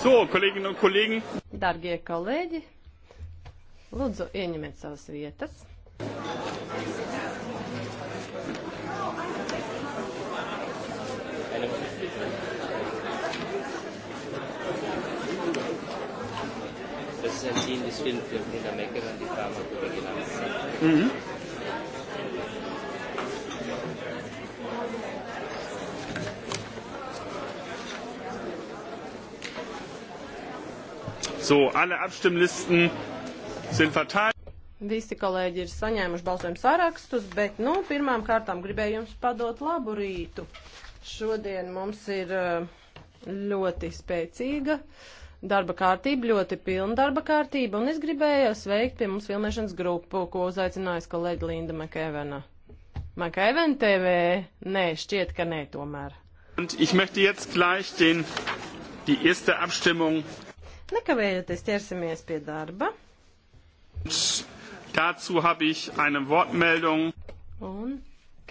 So, kolēģi un kolēģi. Dargie kolēģi, lūdzu ieņemiet savas vietas. Das ist ein Team des Filmfilmhintermecker und die Pharmakologin. Mhm. So, alle Abstimmlisten sind verteilt. Visi kolēģi ir saņēmuši balsojumu sārakstus, bet, nu, pirmām kārtām gribēju jums padot labu rītu. Šodien mums ir eh, ļoti spēcīga darba kārtība, ļoti pilna darba kārtība, un es gribēju sveikt pie mums filmēšanas grupu, ko uzaicinājusi kolēģi Linda Makēvena. Makēvena TV? Nē, šķiet, ka nē tomēr. Un ich möchte jetzt gleich den, die erste Abstimmung Nekavējoties ķersimies pie darba. Dazu habe ich eine Wortmeldung. Un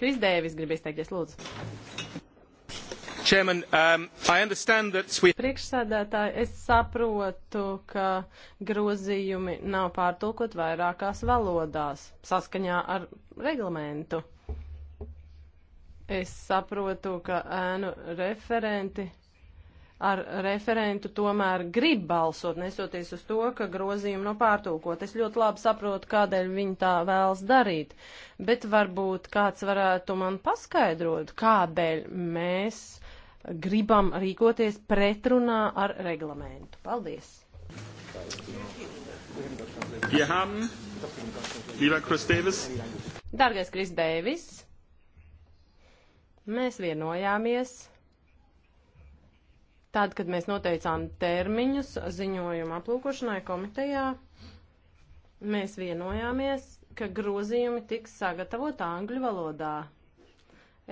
Kris Dēvis grib izteikties, lūdzu. Chairman, um, I understand that we... Priekšsēdētāji, es saprotu, ka grozījumi nav pārtulkot vairākās valodās saskaņā ar reglamentu. Es saprotu, ka ēnu referenti ar referentu tomēr grib balsot, nesoties uz to, ka grozījumi nav no pārtulkot. Es ļoti labi saprotu, kādēļ viņi tā vēlas darīt, bet varbūt kāds varētu man paskaidrot, kādēļ mēs gribam rīkoties pretrunā ar reglamentu. Paldies! Wir haben, lieber Chris Davis. Dargais Chris Davis, mēs vienojāmies Tad, kad mēs noteicām termiņus ziņojuma aplūkošanai komitejā, mēs vienojāmies, ka grozījumi tiks sagatavot angļu valodā.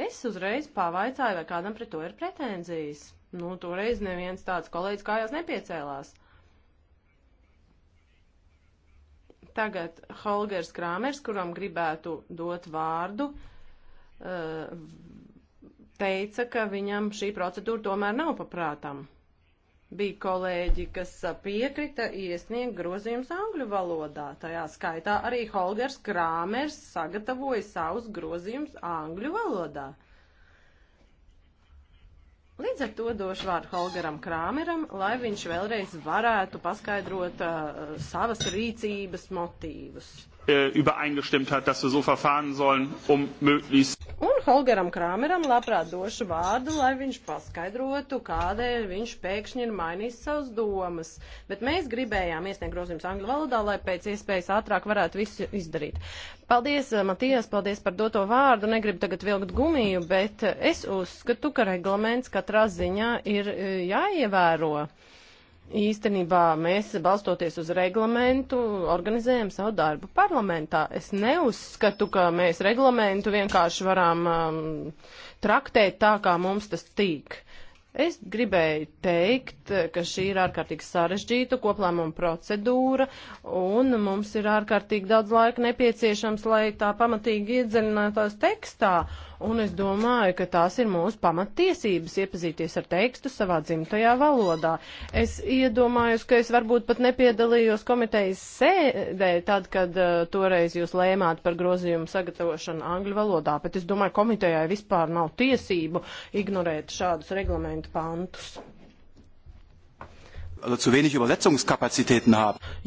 Es uzreiz pavaicāju, vai kādam pret to ir pretenzijas. Nu, toreiz neviens tāds kolēģis kājās nepiecēlās. Tagad Holgers Krāmers, kuram gribētu dot vārdu, uh, teica, ka viņam šī procedūra tomēr nav paprātam. Bija kolēģi, kas piekrita iesniegt grozījumus angļu valodā. Tajā skaitā arī Holgers Krāmers sagatavoja savus grozījumus angļu valodā. Līdz ar to došu vārdu Holgeram Krāmeram, lai viņš vēlreiz varētu paskaidrot uh, savas rīcības motīvus äh, übereingestimmt hat, dass wir so verfahren sollen, um möglichst. Un Holgeram Krāmeram labprāt došu vārdu, lai viņš paskaidrotu, kādēļ viņš pēkšņi ir mainījis savas domas. Bet mēs gribējām iesniegt grozījumus angļu valodā, lai pēc iespējas ātrāk varētu visu izdarīt. Paldies, eh, Matijas, paldies par doto vārdu. Negribu tagad vilkt gumiju, bet eh, es uzskatu, ka reglaments katrā ziņā ir eh, jāievēro. Īstenībā mēs, balstoties uz reglamentu, organizējam savu darbu parlamentā. Es neuzskatu, ka mēs reglamentu vienkārši varam um, traktēt tā, kā mums tas tīk. Es gribēju teikt, ka šī ir ārkārtīgi sarežģīta koplēmuma procedūra, un mums ir ārkārtīgi daudz laika nepieciešams, lai tā pamatīgi iedzinātos tekstā un es domāju, ka tās ir mūsu pamattiesības iepazīties ar tekstu savā dzimtajā valodā. Es iedomājos, ka es varbūt pat nepiedalījos komitejas sēdē, tad, kad uh, toreiz jūs lēmāt par grozījumu sagatavošanu angļu valodā, bet es domāju, komitejai vispār nav tiesību ignorēt šādus reglamentu pantus.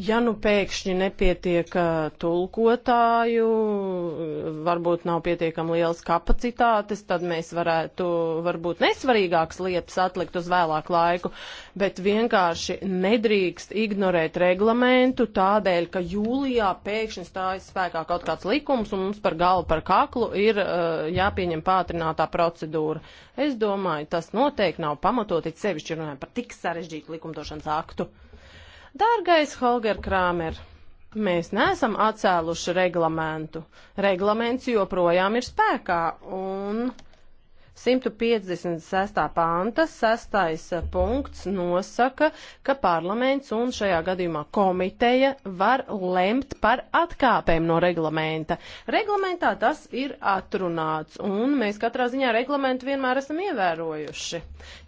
Ja nu pēkšņi nepietiek uh, tulkotāju, uh, varbūt nav pietiekami liels kapacitātes, tad mēs varētu varbūt nesvarīgākas lietas atlikt uz vēlāku laiku, bet vienkārši nedrīkst ignorēt reglamentu tādēļ, ka jūlijā pēkšņi stājas spēkā kaut kāds likums un mums par galvu par kaklu ir uh, jāpieņem pātrinātā procedūra. Es domāju, tas noteikti nav pamatot, it sevišķi runājot par tik sarežģītu likumdošanu likumdošanas aktu. Dārgais Holger Krāmer, mēs neesam atcēluši reglamentu. Reglaments joprojām ir spēkā un. 156. panta 6. Eh, punkts nosaka, ka parlaments un šajā gadījumā komiteja var lemt par atkāpēm no reglamenta. Reglamentā tas ir atrunāts, un mēs katrā ziņā reglamentu vienmēr esam ievērojuši.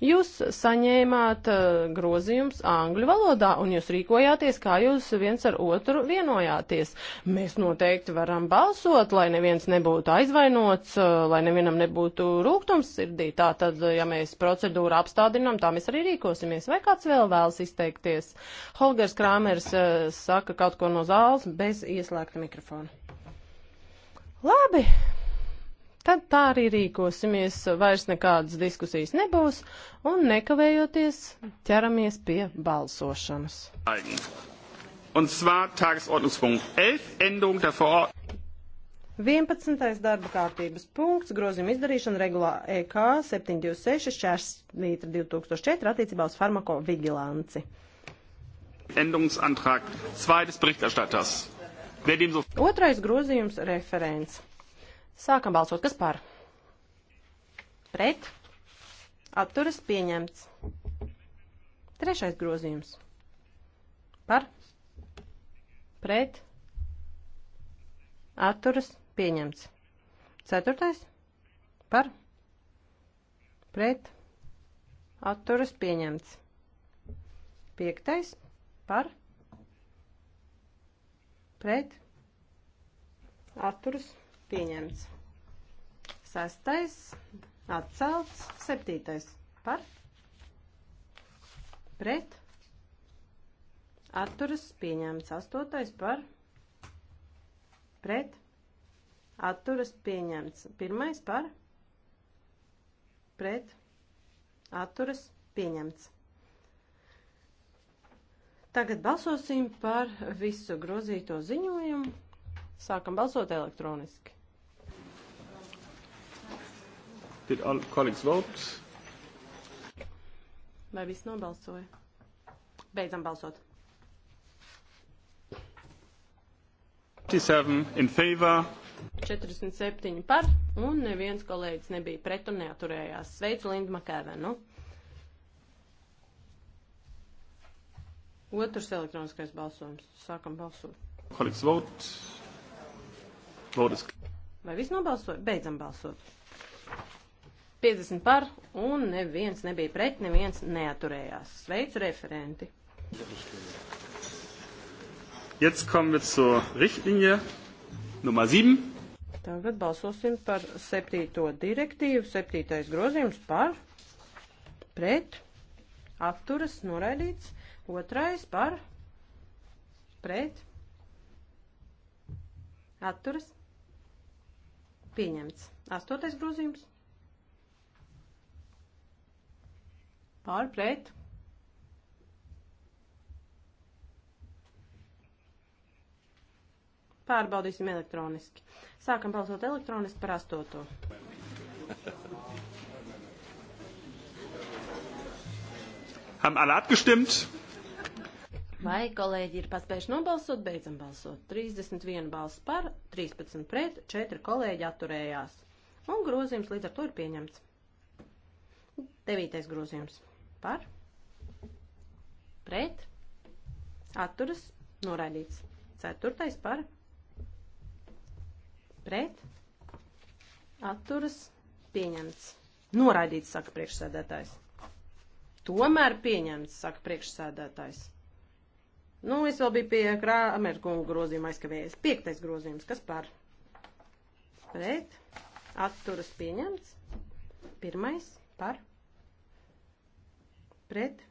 Jūs saņēmāt eh, grozījums angļu valodā, un jūs rīkojāties, kā jūs viens ar otru vienojāties. Mēs noteikti varam balsot, lai neviens nebūtu aizvainots, eh, lai nevienam nebūtu rūkto lepnumsirdī. Tā tad, ja mēs procedūru apstādinām, tā mēs arī rīkosimies. Vai kāds vēl vēlas izteikties? Holgers Krāmers uh, saka kaut ko no zāles bez ieslēgta mikrofona. Labi, tad tā arī rīkosimies, vairs nekādas diskusijas nebūs, un nekavējoties ķeramies pie balsošanas. Un svār tagesordnungspunkt 11, Änderung der Verordnung. 11. darba kārtības punkts - grozījuma izdarīšana regulā EK 726 šķērslītra 2004 attiecībā uz farmako vigilanci. Endungsantrag 2. Berichterstatters. So... Otrais grozījums - referents. Sākam balsot. Kas par? Pret. Atturas pieņemts. Trešais grozījums. Par. Pret. Atturas pieņemts pieņemts. Ceturtais par pret atturas pieņemts. Piektais par pret atturas pieņemts. Sestais atcelts. Septītais par pret atturas pieņemts. Astotais par pret atturas pieņemts. Pirmais par pret atturas pieņemts. Tagad balsosim par visu grozīto ziņojumu. Sākam balsot elektroniski. Did all colleagues vote? Vai viss nobalsoja? Beidzam balsot. 57 in favor, 47 par, un neviens kolēģis nebija pret un neaturējās. Sveicu Lindu Makēvenu. Otrs elektroniskais balsojums. Sākam balsot. Kolēģis Vot. Vodas. Vai viss nobalsoja? Beidzam balsot. 50 par, un neviens nebija pret, neviens neaturējās. Sveicu referenti. Jetzt kommen wir zur Richtlinie Nummer 7. Tagad balsosim par septīto direktīvu, septītais grozījums par, pret, atturas, noraidīts, otrais par, pret, atturas, pieņemts. Astotais grozījums par, pret, Pārbaudīsim elektroniski. Sākam balsot elektroniski par astoto. Haben alle abgestimmt? Vai kolēģi ir paspējuši nobalsot, beidzam balsot. 31 balss par, 13 pret, 4 kolēģi atturējās. Un grozījums līdz ar to ir pieņemts. 9. grozījums par, pret, atturas, noraidīts. 4. par, pret, atturas, pieņemts. Noraidīts, saka priekšsēdētājs. Tomēr pieņemts, saka priekšsēdētājs. Nu, es vēl biju pie Krāmerkunga grozījuma aizkavējies. Piektais grozījums, kas par? Pret, atturas, pieņemts. Pirmais, par? Pret,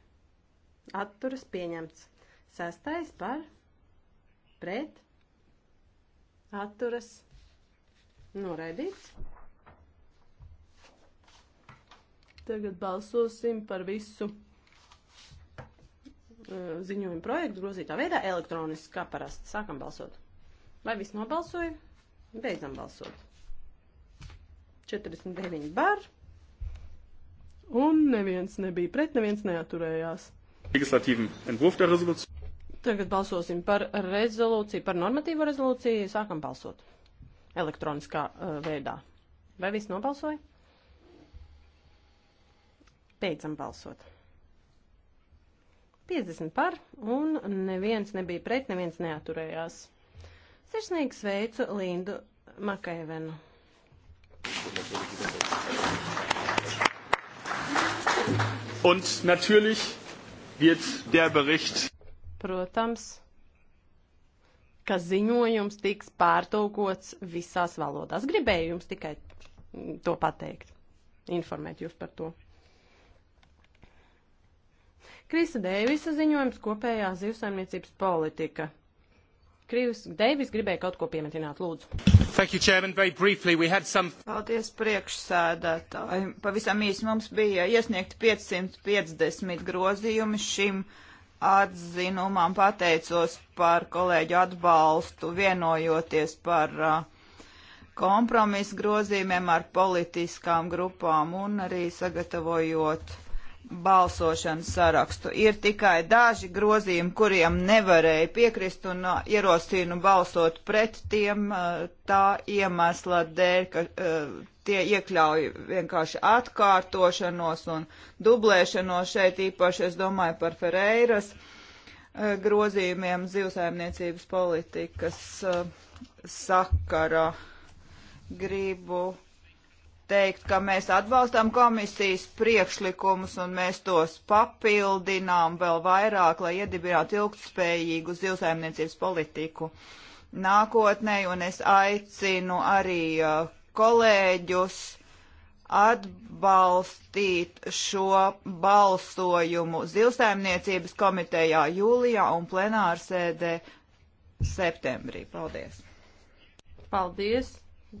atturas, pieņemts. Sestais, par? Pret, atturas, pieņemts Noraidīts. Tagad balsosim par visu e, ziņojumu projektu grozītā veidā elektroniski, kā parasti. Sākam balsot. Vai viss nobalsoja? Beidzam balsot. 49 bar. Un neviens nebija pret, neviens neaturējās. Legislatīvu entwurf der rezolūciju. Tagad balsosim par rezolūciju, par normatīvo rezolūciju. Sākam balsot elektroniskā uh, veidā. Vai viss nobalsoja? Beidzam balsot. 50 par, un neviens nebija pret, neviens neaturējās. Sirsnīgi sveicu Lindu Makaevenu. Und natürlich wird der Bericht. Protams ka ziņojums tiks pārtulkots visās valodās. Gribēju jums tikai mm, to pateikt, informēt jūs par to. Krisa Deivisa ziņojums kopējā zivsaimniecības politika. Krīvs Deivis gribēja kaut ko piemetināt, lūdzu. Thank you, Chairman. Very briefly, we had some... Paldies priekšsēdētāji. Pavisam īsi mums bija iesniegti 550 grozījumi šim uh, atzinumam, pateicos par kolēģu atbalstu, vienojoties par uh, kompromisu grozījumiem ar politiskām grupām un arī sagatavojot balsošanas sarakstu. Ir tikai daži grozījumi, kuriem nevarēja piekrist un uh, ierosinu balsot pret tiem uh, tā iemesla dēļ, ka uh, tie iekļauj vienkārši atkārtošanos un dublēšanos šeit īpaši, es domāju, par Ferreiras grozījumiem zivsaimniecības politikas sakara gribu teikt, ka mēs atbalstam komisijas priekšlikumus un mēs tos papildinām vēl vairāk, lai iedibinātu ilgtspējīgu zivsaimniecības politiku nākotnē, un es aicinu arī uh, kolēģus atbalstīt šo balsojumu zivsaimniecības komitejā jūlijā un plenārsēdē septembrī. Paldies! Paldies!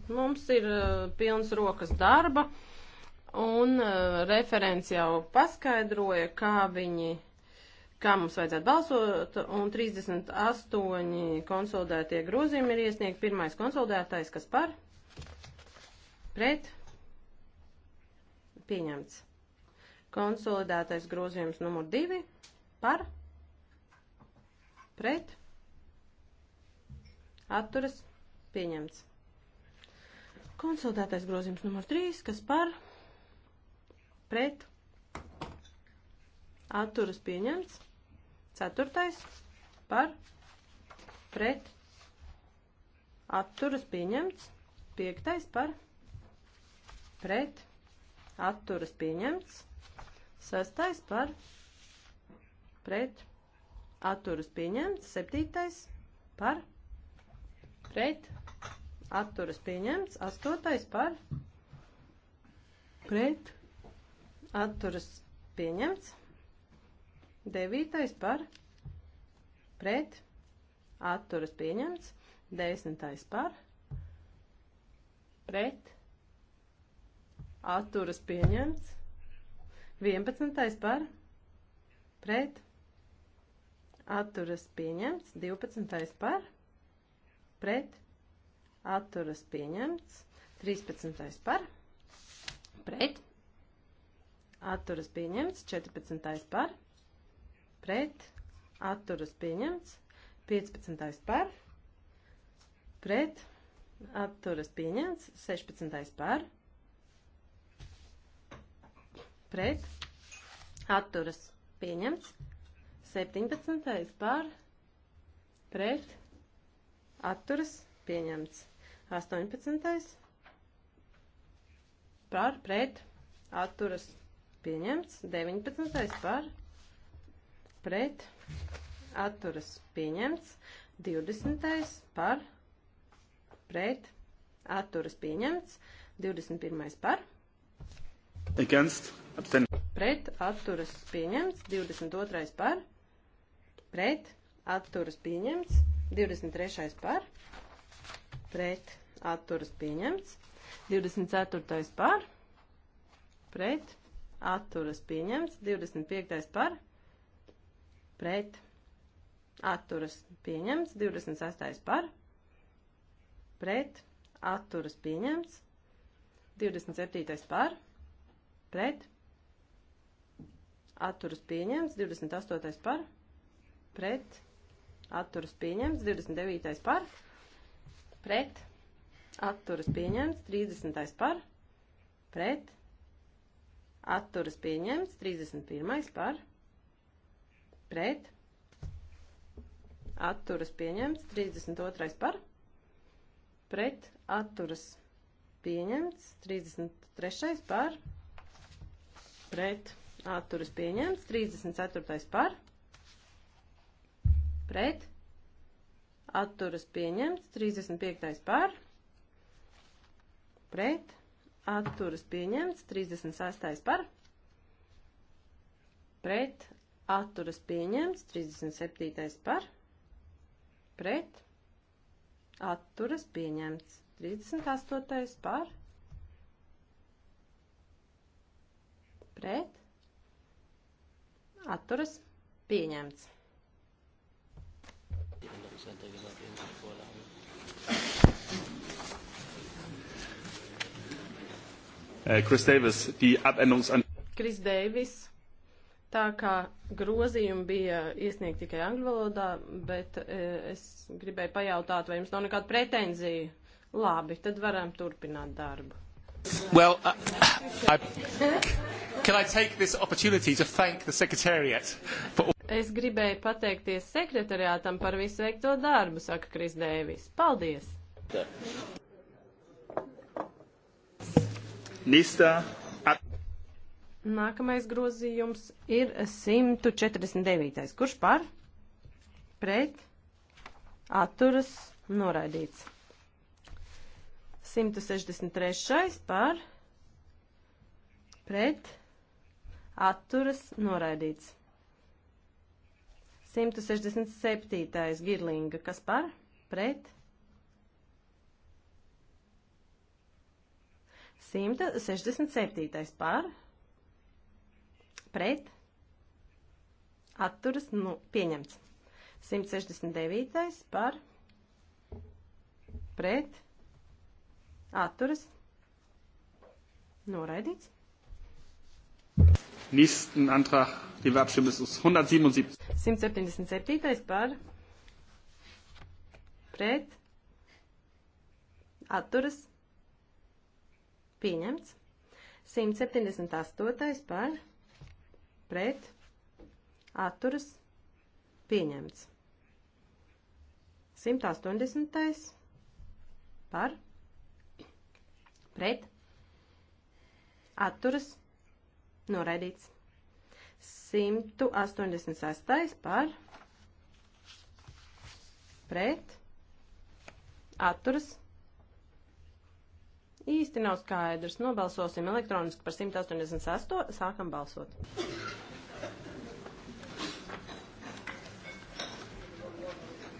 Mums ir eh, pilns rokas darba, un eh, referents jau paskaidroja, kā viņi, kā mums vajadzētu balsot, un 38 konsolidētie grozījumi ir iesniegt. Pirmais konsolidētais, kas par? Pret? Pieņemts. Konsolidētais grozījums numur 2 par? Pret? Atturas? Pieņemts. Konsultētais grozījums numur 3, kas par pret atturas pieņemts. Ceturtais par pret atturas pieņemts. Piektais par pret atturas pieņemts. Sastais par pret atturas pieņemts. Septītais par pret atturas pieņemts, astotais par pret atturas pieņemts, devītais par pret atturas pieņemts, desmitais par pret atturas pieņemts, vienpadsmitais par pret atturas pieņemts, divpadsmitais par pret atturas pieņemts. 13. par, pret, atturas pieņemts. 14. par, pret, atturas pieņemts. 15. par, pret, atturas pieņemts. 16. par, pret, atturas pieņemts. 17. par, pret, atturas pieņemts. 18. par pret atturas pieņemts. 19. par pret atturas pieņemts. 20. par pret atturas pieņemts. 21. par Against. Abstain. Pret atturas pieņemts. 22. par pret atturas pieņemts. 23. par pret atturas pieņemts. 24. par pret atturas pieņemts. 25. par pret atturas pieņemts. 26. par pret atturas pieņemts. 27. par pret atturas pieņemts. 28. par pret atturas pieņemts. 29. par pret pret, atturas pieņemts, 30. par, pret, atturas pieņemts, 31. par, pret, atturas pieņemts, 32. par, pret, atturas pieņemts, 33. par, pret, atturas pieņemts, 34. par, pret, atturas pieņemts, 35. par, pret, atturas pieņemts, 36. par, pret, atturas pieņemts, 37. par, pret, atturas pieņemts, 38. par, pret, atturas pieņemts. Äh, Chris Davis, die Abänderungsanfrage. Chris Davis, tā kā grozījumi bija iesniegti tikai angļu valodā, bet e, es gribēju pajautāt, vai jums nav nekāda pretenzija. Labi, tad varam turpināt darbu. Well, uh, I, can I take this opportunity to thank the Secretariat for Es gribēju pateikties sekretariātam par visu veikto darbu, saka Kris Dēvis. Paldies! Nista. Nākamais grozījums ir 149. Kurš par? Pret? Atturas? Noraidīts. 163. par? Pret? Atturas? Noraidīts. 167. girlinga, kas par, pret. 167. par, pret, atturas, nu, pieņemts. 169. par, pret, atturas, noraidīts nächsten Antrag, den wir abstimmen müssen, ist 177. 177. par pret atturas pieņemts. 178. par pret atturas pieņemts. 180. par pret atturas pieņemts noraidīts. 186. par pret atturas īsti nav skaidrs. Nobalsosim elektroniski par 188. Sākam balsot.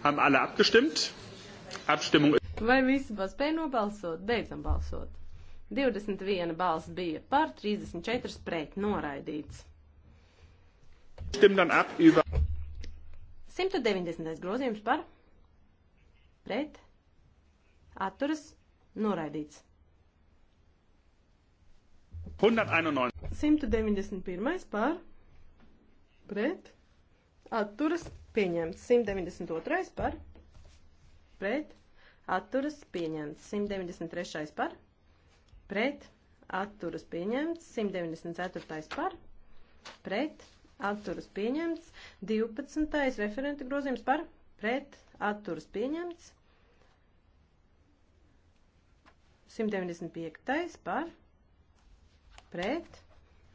Haben alle abgestimmt? Abstimmung. Vai visi spēja nobalsot? Beidzam balsot. 21 balss bija par, 34 pret noraidīts. 190. grozījums par pret atturas noraidīts. 191. par pret atturas pieņemts. 192. par pret atturas pieņemts. 193. par pret atturas pieņemts. 194. par pret atturas pieņemts, 12. referenta grozījums par pret atturas pieņemts, 195. par pret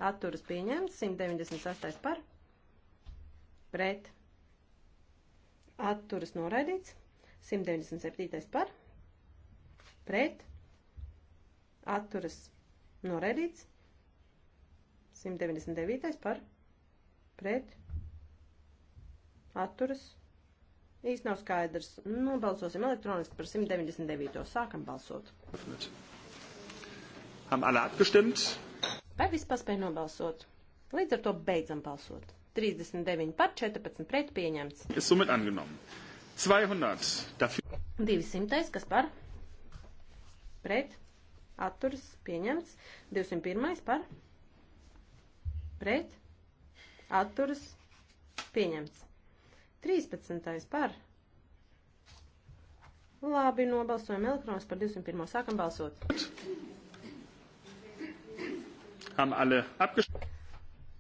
atturas pieņemts, 198. par pret atturas noraidīts, 197. par pret atturas noraidīts, 199. par pret pret, atturas, īsti nav skaidrs. Nu, balsosim elektroniski par 199. Sākam balsot. Ham alle abgestimmt? Vai vispār spēj nobalsot? Līdz ar to beidzam balsot. 39 par 14 pret pieņemts. Es sumit angenommen. 200. Dafür. 200. Kas par? Pret. Atturas pieņemts. 201. par? Pret atturas pieņemts. 13. par. Labi, nobalsojam elektronus par 201. Sākam balsot.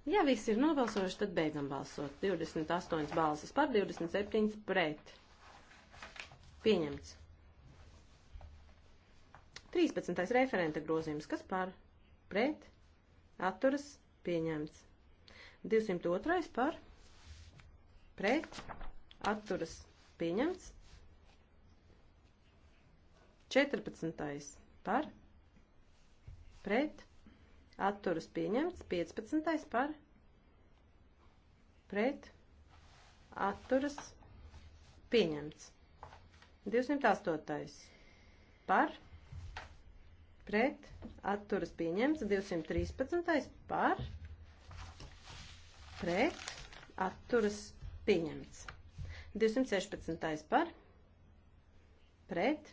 Ja visi ir nobalsojuši, tad beidzam balsot. 28 balsis par, 27 pret. Pieņemts. 13. referenta grozījums. Kas par? Pret. Atturas. Pieņemts. 202 par pret atturas pieņemts. 14. par pret atturas pieņemts. 15. par pret atturas pieņemts. 208. par pret atturas pieņemts. 213. par pret pret, atturas pieņemts. 216. par, pret,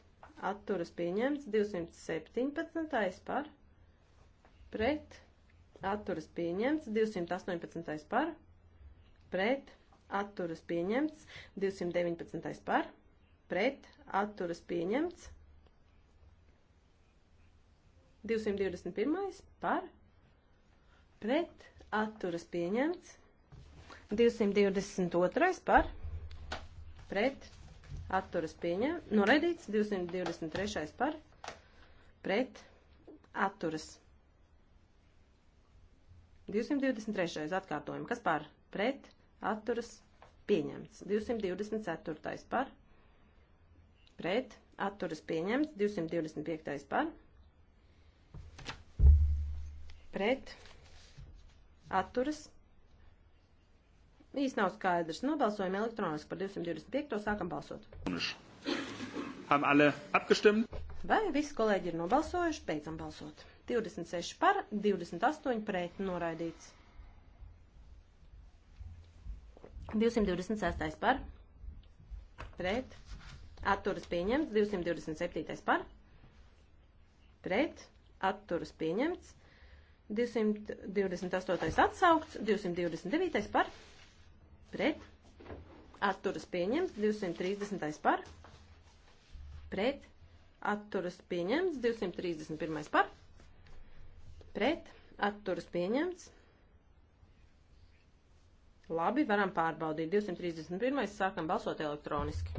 atturas pieņemts. 217. par, pret, atturas pieņemts. 218. par, pret, atturas pieņemts. 219. par, pret, atturas pieņemts. 221. par, pret, atturas pieņemts. 222 par pret atturas pieņemts. Noraidīts 223 par pret atturas. 223. atkārtojumi. Kas par pret atturas pieņemts? 224. par pret atturas pieņemts. 225. par pret atturas. Īsti nav skaidrs. Nobalsojam elektroniski par 225. sākam balsot. Vai visi kolēģi ir nobalsojuši? Beidzam balsot. 26 par, 28 pret noraidīts. 226 par, pret, atturas pieņemts, 227 par, pret, atturas pieņemts, 228. atsaukts, 229. par, pret, atturas pieņemts, 230. par, pret, atturas pieņemts, 231. par, pret, atturas pieņemts. Labi, varam pārbaudīt. 231. sākam balsot elektroniski.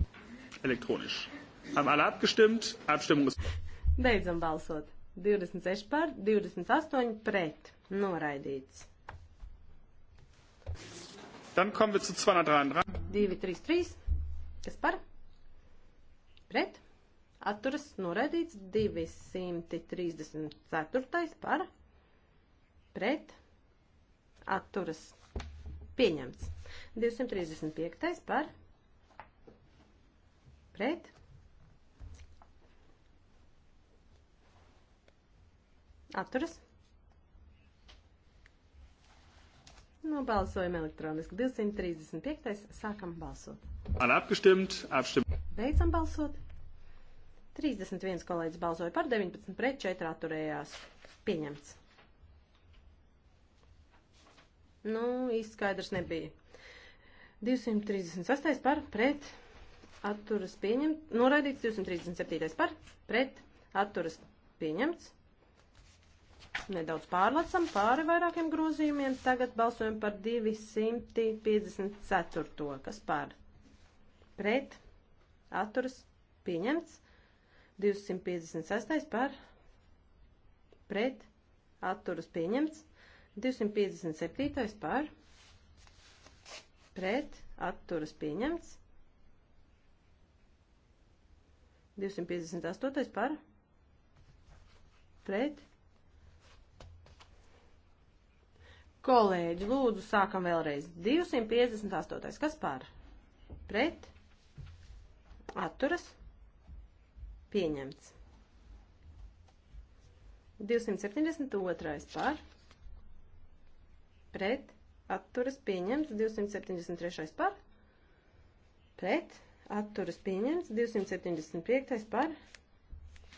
Elektroniski. Haben alle abgestimmt? Abstimmung ist. Beidzam balsot. 26 par, 28 pret. Noraidīts. Dann kommen wir zu 233. 233. Kas par? Pret. Atturas noraidīts 234. par. Pret. Atturas pieņemts. 235. par. Pret. Atturas. Nobalsojam nu, elektroniski. 235. Sākam balsot. Alle abgestimmt. Abstimmt. Beidzam balsot. 31 kolēģis balsoja par 19 pret 4 atturējās. Pieņemts. Nu, īsti skaidrs nebija. 236 par pret atturas pieņemts. Noraidīts 237 par pret atturas pieņemts nedaudz pārlecam pāri vairākiem grozījumiem. Tagad balsojam par 254. To, kas par? Pret. Atturas. Pieņemts. 256. par. Pret. Atturas. Pieņemts. 257. par. Pret. Atturas. Pieņemts. 258. par. Pret Kolēģi, lūdzu, sākam vēlreiz. 258. Kas par? Pret? Atturas? Pieņemts. 272. par? Pret? Atturas? Pieņemts. 273. par? Pret? Atturas? Pieņemts. 275. par?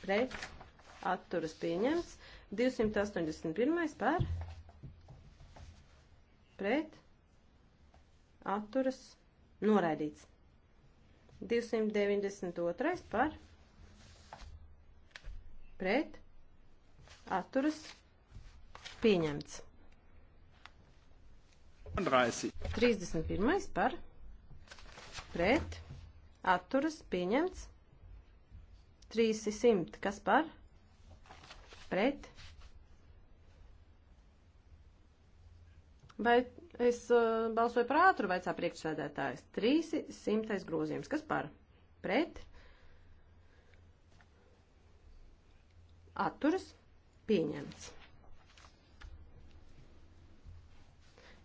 Pret? Atturas? Pieņemts. 281. par? Pret? pret, atturas, noraidīts. 292. par, pret, atturas, pieņemts. 31. par, pret, atturas, pieņemts. 300. kas par, pret, atturas. Vai es uh, balsoju par ātru, vaicā priekšsēdētājs? 300 grozījums. Kas par? Pret? Atturas? Pieņemts.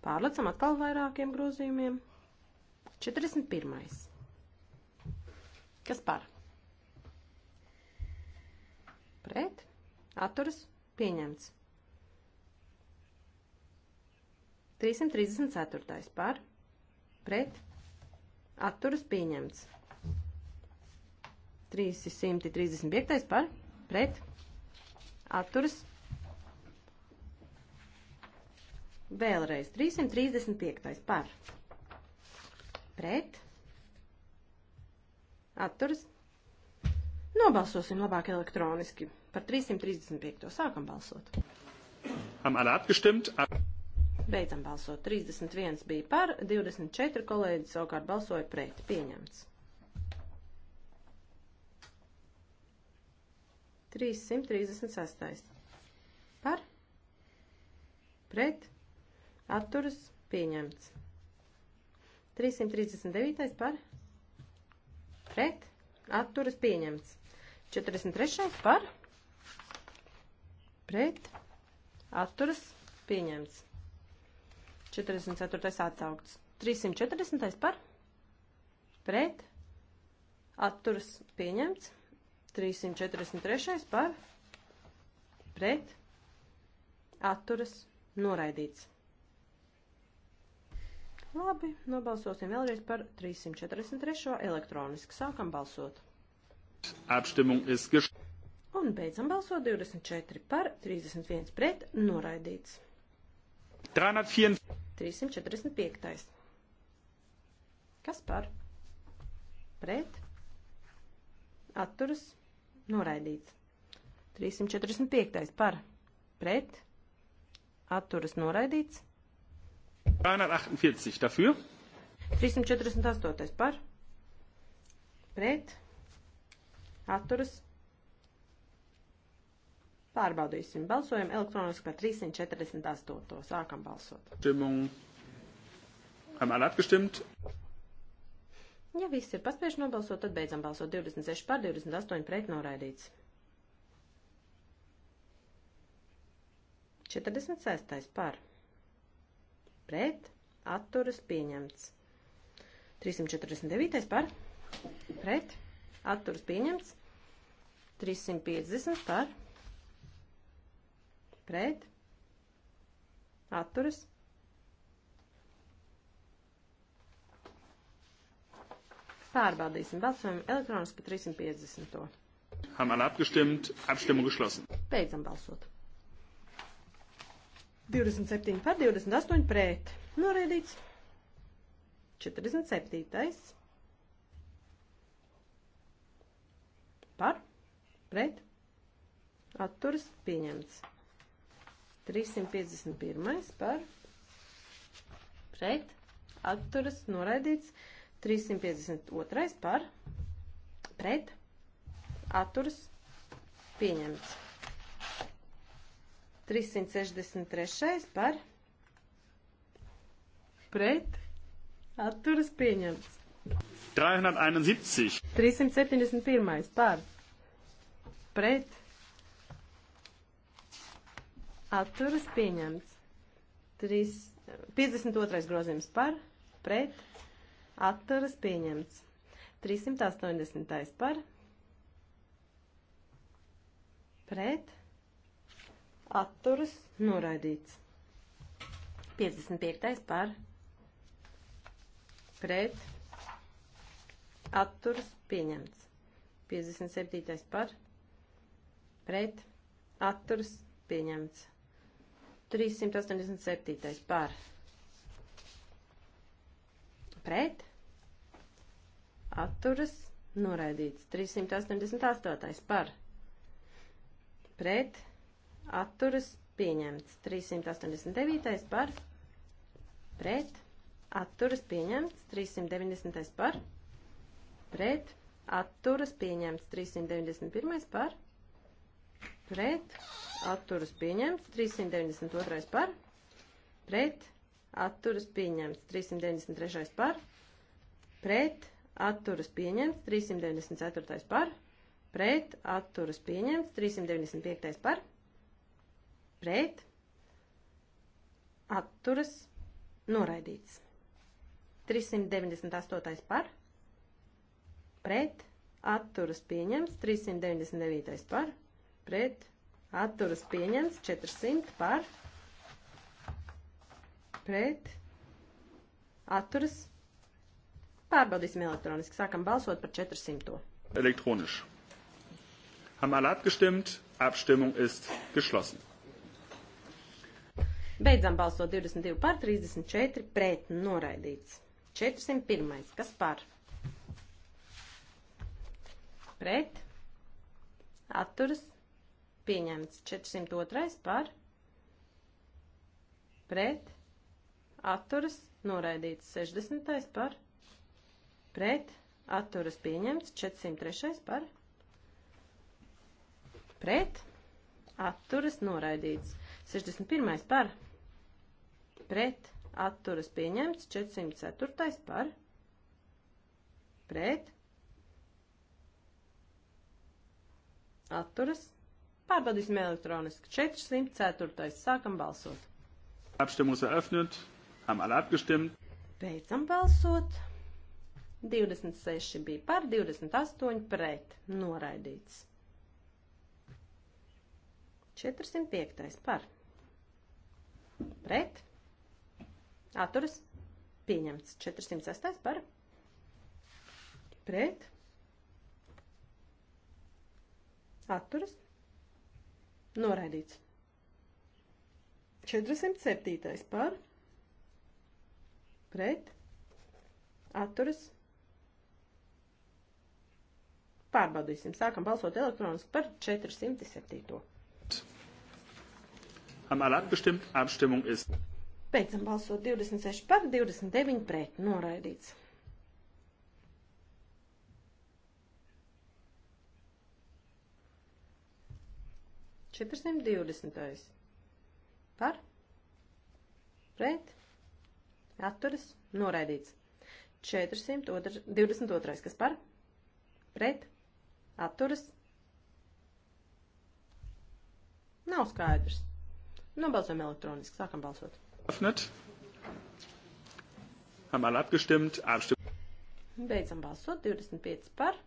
Pārlecam atkal vairākiem grozījumiem. 41. Kas par? Pret? Atturas? Pieņemts. 334. par pret atturas pieņemts. 335. par pret atturas vēlreiz 335. par pret atturas Nobalsosim labāk elektroniski par 335. sākam balsot. Haben alle abgestimmt? Ab Beidzam balsot. 31 bija par, 24 kolēģi savukārt balsoja pret. Pieņemts. 336. Par, pret, atturas, pieņemts. 339. par, pret, atturas, pieņemts. 43. par, pret, atturas, pieņemts. 44. atsaukts. 340. par pret atturas pieņemts. 343. par pret atturas noraidīts. Labi, nobalsosim vēlreiz par 343. elektroniski. Sākam balsot. Abstimmung ist gesch... Un beidzam balsot 24 par, 31 pret, noraidīts. 304. 345. Kas par? Pret. Atturas. Noraidīts. 345. Par. Pret. Atturas. Noraidīts. 348. Dafür. 348. Par. Pret. Atturas. Pārbaudīsim. Balsojam elektroniski par 348. Sākam balsot. Stimmung. Haben alle abgestimmt? Ja viss ir paspējuši nobalsot, tad beidzam balsot 26 par 28 pret noraidīts. 46. par. Pret. Atturas pieņemts. 349. par. Pret. Atturas pieņemts. 350 par pret, atturas. Pārbaudīsim balsojumu elektroniski par 350. Haben alle abgestimmt, Abstimmung geschlossen. Beidzam balsot. 27 par 28 pret. Noraidīts. 47. Par. Pret. Atturas pieņemts. 351 par pret atturas noraidīts. 352 par pret atturas pieņemts. 363 par pret atturas pieņemts. 371. 371 par pret atturas pieņemts. 3, 52. grozījums par, pret, atturas pieņemts. 380. par, pret, atturas noraidīts. 55. par, pret, atturas pieņemts. 57. par, pret, atturas pieņemts. 387. par pret atturas noraidīts. 388. par pret atturas pieņemts. 389. par pret atturas pieņemts. 390. par pret atturas pieņemts. 391. par pret pret, atturas pieņemts, 392 par, pret, atturas pieņemts, 393 par, pret, atturas pieņemts, 394 par, pret, atturas pieņemts, 395 par, pret, atturas noraidīts. 398 par, pret, atturas pieņemts, 399 par, pret, pret atturas pieņemts 400 par pret atturas pārbaudīsim elektroniski. Sākam balsot par 400. Elektronisch. Haben alle abgestimmt? Abstimmung ist geschlossen. Beidzam balsot 22 par 34 pret noraidīts. 401. Kas par? Pret. Atturas pieņemts 402 par pret atturas noraidīts 60 par pret atturas pieņemts 403 par pret atturas noraidīts 61 par pret atturas pieņemts 404 par pret atturas Pārbaudīsim elektroniski. 404. Sākam balsot. Abstimmung ist eröffnet. Haben alle abgestimmt. Beidzam balsot. 26 bija par, 28 pret. Noraidīts. 405. par. Pret. Atturas. Pieņemts. 406. par. Pret. Atturas. Noraidīts. 407. par pret atturas pārbaudīsim. Sākam balsot elektroniski par 407. Haben alle abgestimmt? Abstimmung ist. Beidzam balsot 26 par, 29 pret. Noraidīts. 420. Par? Pret? Atturas? Noraidīts. 422. Kas par? Pret? Atturas? Nav skaidrs. Nobalsojam nu, elektroniski. Sākam balsot. Öffnet. Haben alle abgestimmt. Abstimmt. Beidzam balsot. 25 par.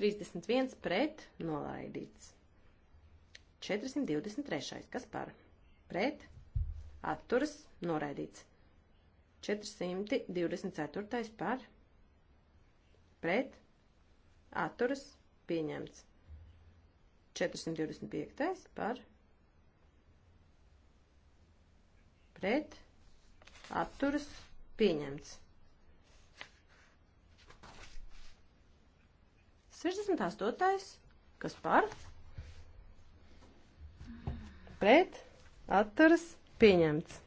31 pret. Nolaidīts. 423. Kas par? Pret. Atturas. Noraidīts. 424. par. Pret. Atturas. Pieņemts. 425. par. Pret. Atturas. Pieņemts. 68. kas par? Pret pret, atturas, pieņemts.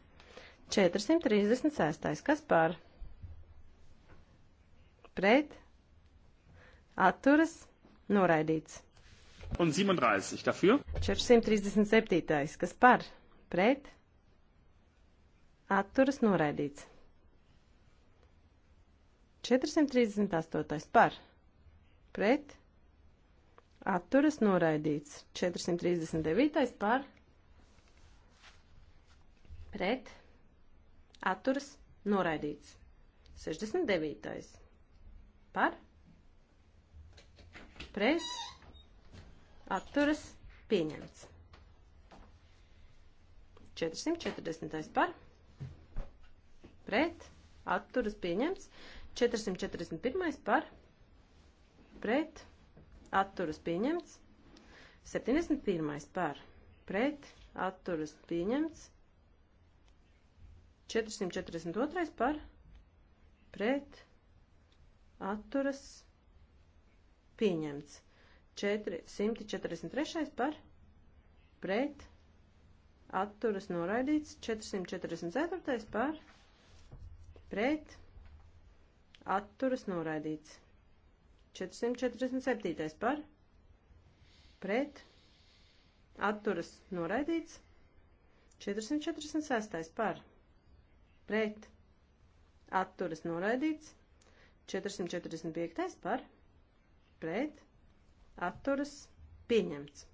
436. kas par? Pret, atturas, noraidīts. Un 37. dafür? 437. kas par? Pret, atturas, noraidīts. 438. par? Pret, atturas, noraidīts. 439. par? pret, atturas, noraidīts. 69. par, pret, atturas, pieņemts. 440. par, pret, atturas, pieņemts. 441. par, pret, atturas, pieņemts. 71. par, pret, atturas, pieņemts. 442. par pret atturas pieņemts. 443. par pret atturas noraidīts. 444. par pret atturas noraidīts. 447. par pret atturas noraidīts. 446. par pret pret atturas noraidīts. 445. par pret atturas pieņemts.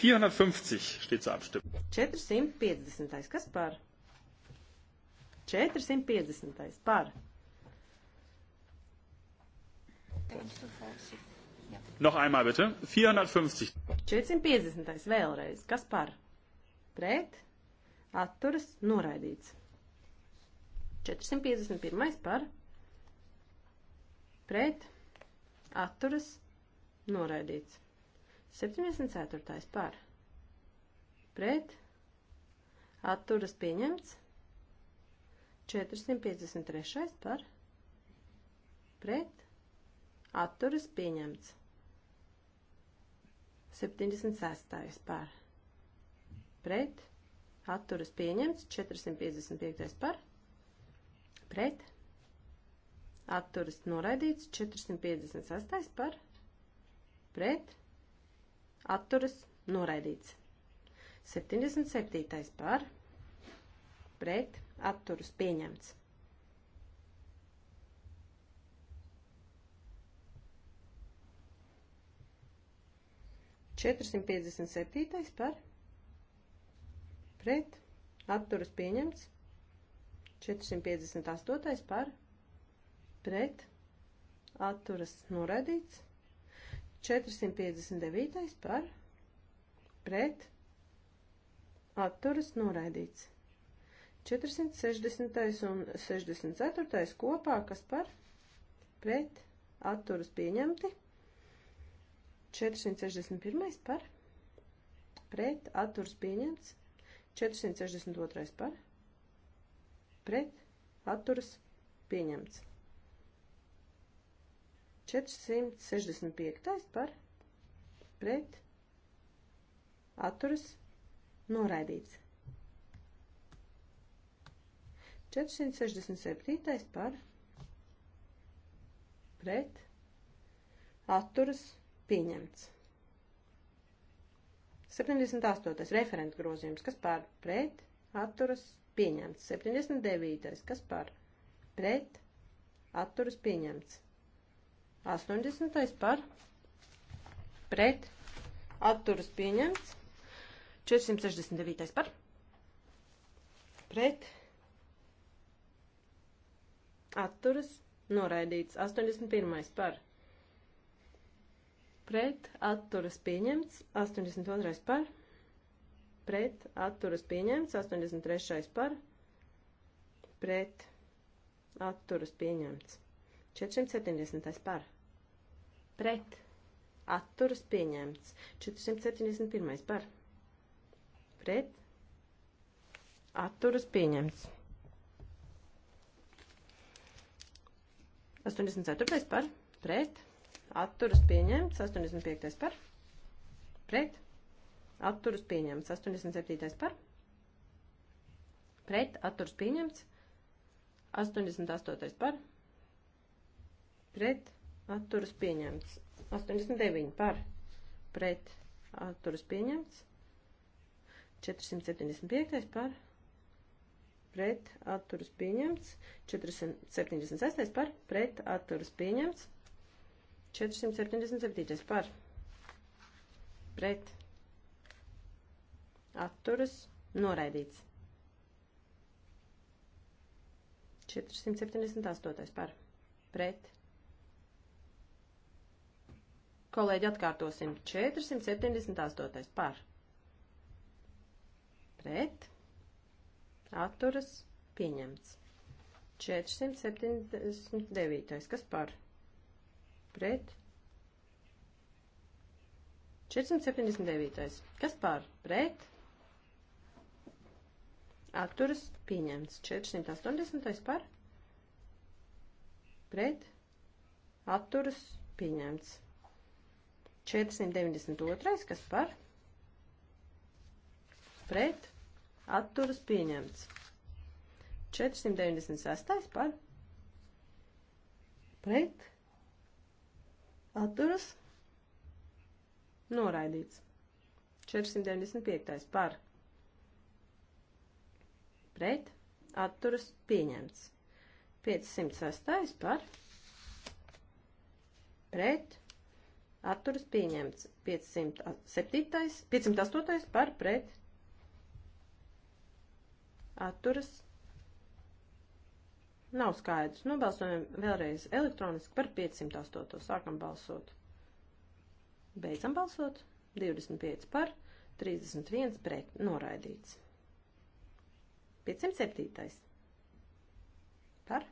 450 steht zur Abstimmung. 450. Kas par? 450. Par. Noch einmal bitte. 450. 450. Vēlreiz. Kas par? pret, atturas, noraidīts. 451. par, pret, atturas, noraidīts. 74. par, pret, atturas, pieņemts. 453. par, pret, atturas, pieņemts. 76. par, pret, atturas pieņemts, 455. par, pret, atturas noraidīts, 456. par, pret, atturas noraidīts, 77. par, pret, atturas pieņemts. Četrsimt piecdesmit septītais par pret, atturas pieņemts, 458 par, pret, atturas noraidīts, 459 par, pret, atturas noraidīts, 460 un 64 kopā, kas par, pret, atturas pieņemti, 461 par, pret, atturas pieņemts, 462. par pret atturas pieņemts. 465. par pret atturas noraidīts. 467. par pret atturas pieņemts. 78. referenta grozījums, kas par pret atturas pieņemts. 79. kas par pret atturas pieņemts. 80. par pret atturas pieņemts. 469. par pret atturas noraidīts. 81. par pret pret atturas pieņemts, 82. par, pret atturas pieņemts, 83. par, pret atturas pieņemts, 470. par, pret atturas pieņemts, 471. par, pret atturas pieņemts. 84. par, pret atturas pieņemts, 85. par, pret, atturas pieņemts, 87. par, pret, atturas pieņemts, 88. par, pret, atturas pieņemts, 89. par, pret, atturas pieņemts, 475. par, pret, atturas pieņemts, 476. par, pret, atturas pieņemts, 477. par pret atturas noraidīts. 478. par pret. Kolēģi atkārtosim. 478. par pret atturas pieņemts. 479. kas par pret pret 479. Kas par pret? Atturas pieņemts. 480. par pret atturas pieņemts. 492. kas par pret atturas pieņemts. 496. par pret atturas, noraidīts. 495. par, pret, atturas, pieņemts. 506. par, pret, atturas, pieņemts. 507. 508. par, pret, atturas, pieņemts Nav skaidrs. Nobalsojam vēlreiz elektroniski par 508. Sākam balsot. Beidzam balsot. 25 par, 31 pret. Noraidīts. 507. Par.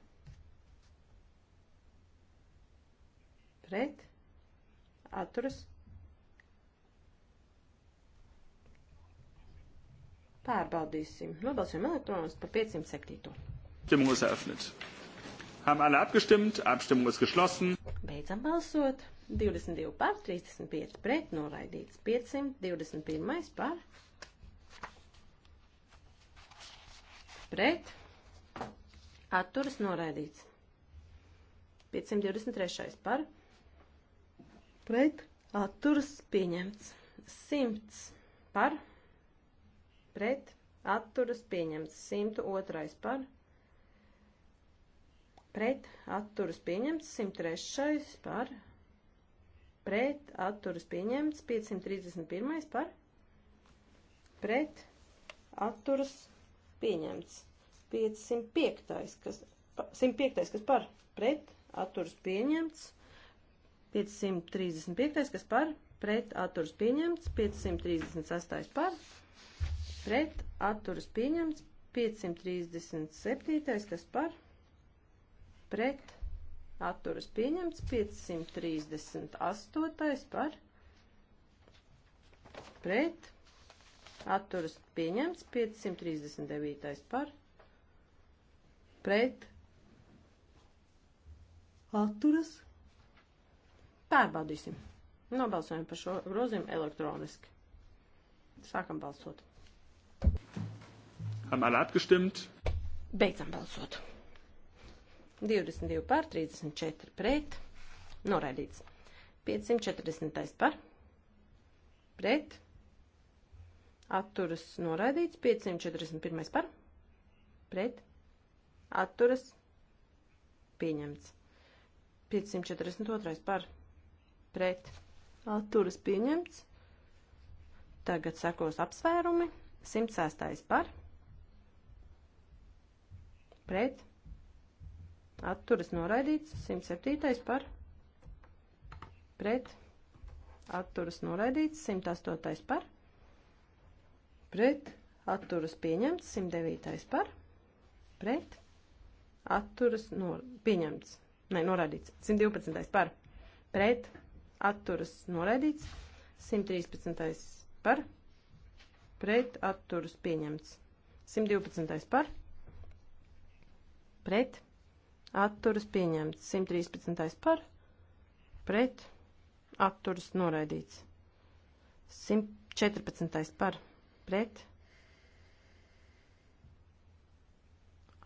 Pret. Atturas. Pārbaudīsim. Nobalsojam elektroniski par 507. Abstimmung ist eröffnet. Haben alle abgestimmt? Abstimmung ist geschlossen. Beidzam balsot. 22 par, 35 pret, noraidīts 521 par. Pret. Atturas noraidīts. 523 par. Pret. Atturas pieņemts. 100 par. Pret. Atturas pieņemts. 102 par pret atturas pieņemts 103. par pret atturas pieņemts 531. par pret atturas pieņemts 505. kas 105. kas par pret atturas pieņemts 535. kas par pret atturas pieņemts 538. par pret atturas pieņemts 537. kas par pret pret atturas pieņemts 538 par pret atturas pieņemts 539 par pret atturas pārbaudīsim. Nobalsojam par šo grozījumu elektroniski. Sākam balsot. Haben alle abgestimmt? Beidzam balsot. 22 par, 34 pret, noraidīts. 540 par, pret, atturas noraidīts, 541 par, pret, atturas pieņemts. 542 par, pret, atturas pieņemts. Tagad sekos apsvērumi. 106 par, pret, atturas noraidīts, 107. par pret, atturas noraidīts, 108. par pret, atturas pieņemts, 109. par pret, atturas nor pieņemts, ne, noraidīts, 112. par pret, atturas noraidīts, 113. par pret, atturas pieņemts, 112. par pret, atturas pieņemts. 113. par, pret, atturas noraidīts. 114. par, pret,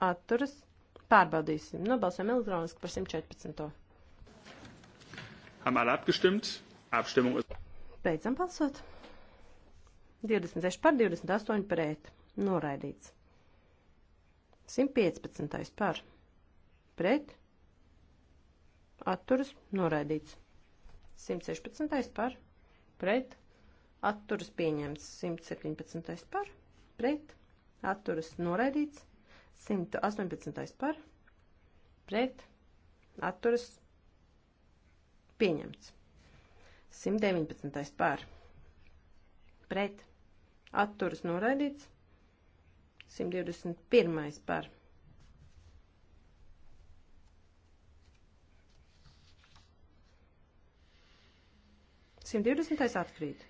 atturas. Pārbaudīsim. Nobalsojam nu, elektroniski par 114. Haben alle abgestimmt? Abstimmung ist. Beidzam balsot. 26 par 28 pret. Noraidīts. 115. par pret, atturas noraidīts. 116. par, pret, atturas pieņemts. 117. par, pret, atturas noraidīts. 118. par, pret, atturas pieņemts. 119. par, pret, atturas noraidīts. 121. par, pret 120. atkrīt.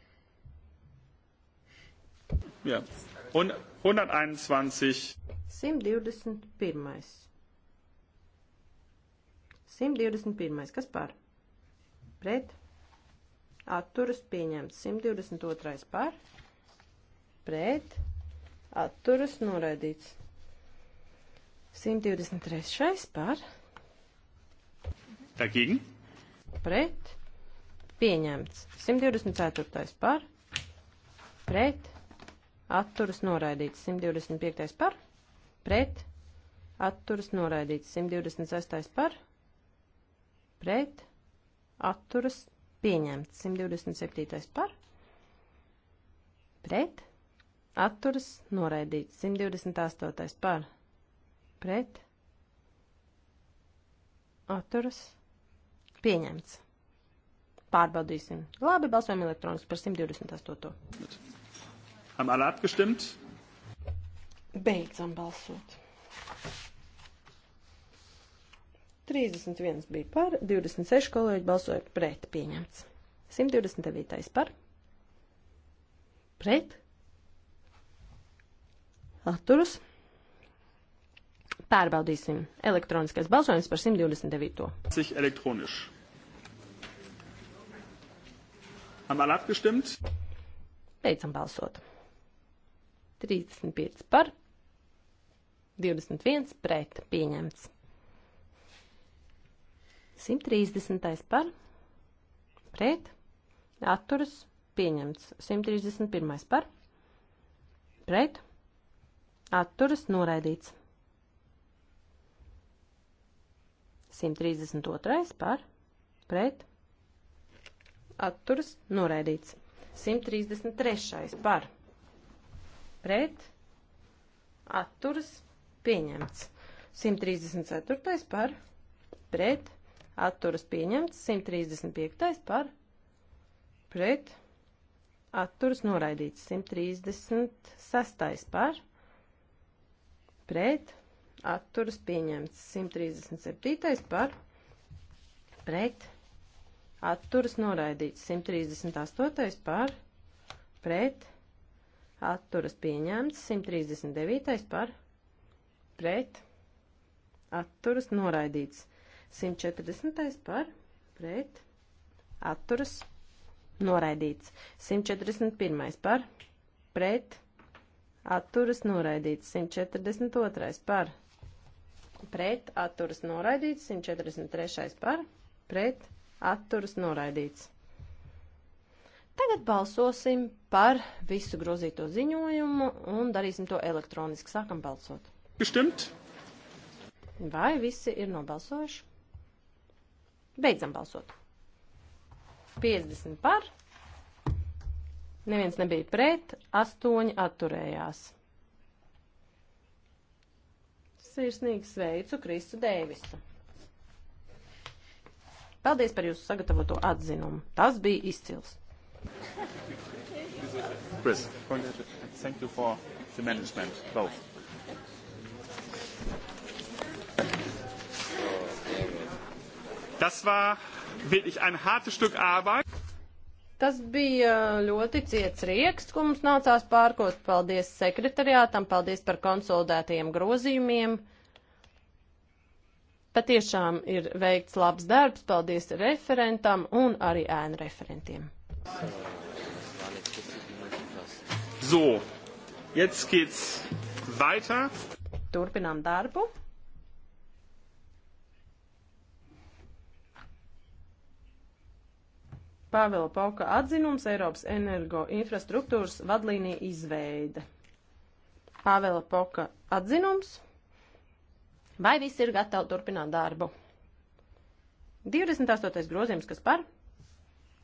Jā. Un 121. 121. 121. Kas par? Pret. Atturas pieņemts. 122. par. Pret. Atturas noraidīts. 123. par. Dagegen. Pret pieņemts. 124. par, pret, atturas noraidīts. 125. par, pret, atturas noraidīts. 126. par, pret, atturas pieņemts. 127. par, pret, atturas noraidīts. 128. par, pret, atturas pieņemts. Pārbaudīsim. Labi, balsojam elektroniski par 128. Haben alle abgestimmt? Beidzam balsot. 31 bija par, 26 kolēģi balsoja pret pieņemts. 129 par. Pret. Atturus. Pārbaudīsim. Elektroniskais balsojums par 129. Cik elektroniski? Haben alle abgestimmt? Beidzam balsot. 35 par, 21 pret pieņemts. 130 par, pret, atturas, pieņemts. 131 par, pret, atturas, noraidīts. 132 par, pret, atturas noraidīts. 133. par pret atturas pieņemts. 134. par pret atturas pieņemts. 135. par pret atturas noraidīts. 136. par pret atturas pieņemts. 137. par pret atturas noraidīts. 138. par pret atturas pieņemts. 139. par pret atturas noraidīts. 140. par pret atturas noraidīts. 141. par pret atturas noraidīts. 142. par pret atturas noraidīts. 143. par pret atturas noraidīts atturas noraidīts. Tagad balsosim par visu grozīto ziņojumu un darīsim to elektroniski. Sākam balsot. Gestimt. Vai visi ir nobalsojuši? Beidzam balsot. 50 par. Neviens nebija pret, astoņi atturējās. Sirsnīgi sveicu Kristu Dēvisu. Paldies par jūsu sagatavoto atzinumu. Tas bija izcils. Chris, thank you for the management, both. Tas war wirklich ein hartes Stück Arbeit. Tas bija ļoti ciets rieksts, ko mums nācās pārkost. Paldies sekretariātam, paldies par konsolidētajiem grozījumiem. Patiešām ir veikts labs darbs, paldies referentam un arī ēnu referentiem. So, jetzt geht's weiter. Turpinām darbu. Pāvela Pauka atzinums Eiropas energo infrastruktūras vadlīnija izveide. Pāvela Pauka atzinums. Vai visi ir gatavi turpināt darbu? 28. grozījums, kas par?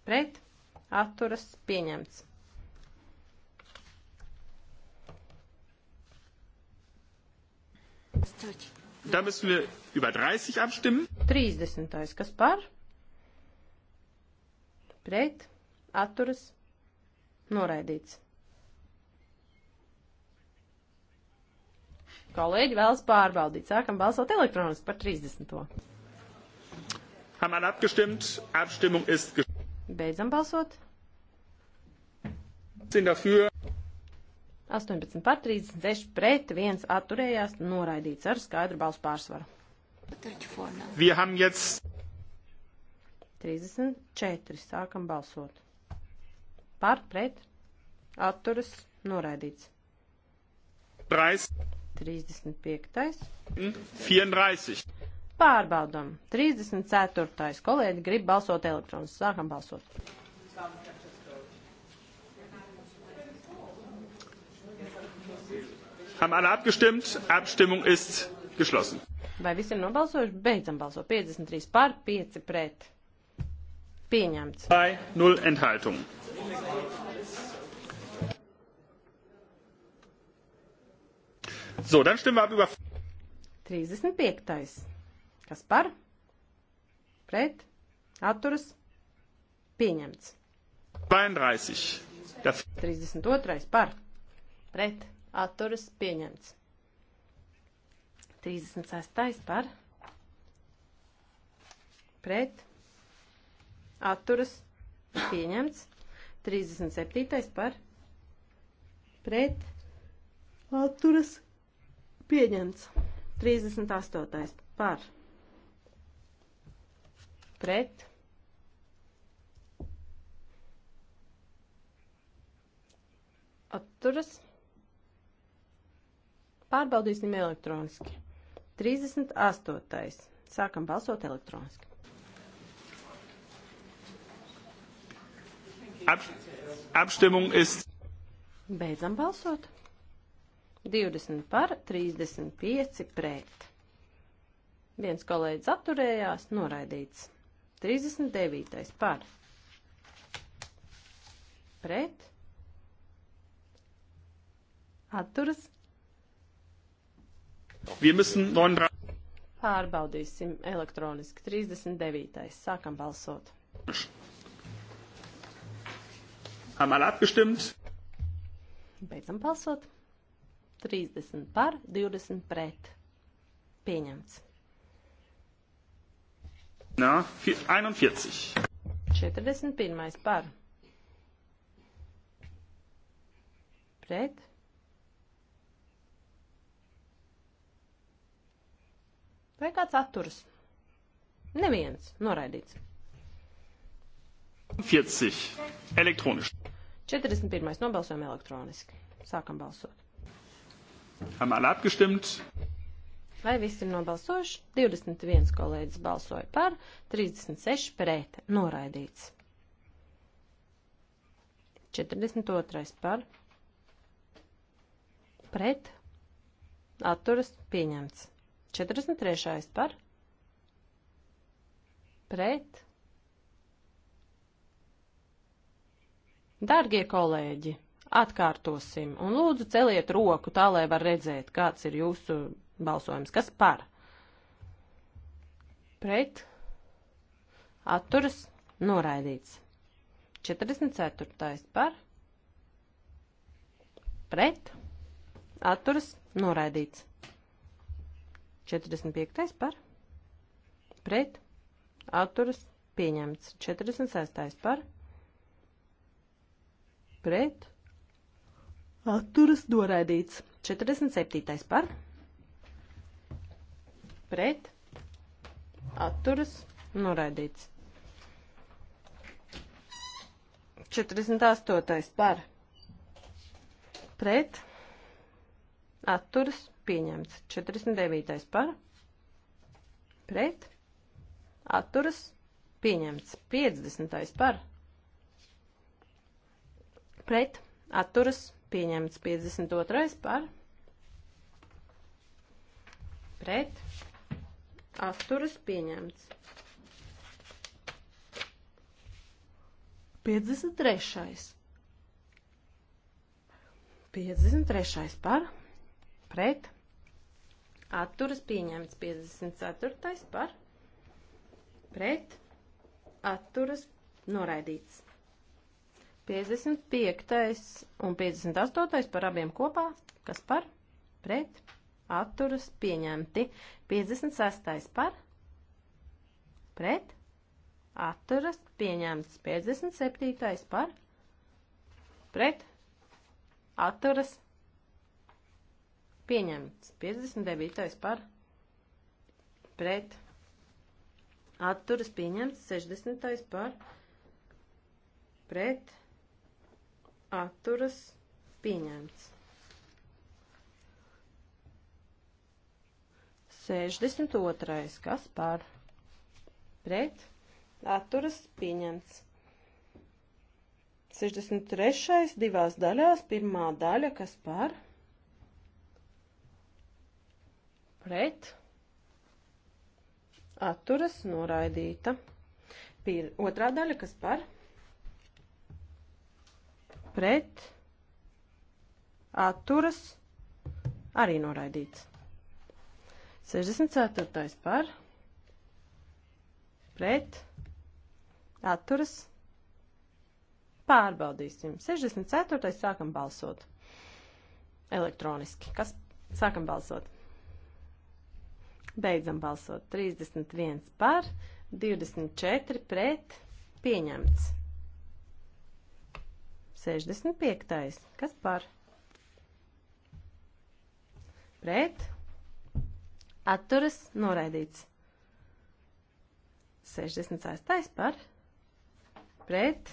Pret? Atturas pieņemts. Da müssen wir über 30 abstimmen. 30. Kas par? Pret? Atturas? Noraidīts. kolēģi vēlas pārbaudīt. Sākam balsot elektroniski par 30. Haben alle abgestimmt? Abstimmung ist Beidzam balsot. 18 dafür. 18 par 36 pret, viens atturējās, noraidīts ar skaidru balsu pārsvaru. Wir haben jetzt 34. Sākam balsot. Par, pret, atturas, noraidīts. 30. 35. 34. Pārbaudam. 34. Kolēģi grib balsot elektroniski. Sākam balsot. Haben alle abgestimmt? Abstimmung ist geschlossen. Vai visi ir nobalsojuši? Beidzam balsot. 53 pār, 5 pret. Pieņemts. 2, 0 enthaltung. So, dann stimmen wir ab über. 35. Kas par? Pret? Atturas? Pieņemts. 32. Das... 32. Par? Pret? Atturas? Pieņemts. 36. Par? Pret? Atturas? Pieņemts. 37. Par? Pret? Atturas? Pieņemts Pieņemts. 38. par. Pret. Atturas. Pārbaudīsim elektroniski. 38. Sākam balsot elektroniski. Ab, abstimmung ist. Beidzam balsot. 20 par, 35 pret. Viens kolēģis atturējās, noraidīts. 39. par. Pret. Atturas. Pārbaudīsim elektroniski. 39. Sākam balsot. Haben alle abgestimmt? Beidzam balsot. 30 par, 20 pret. Pieņemts. Nā, 41. 41 par. Pret. Vai kāds atturas? Neviens. Noraidīts. 40. Elektroniski. 41. Nobalsojam elektroniski. Sākam balsot. Haben alle abgestimmt? Vai visi ir nobalsojuši? 21 kolēģis balsoja par, 36 pret, noraidīts. 42 par, pret, atturas, pieņemts. 43 par, pret. Dārgie kolēģi! Atkārtosim un lūdzu celiet roku tā, lai var redzēt, kāds ir jūsu balsojums. Kas par? Pret? Atturas? Noraidīts. 44. par? Pret? Atturas? Noraidīts. 45. par? Pret? Atturas? Pieņemts. 46. par? Pret? Atturas noraidīts. 47. par. Pret. Atturas noraidīts. 48. par. Pret. Atturas pieņemts. 49. par. Pret. Atturas pieņemts. 50. par. Pret. Atturas pieņemts pieņemts 52. par pret atturas pieņemts. 53. 53. par pret atturas pieņemts. 54. par pret atturas noraidīts. 55. un 58. par abiem kopā, kas par, pret, atturas, pieņemti. 56. par, pret, atturas, pieņemts. 57. par, pret, atturas, pieņemts. 59. par, pret, atturas, pieņemts. 60. par, pret, atturas atturas pieņemts. 62. Kas par? Pret. Atturas pieņemts. 63. divās daļās. Pirmā daļa. Kas par? Pret. Atturas noraidīta. Pir otrā daļa. Kas par? Pret pret, atturas, arī noraidīts. 64. par, pret, atturas, pārbaudīsim. 64. sākam balsot elektroniski. Kas sākam balsot? Beidzam balsot. 31 par, 24 pret, pieņemts. 65. Kas par? Pret. Atturas noraidīts. 66. par. Pret.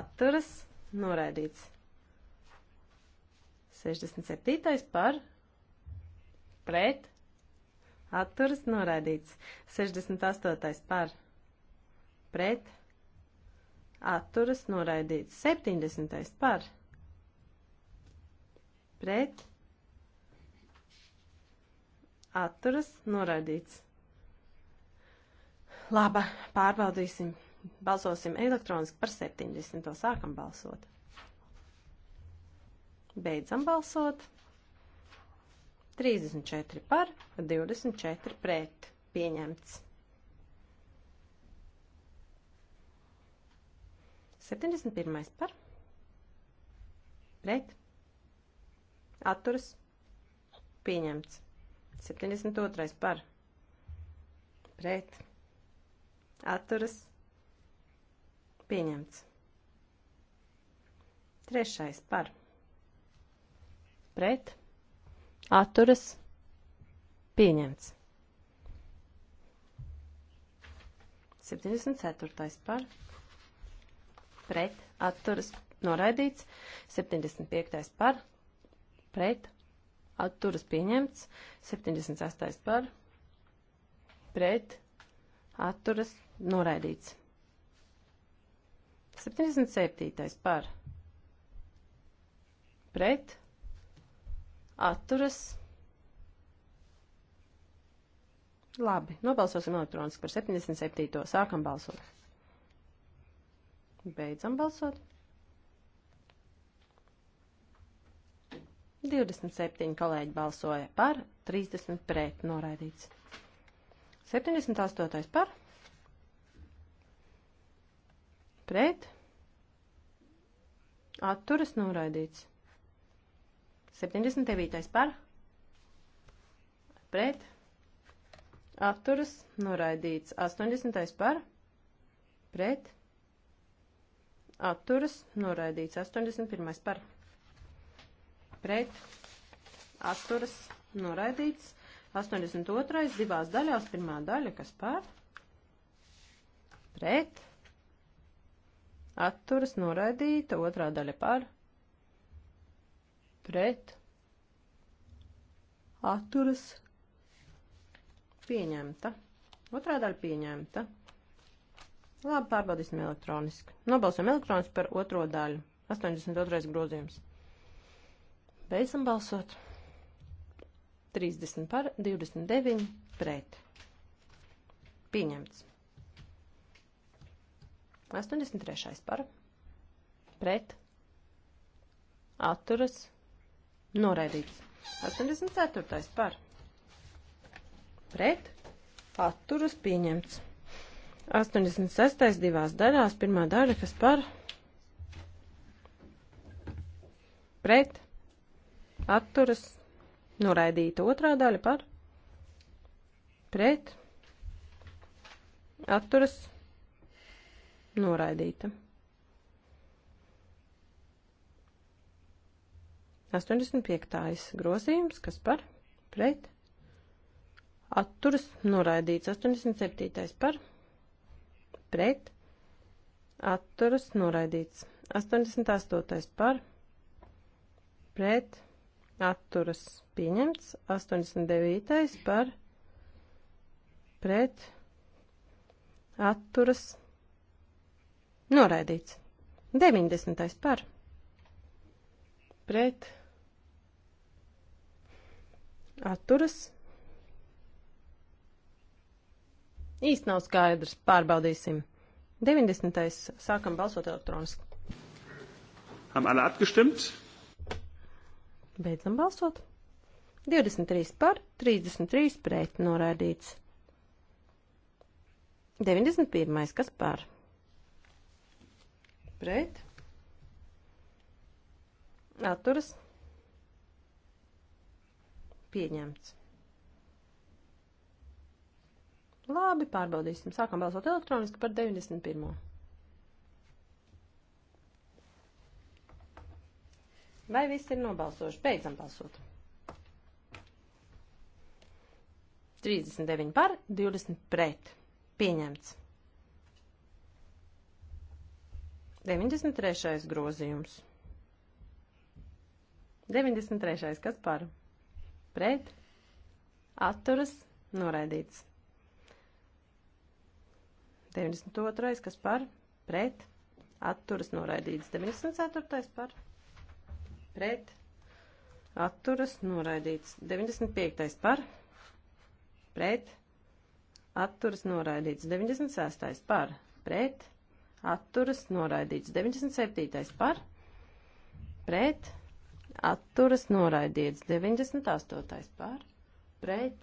Atturas noraidīts. 67. par. Pret. Atturas noraidīts. 68. par. Pret atturas noraidīts. 70. par pret atturas noraidīts. Laba, pārbaudīsim. Balsosim elektroniski par 70. Sākam balsot. Beidzam balsot. 34 par, 24 pret. Pieņemts. 71. par pret atturas pieņemts. 72. par pret atturas pieņemts. 3. par pret atturas pieņemts. 74. par pret pret atturas noraidīts, 75. par pret atturas pieņemts, 78. par pret atturas noraidīts. 77. par pret atturas Labi, nobalsosim elektroniski par 77. Sākam balsot. Beidzam balsot. 27 kolēģi balsoja par, 30 pret noraidīts. 78 par. Pret. Atturas noraidīts. 79 par. Pret. Atturas noraidīts. 80 par. Pret atturas, noraidīts 81. par pret, atturas, noraidīts 82. divās daļās, pirmā daļa, kas par pret, atturas, noraidīta, otrā daļa par pret, atturas, pieņemta, otrā daļa pieņemta. Labi, pārbaudīsim elektroniski. Nobalsam elektroniski par otro daļu. 82. grozījums. Beidzam balsot. 30 par, 29 pret. Pieņemts. 83. par, pret, atturas, noraidīts. 84. par, pret, atturas, pieņemts. 86. divās daļās, pirmā daļa, kas par pret atturas noraidīta, otrā daļa par pret atturas noraidīta. 85. grozījums, kas par pret atturas noraidīts, 87. par pret pret, atturas noraidīts. 88. par, pret, atturas pieņemts. 89. par, pret, atturas noraidīts. 90. par, pret, atturas noraidīts. Īsti nav skaidrs. Pārbaudīsim. 90. sākam balsot elektroniski. Haben alle abgestimmt? Beidzam balsot. 23 par, 33 pret noraidīts. 91. kas par? Pret. Atturas. Pieņemts. Labi, pārbaudīsim. Sākam balsot elektroniski par 91. Vai viss ir nobalsojuši? Beidzam balsot. 39 par, 20 pret. Pieņemts. 93. grozījums. 93. kas par? Pret. Atturas. Noraidīts. 92. kas par pret atturas noraidīts. 94. par pret atturas noraidīts. 95. par pret atturas noraidīts. 96. par pret atturas noraidīts. 97. par pret atturas noraidīts. 98. par pret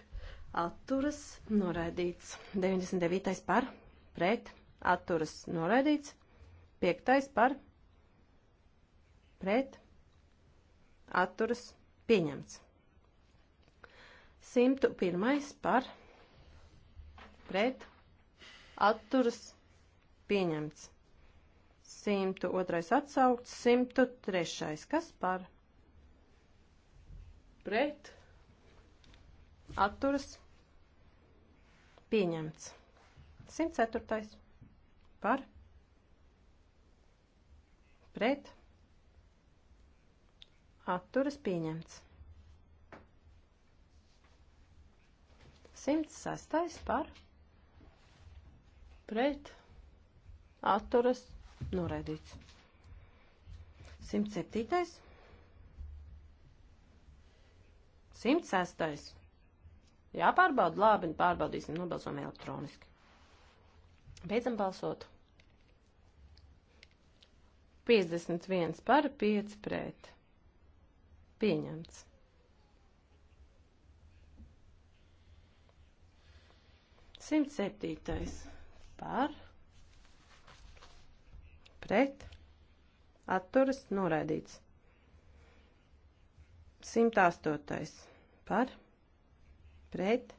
atturas noraidīts. 99. par pret pret atturas noraidīts. Piektais par pret atturas pieņemts. 101. par pret atturas pieņemts. 102. atsaukts, 103. kas par pret atturas pieņemts. 104. par pret atturas pieņemts. 106. par pret atturas noraidīts. 107. 106. Jāpārbauda labi, pārbaudīsim, nobalsojam elektroniski. Beidzam balsot. 51 par, 5 pret. Pieņemts. Simt septītais par, pret, atturas, noraidīts. 108. par, pret,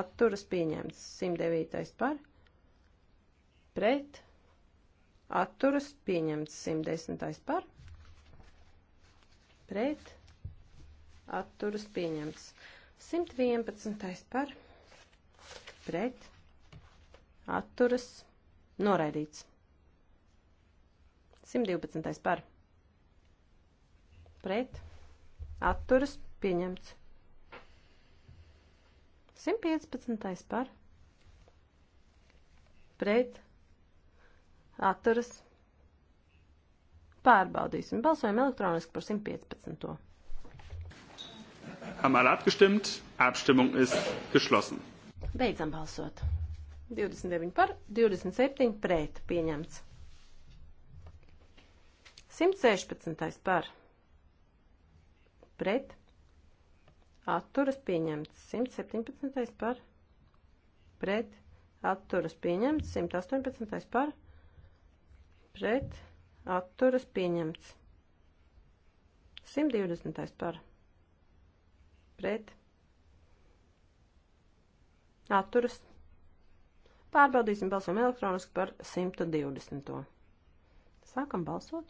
atturas pieņemts, 109. par, pret, atturas pieņemts 110. par, pret, atturas pieņemts 111. par, pret, atturas noraidīts 112. par, pret, atturas pieņemts 115. par, pret, atturas. Pārbaudīsim. Balsojam elektroniski par 115. Haben alle abgestimmt? Abstimmung ist geschlossen. Beidzam balsot. 29 par, 27 pret pieņemts. 116 par, pret, atturas pieņemts. 117 par, pret, atturas pieņemts. 118 par, pret pret atturas pieņemts. 120. par pret atturas. Pārbaudīsim balsojumu elektroniski par 120. Sākam balsot.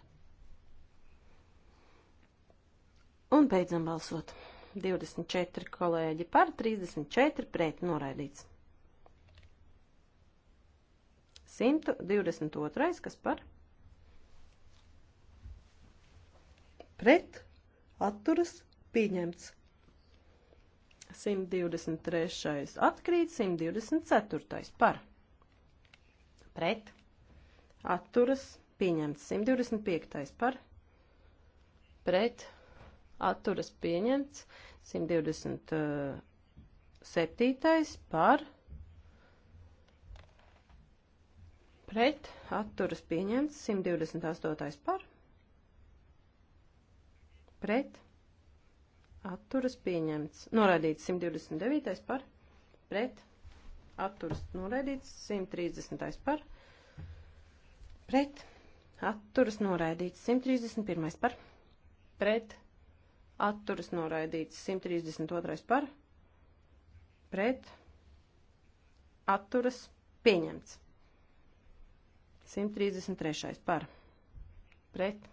Un beidzam balsot. 24 kolēģi par, 34 pret noraidīts. 122. kas par? pret, atturas, pieņemts. 123. atkrīt, 124. par, pret, atturas, pieņemts. 125. par, pret, atturas, pieņemts. 127. Eh, par, pret, atturas, pieņemts. 128. par, pret, atturas pieņemts. Noraidīts 129. par, pret, atturas noraidīts 130. par, pret, atturas noraidīts 131. par, pret, atturas noraidīts 132. par, pret, atturas pieņemts. 133. par, pret,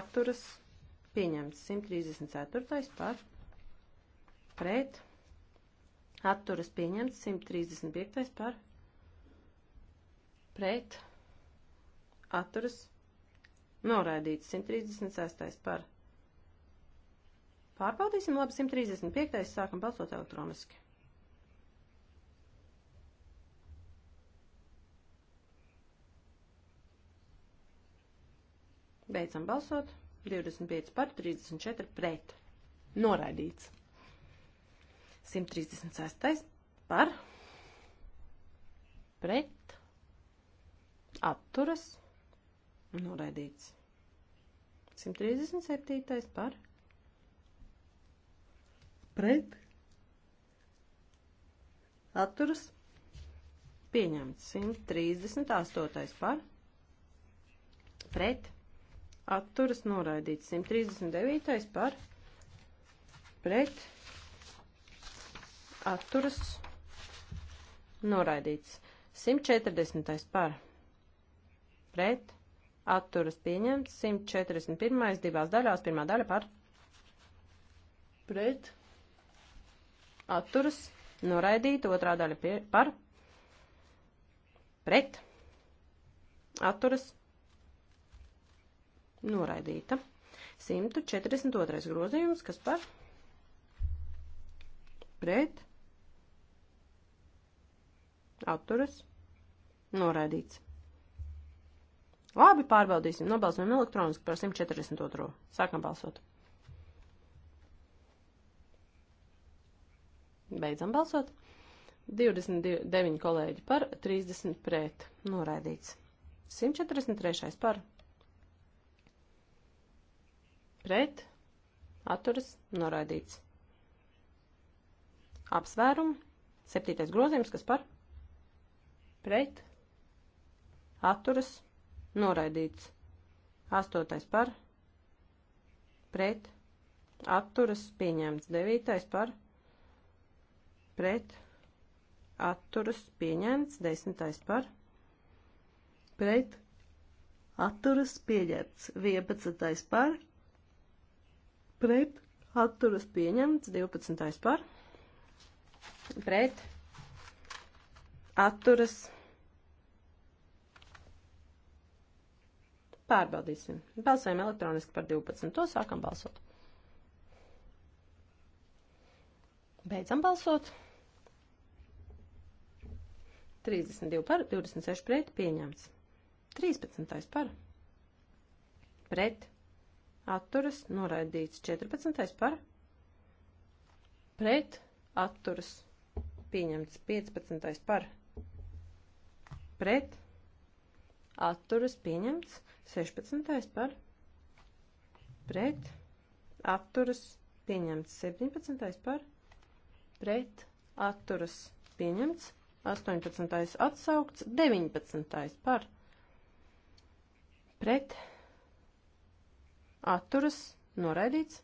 atturas pieņemts pieņemts 134. par pret atturas pieņemts 135. par pret atturas noraidīts 136. par pārbaudīsim labi 135. sākam balsot elektroniski. Beidzam balsot. 25 par 34 pret. Noraidīts. 136 par pret atturas noraidīts. 137 par pret atturas pieņemts. 138 par pret atturas atturas noraidīts. 139. par pret atturas noraidīts. 140. par pret atturas pieņemts. 141. divās daļās. Pirmā daļa par pret atturas noraidīt. Otrā daļa pie, par pret atturas noraidīt noraidīta. 142. grozījums, kas par pret atturas noraidīts. Labi, pārbaudīsim. Nobalsojam elektroniski par 142. Sākam balsot. Beidzam balsot. 29 kolēģi par, 30 pret. Noraidīts. 143 par pret, atturas, noraidīts. Apsvērumu, septītais grozījums, kas par, pret, atturas, noraidīts. Astotais par, pret, atturas, pieņemts. Devītais par, pret, atturas, pieņemts. Desmitais par, pret, atturas, pieņemts. Vienpadsmitais par, pret pret atturas pieņemts 12. par pret atturas pārbaudīsim. Balsojam elektroniski par 12. To sākam balsot. Beidzam balsot. 32 par, 26 pret, pieņemts. 13. par, pret, atturas noraidīts. 14. par pret atturas pieņemts. 15. par pret atturas pieņemts. 16. par pret atturas pieņemts. 17. par pret atturas pieņemts. 18. atsaukts. 19. par pret atturas pieņemts pret atturas, noraidīts.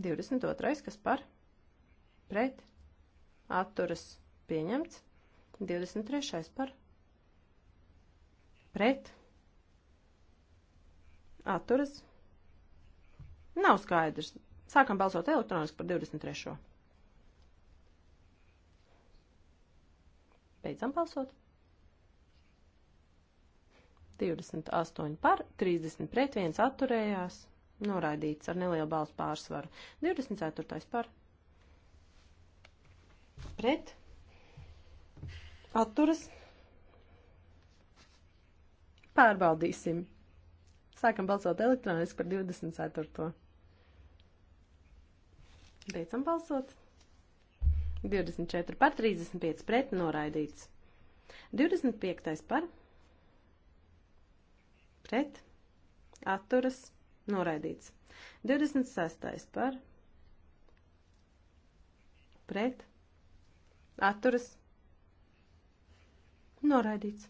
22. kas par, pret, atturas, pieņemts. 23. par, pret, atturas, nav skaidrs. Sākam balsot elektroniski par 23. Beidzam balsot. 28 par, 30 pret, 1 atturējās, noraidīts ar nelielu balstu pārsvaru. 24 par, pret, atturas, pārbaudīsim. Sākam balsot elektroniski par 24. Beidzam balsot. 24 par 35 pret noraidīts. 25. par pret, atturas, noraidīts. 26. par, pret, atturas, noraidīts.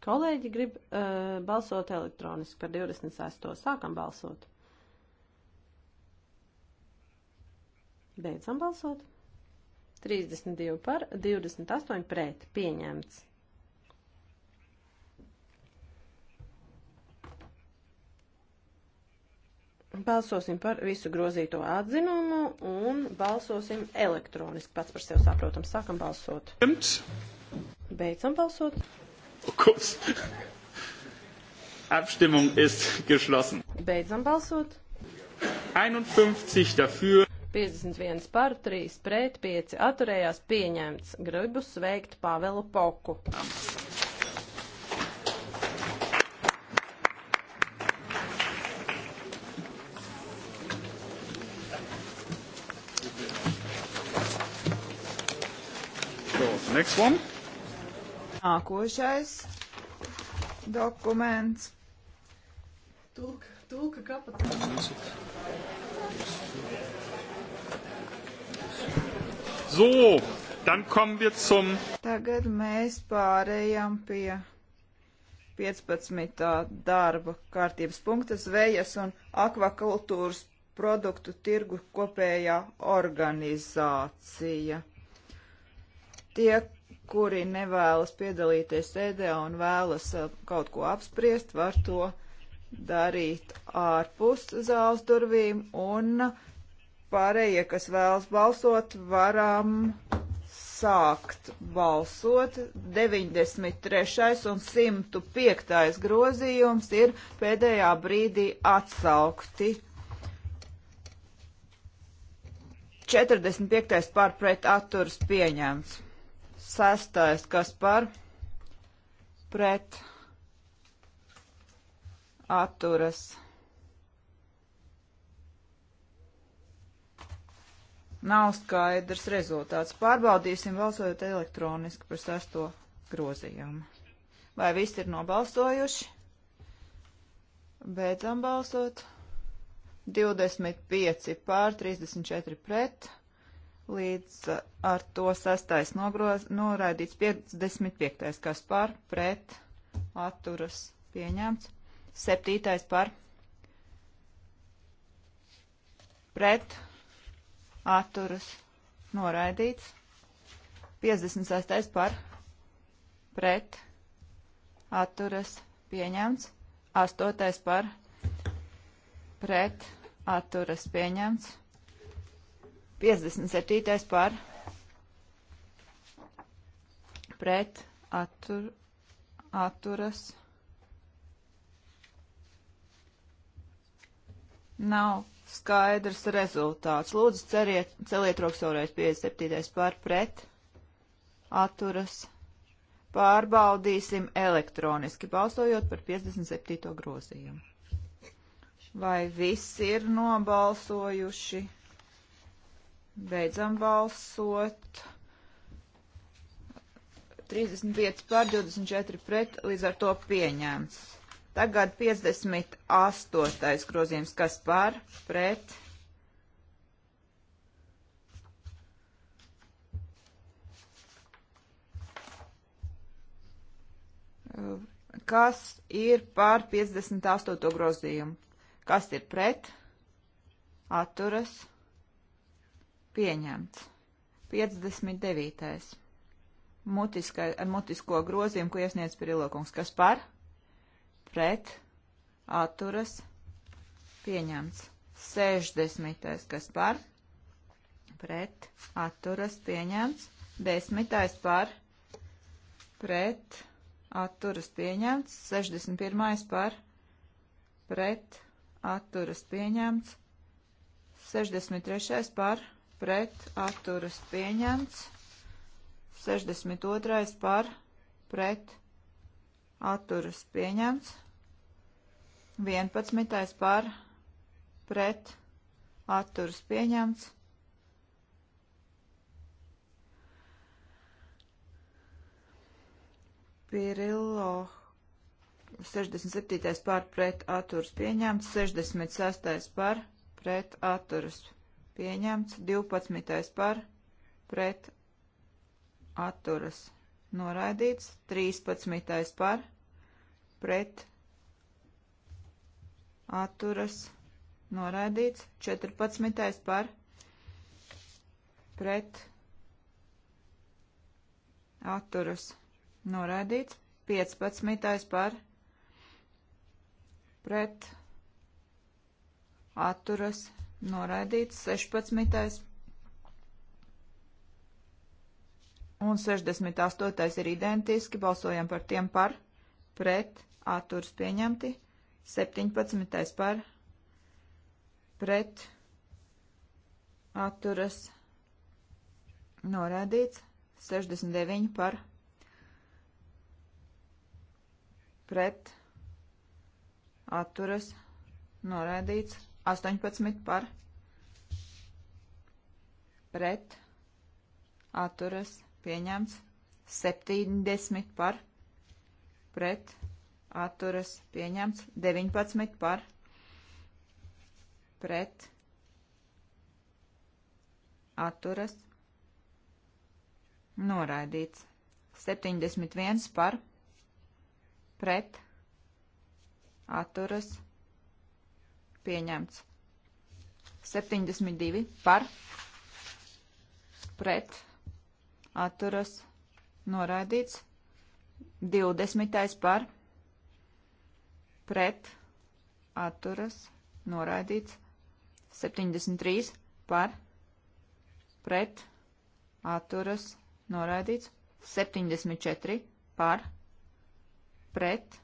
Kolēģi grib uh, balsot elektroniski par 26. Sākam balsot. Beidzam balsot. 32 par, 28 pret, pieņemts. Balsosim par visu grozīto atzinumu un balsosim elektroniski. Pats par sevi saprotam, sākam balsot. Pieņemts. Beidzam balsot. Kurz. Abstimmung ist geschlossen. Beidzam balsot. 51 dafür. 51 par, 3 pret, 5 atturējās pieņemts. Gribu sveikt Pāvelu Poku. Next one. Nākošais dokuments. Tulka, tulka kapacitāte. So, dann kommen wir zum. Tagad mēs pārējām pie 15. darba kārtības punkta zvejas un akvakultūras produktu tirgu kopējā organizācija. Tie, kuri nevēlas piedalīties sēdē un vēlas eh, kaut ko apspriest, var to darīt ārpus zāles durvīm un uh, pārējie, kas vēlas balsot, varam sākt balsot. 93. un 105. grozījums ir pēdējā brīdī atsaukti. 45. par pret atturas pieņemts. 6. kas par pret atturas pieņemts Nav skaidrs rezultāts. Pārbaudīsim balsojot elektroniski par sesto grozījumu. Vai visi ir nobalsojuši? Beidzam balsot. 25 pār 34 pret. Līdz uh, ar to sastais nogroz, noraidīts 55. kas pār pret atturas pieņemts. 7. par pret atturas noraidīts. 56. par pret atturas pieņemts. 8. par pret atturas pieņemts. 57. par pret attur, atturas nav skaidrs rezultāts. Lūdzu, ceriet, celiet roksoreiz 57. par pret atturas. Pārbaudīsim elektroniski, balsojot par 57. grozījumu. Vai visi ir nobalsojuši? Beidzam balsot. 35 pār 24 pret, līdz ar to pieņēmts. Tagad 58. grozījums, kas par, pret. Kas ir par 58. grozījumu? Kas ir pret? Atturas. Pieņemts. 59. Mutiskai, ar mutisko grozījumu, ko iesniedz Pirilokungs. Kas par? pret atturas pieņemts. 60. kas par pret atturas pieņemts. 10. par pret atturas pieņemts. 61. par pret atturas pieņemts. 63. par pret atturas pieņemts. 62. par pret atturas pieņemts atturas pieņemts, 11. par pret atturas pieņemts, 67. par pret atturas pieņemts, 66. par pret atturas pieņemts, 12. par pret atturas pieņemts noraidīts, 13. par, pret, atturas, noraidīts, 14. par, pret, atturas, noraidīts, 15. par, pret, atturas, noraidīts, 16. un 68. ir identiski, balsojam par tiem par, pret, atturs pieņemti, 17. par, pret, atturas norādīts, 69 par, pret, atturas norādīts, 18 par, pret, atturas norādīts pieņemts 70 par pret atturas pieņemts 19 par pret atturas noraidīts 71 par pret atturas pieņemts 72 par pret atturas atturas noraidīts. 20. par pret atturas noraidīts. 73 par pret atturas noraidīts. 74 par pret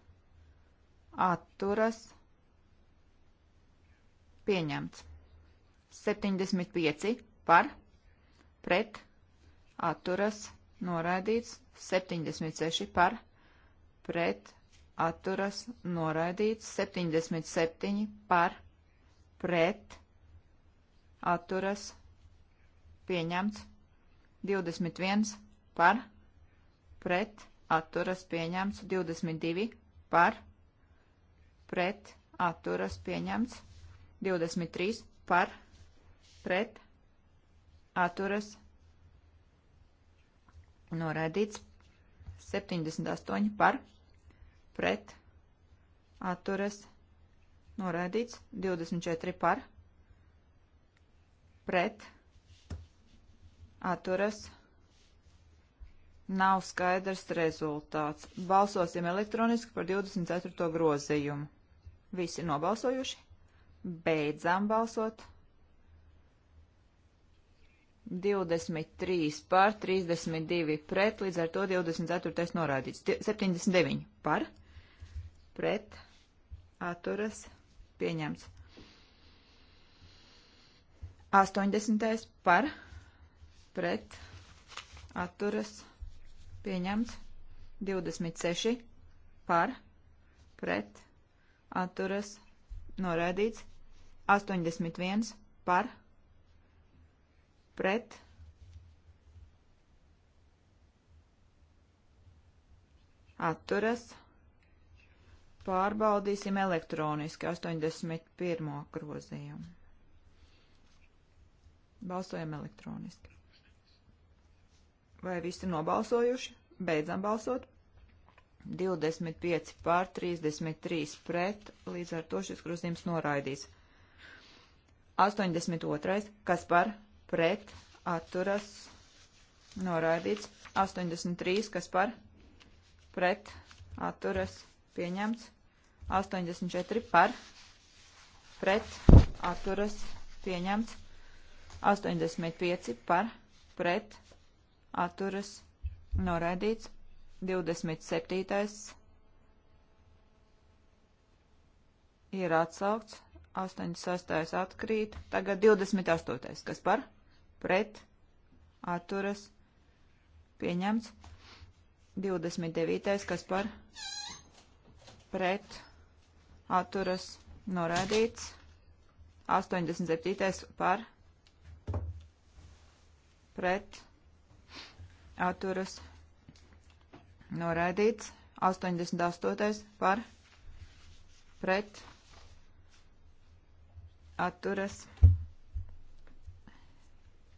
atturas pieņemts. 75 par pret atturas atturas noraidīts 76 par pret atturas noraidīts 77 par pret atturas pieņemts 21 par pret atturas pieņemts 22 par pret atturas pieņemts 23 par pret atturas pieņemts Noraidīts 78 par pret atturas noraidīts 24 par pret atturas nav skaidrs rezultāts. Balsosim elektroniski par 24. grozījumu. Visi nobalsojuši? Beidzām balsot. 23 par, 32 pret, līdz ar to 24. norādīts. 79 par, pret, atturas, pieņemts. 80. par, pret, atturas, pieņemts. 26 par, pret, atturas, norādīts. 81 par, pret pret atturas. Pārbaudīsim elektroniski 81. grozījumu. Balsojam elektroniski. Vai visi nobalsojuši? Beidzam balsot. 25 pār 33 pret, līdz ar to šis grozījums noraidīs. 82. Kas par? pret atturas noraidīts. 83, kas par pret atturas pieņemts. 84 par pret atturas pieņemts. 85 par pret atturas noraidīts. 27. ir atsaukts, 86. atkrīt, tagad 28. kas par? pret atturas pieņemts. 29. kas par pret atturas norādīts. 87. par pret atturas norādīts. 88. par pret atturas norādīts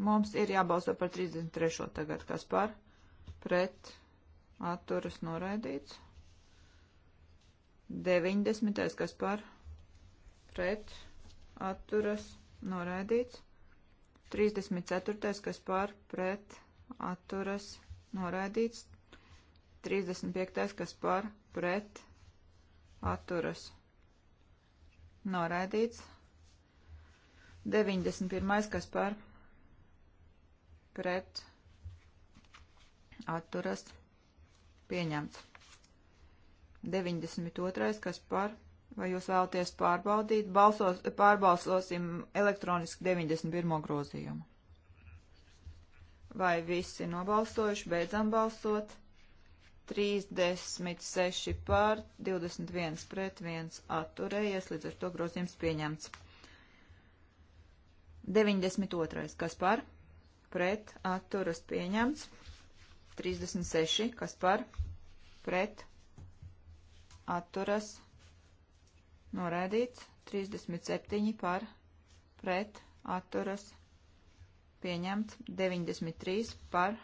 Mums ir jābalso par 33. tagad, kas par pret atturas noraidīts. 90. kas par pret atturas noraidīts. 34. kas par pret atturas noraidīts. 35. kas par pret atturas noraidīts. 91. kas par pret pret atturas pieņemts. 92. kas par, vai jūs vēlaties pārbaudīt, Balsos, pārbalsosim elektroniski 91. grozījumu. Vai visi nobalsojuši, beidzam balsot? 36 pār, 21 pret 1 atturējies, līdz ar to grozījums pieņemts. 92. kas par? pret atturas pieņemts. 36, kas par pret atturas noraidīts. 37 par pret atturas pieņemts. 93 par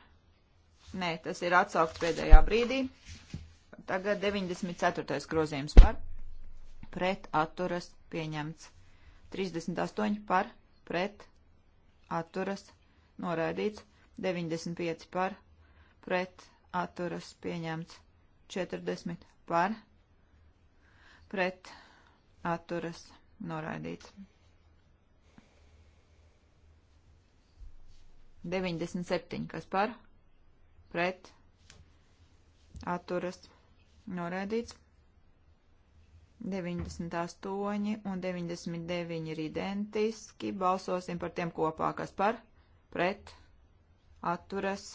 nē, tas ir atsaukts pēdējā brīdī. Tagad 94. grozījums par pret atturas pieņemts. 38 par pret atturas pieņemts noraidīts, 95 par, pret atturas pieņemts, 40 par, pret atturas noraidīts. 97, kas par, pret, atturas, noraidīts. 98 un 99 ir identiski, balsosim par tiem kopā, kas par, pret pret, atturas.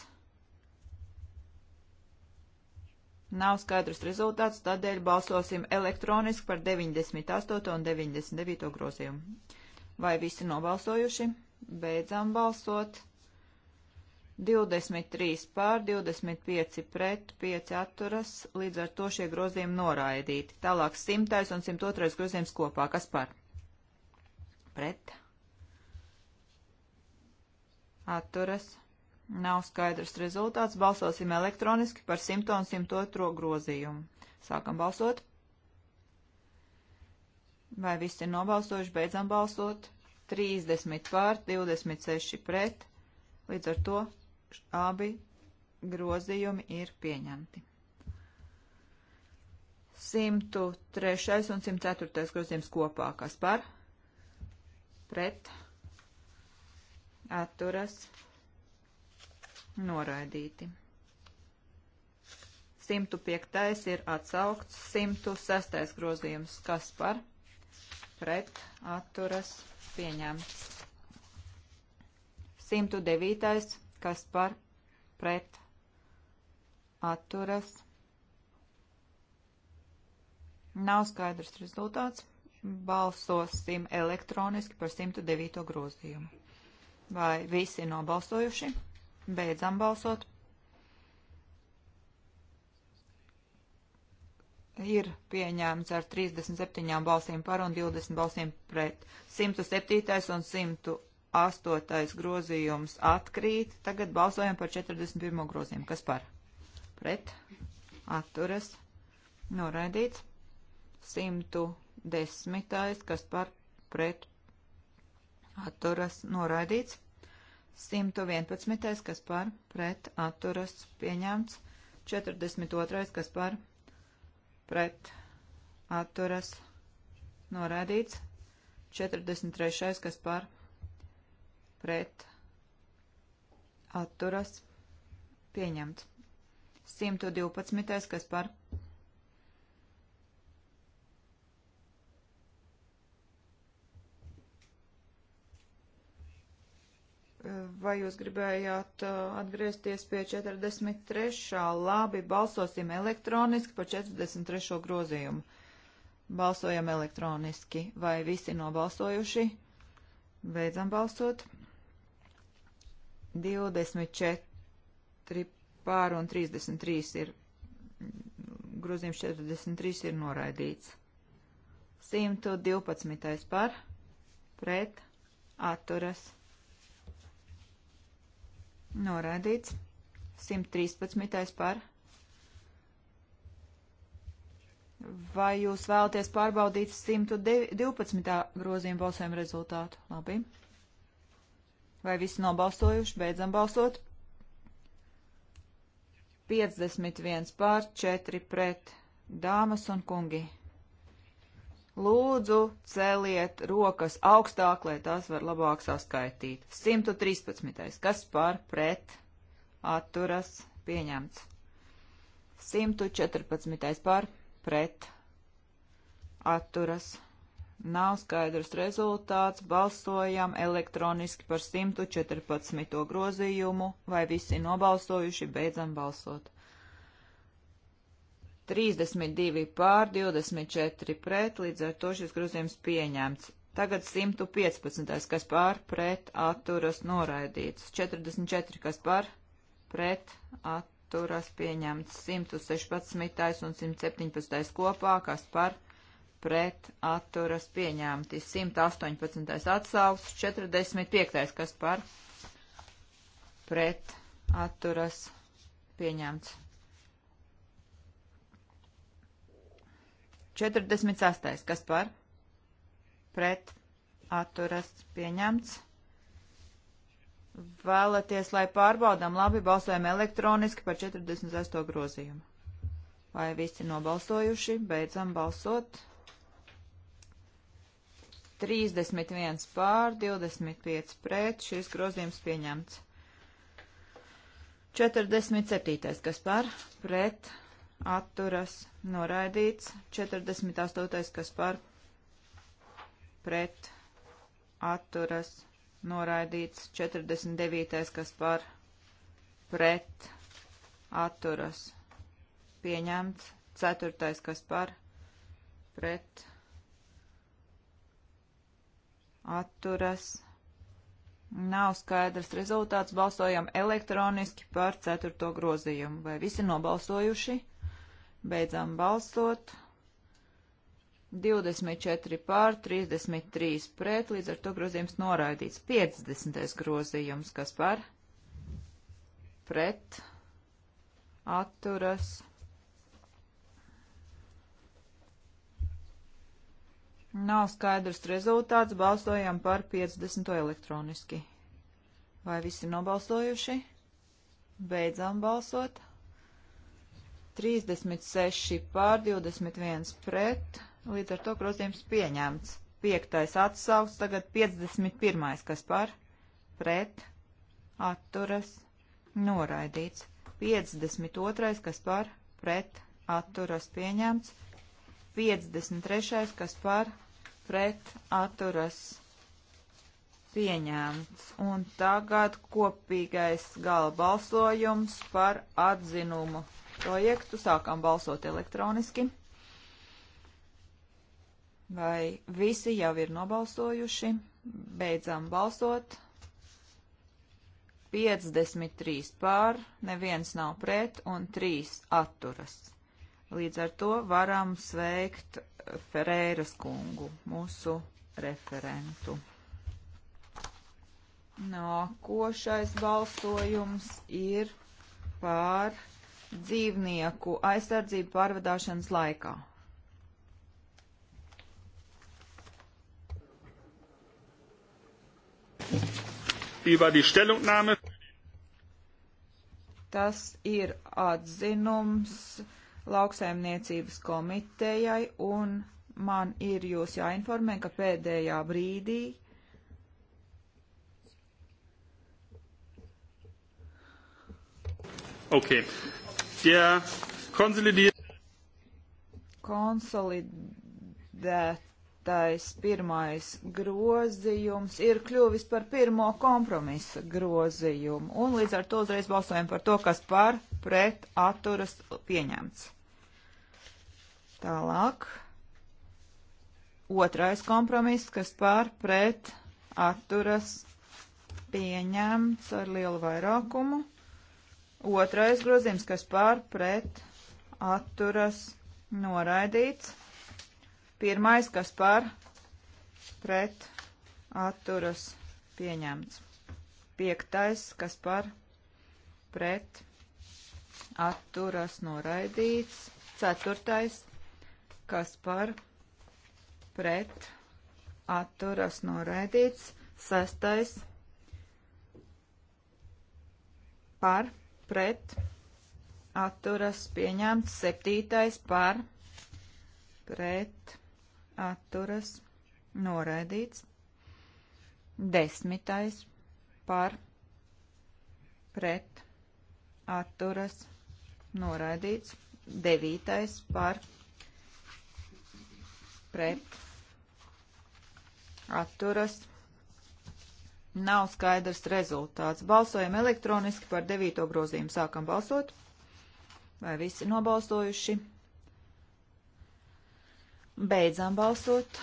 Nav skaidrs rezultāts, tādēļ balsosim elektroniski par 98 un 99 grozījumu. Vai visi nobalsojuši? Beidzam balsot. 23 pār, 25 pret, 5 atturas, līdz ar to šie grozījumi noraidīti. Tālāk 100 un 102 grozījums kopā. Kas par? Pret atturas. Nav skaidrs rezultāts. Balsosim elektroniski par 100 un 102 grozījumu. Sākam balsot. Vai visi ir nobalsojuši? Beidzam balsot. 30 pār, 26 pret. Līdz ar to abi grozījumi ir pieņemti. 103. un 104. grozījums kopā. Kas par? Pret atturas noraidīti. 105. ir atsaukts, 106. grozījums kas par pret atturas pieņemts. 109. kas par pret atturas. Nav skaidrs rezultāts. Balsosim elektroniski par 109. grozījumu. Vai visi nobalsojuši? Beidzam balsot. Ir pieņēmts ar 37 balsīm par un 20 balsīm pret. 107. un 108. grozījums atkrīt. Tagad balsojam par 41. grozījumu. Kas par? Pret. Atturas. Noraidīts. 110. kas par pret. Atturas. Noraidīts. 111. kas par pret atturas pieņemts. 42. kas par pret atturas norādīts. 43. kas par pret atturas pieņemts. 112. kas par pret vai jūs gribējāt uh, atgriezties pie 43. Labi, balsosim elektroniski par 43. grozījumu. Balsojam elektroniski. Vai visi nobalsojuši? Beidzam balsot. 24 pār un 33 ir grozījums 43 ir noraidīts. 112 par pret atturas Norādīts. 113. par. Vai jūs vēlaties pārbaudīt 112. grozījuma balsojuma rezultātu? Labi. Vai visi nobalsojuši? Beidzam balsot. 51 pār 4 pret dāmas un kungi. Lūdzu, celiet rokas augstāk, lai tās var labāk saskaitīt. 113. Kas par pret atturas pieņemts? 114. par pret atturas. Nav skaidrs rezultāts. Balsojam elektroniski par 114. grozījumu. Vai visi nobalsojuši? Beidzam balsot. 32 pār, 24 pret, līdz ar to šis grozījums pieņemts. Tagad 115, kas pār, pret, atturas, noraidīts. 44, kas pār, pret, atturas, pieņemts. 116 un 117 kopā, kas pār, pret, atturas, pieņemti. 118 atsaukts, 45, kas pār, pret, atturas, pieņemts. 46. Kas par? Pret. Atturas pieņemts. Vēlaties, lai pārbaudām labi balsojam elektroniski par 48. grozījumu. Vai visi nobalsojuši? Beidzam balsot. 31 pār, 25 pret, šis grozījums pieņemts. 47. kas par, pret, atturas, noraidīts, 48. kas par pret atturas, noraidīts, 49. kas par pret atturas, pieņemts, 4. kas par pret atturas. Nav skaidrs rezultāts, balsojam elektroniski par 4. grozījumu. Vai visi nobalsojuši? Beidzam balsot. 24 pār, 33 pret, līdz ar to grozījums noraidīts. 50. grozījums, kas par pret atturas. Nav skaidrs rezultāts, balsojam par 50 elektroniski. Vai visi nobalsojuši? Beidzām balsot. 36 pār 21 pret, līdz ar to grozījums pieņemts. Piektais atsauks, tagad 51, kas par, pret, atturas, noraidīts. 52, kas par, pret, atturas, pieņemts. 53, kas par, pret, atturas, pieņemts. Un tagad kopīgais gala balsojums par atzinumu projektu. Sākam balsot elektroniski. Vai visi jau ir nobalsojuši? Beidzam balsot. 53 pār, neviens nav pret un 3 atturas. Līdz ar to varam sveikt Ferēras kungu, mūsu referentu. Nākošais balsojums ir pār dzīvnieku aizsardzību pārvadāšanas laikā. Über die Stellungnahme. Tas ir atzinums lauksaimniecības komitejai un man ir jūs jāinformē, ka pēdējā brīdī Okay der konsolidētais pirmais grozījums ir kļuvis par pirmo kompromisa grozījumu, un līdz ar to uzreiz balsojam par to, kas par pret atturas pieņemts. Tālāk. Otrais kompromiss, kas par pret atturas pieņemts ar lielu vairākumu. Otrais grozījums, kas pār pret atturas noraidīts. Pirmais, kas pār pret atturas pieņemts. Piektais, kas pār pret atturas noraidīts. Ceturtais, kas pār pret atturas noraidīts. Sestais, par pret pret atturas pieņemts. Septītais par pret atturas noraidīts. Desmitais par pret atturas noraidīts. Devītais par pret atturas noraidīts pret atturas Nav skaidrs rezultāts. Balsojam elektroniski par devīto grozījumu. Sākam balsot. Vai visi nobalsojuši? Beidzam balsot.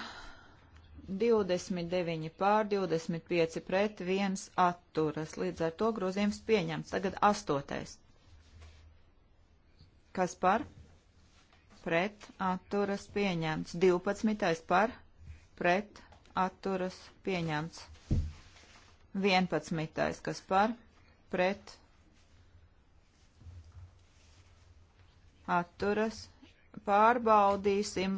29 pār 25 pret 1 atturas. Līdz ar to grozījums pieņemts. Tagad astotais. Kas par? Pret atturas pieņemts. 12. par? Pret atturas pieņemts. 11. kas par pret atturas. Pārbaudīsim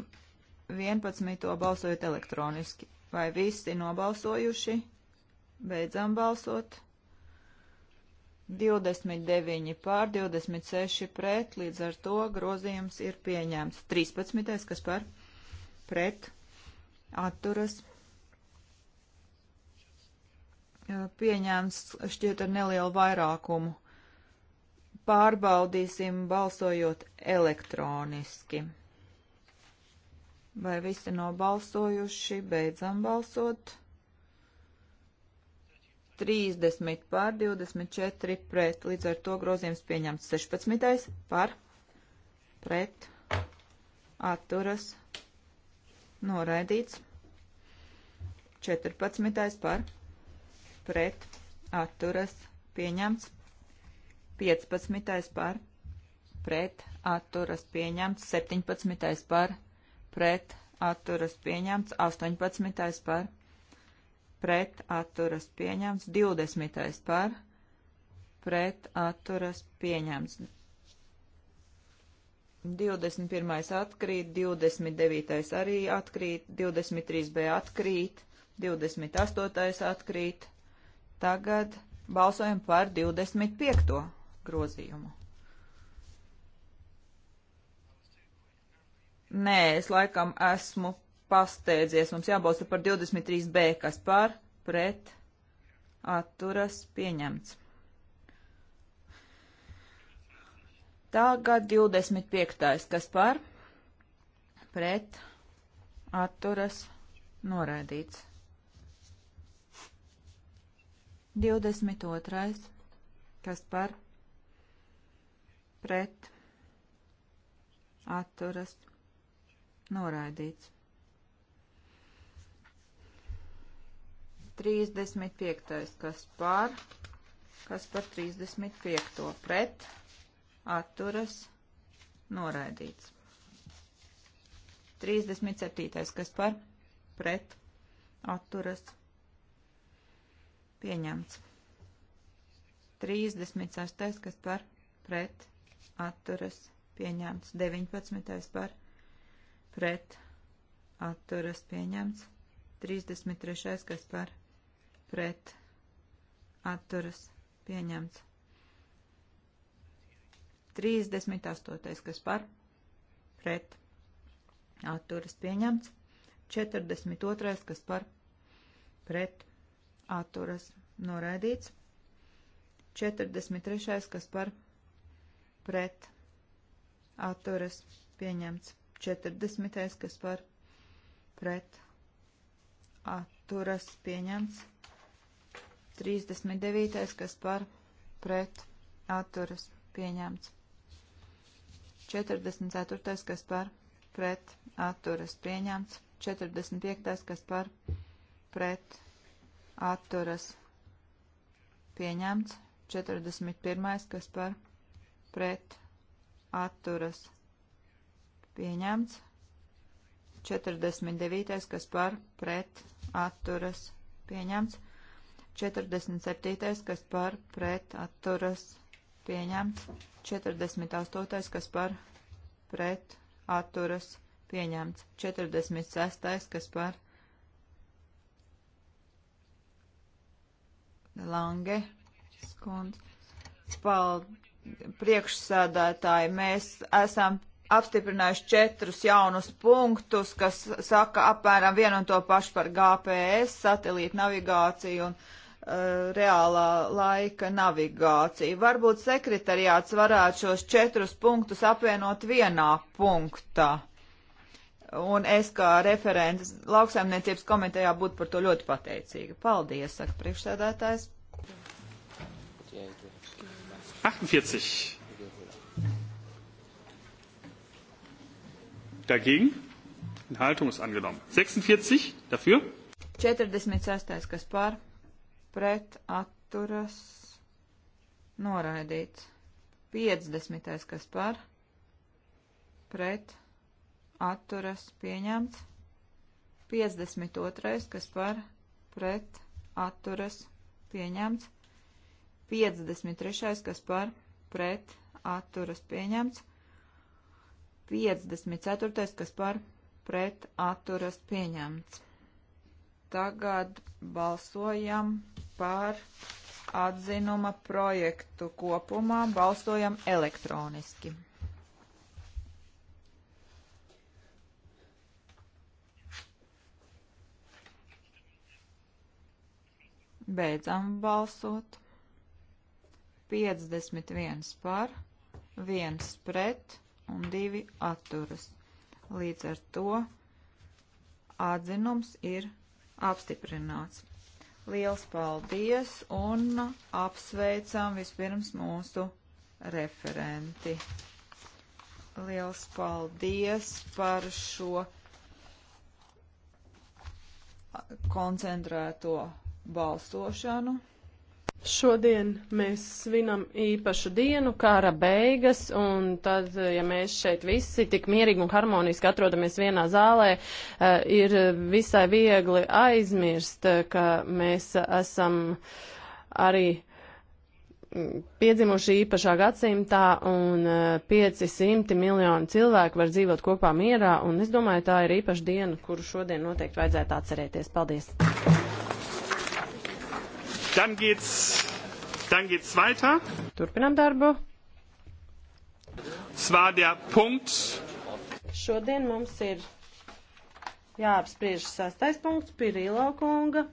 11. balsojot elektroniski. Vai visi nobalsojuši? Beidzam balsot. 29 pār 26 pret, līdz ar to grozījums ir pieņemts. 13. kas par pret atturas pieņēmts šķiet ar nelielu vairākumu. Pārbaudīsim balsojot elektroniski. Vai visi nobalsojuši? Beidzam balsot. 30 pār 24 pret. Līdz ar to grozījums pieņemts 16. par pret atturas noraidīts 14. par pret pret atturas pieņemts. 15. par pret atturas pieņemts. 17. par pret atturas pieņemts. 18. par pret atturas pieņemts. 20. par pret atturas pieņemts. 21. atkrīt, 29. arī atkrīt, 23. b atkrīt, 28. atkrīt, Tagad balsojam par 25. grozījumu. Nē, es laikam esmu pasteidzies. Mums jābalsta par 23b, kas par, pret, atturas, pieņemts. Tagad 25. kas par, pret, atturas, noraidīts. 22. kas par pret atturas noraidīts. 35. kas par, kas par 35. pret atturas noraidīts. 37. kas par pret atturas noraidīts. Pieņemts. 36. kas par pret atturas pieņemts. 19. par pret atturas pieņemts. 33. kas par pret atturas pieņemts. 38. kas par pret atturas pieņemts. 42. kas par pret atturas noraidīts. 43. kas par pret atturas pieņemts. 40. kas par pret atturas pieņemts. 39. kas par pret atturas pieņemts. 44. kas par pret atturas pieņemts. 45. kas par pret atturas pieņemts, 41. kas par pret atturas pieņemts, 49. kas par pret atturas pieņemts, 47. kas par pret atturas pieņemts, 48. kas par pret atturas pieņemts, 46. kas par pret atturas pieņemts Lange skundz. Priekšsēdētāji, mēs esam apstiprinājuši četrus jaunus punktus, kas saka apmēram vienu un to pašu par GPS, satelītu navigāciju un uh, reālā laika navigāciju. Varbūt sekretariāts varētu šos četrus punktus apvienot vienā punktā. Un es kā referents lauksaimniecības komitejā būtu par to ļoti pateicīga. Paldies, saka priekšsēdētājs. 48. Dagegen? Enthaltung ist angenommen. 46 dafür? 46. Kas par? Pret atturas noraidīts. 50. Kas par? Pret atturas pieņemts. 52. kas par pret atturas pieņemts. 53. kas par pret atturas pieņemts. 54. kas par pret atturas pieņemts. Tagad balsojam par atzinuma projektu kopumā, balsojam elektroniski. Beidzam balsot. 51 par, 1 pret un 2 atturas. Līdz ar to atzinums ir apstiprināts. Liels paldies un apsveicam vispirms mūsu referenti. Liels paldies par šo koncentrēto balsošanu. Šodien mēs svinam īpašu dienu, kara beigas, un tad, ja mēs šeit visi tik mierīgi un harmoniski atrodamies vienā zālē, eh, ir visai viegli aizmirst, eh, ka mēs esam arī mm, piedzimuši īpašā gadsimtā, un 500 eh, miljoni cilvēku var dzīvot kopā mierā, un es domāju, tā ir īpaša diena, kuru šodien noteikti vajadzētu atcerēties. Paldies! Dann geht's, dann geht's weiter. Turpinam darbu. Zwar der Punkt. Šodien mums ir jāapspriež sastais punkts Pirilo kunga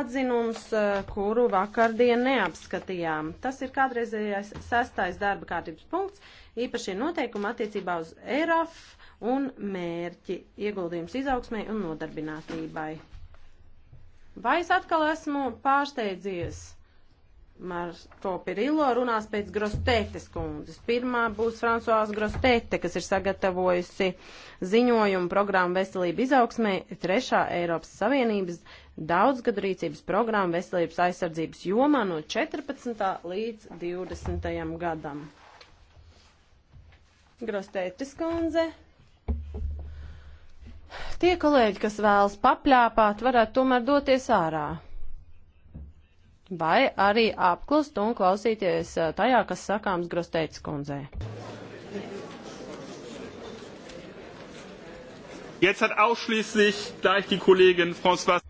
atzinums, eh, kuru vakardien neapskatījām. Tas ir kādreizējais sastais darba kārtības punkts, īpašie noteikumi attiecībā uz ERAF un mērķi ieguldījums izaugsmē un nodarbinātībai. Vai es atkal esmu pārsteidzies? Marto Pirillo runās pēc Grostētes kundzes. Pirmā būs Fransuāls Grostēte, kas ir sagatavojusi ziņojumu programmu veselību izaugsmē, trešā Eiropas Savienības daudzgadrīcības programma veselības aizsardzības jomā no 14. līdz 20. gadam. Grostētes kundze. Tie kolēģi, kas vēlas papļāpāt, varētu tomēr doties ārā. Vai arī apklust un klausīties eh, tajā, kas sakāms Grosteits kundzē. Jetzt hat ausschließlich gleich die Kollegin Françoise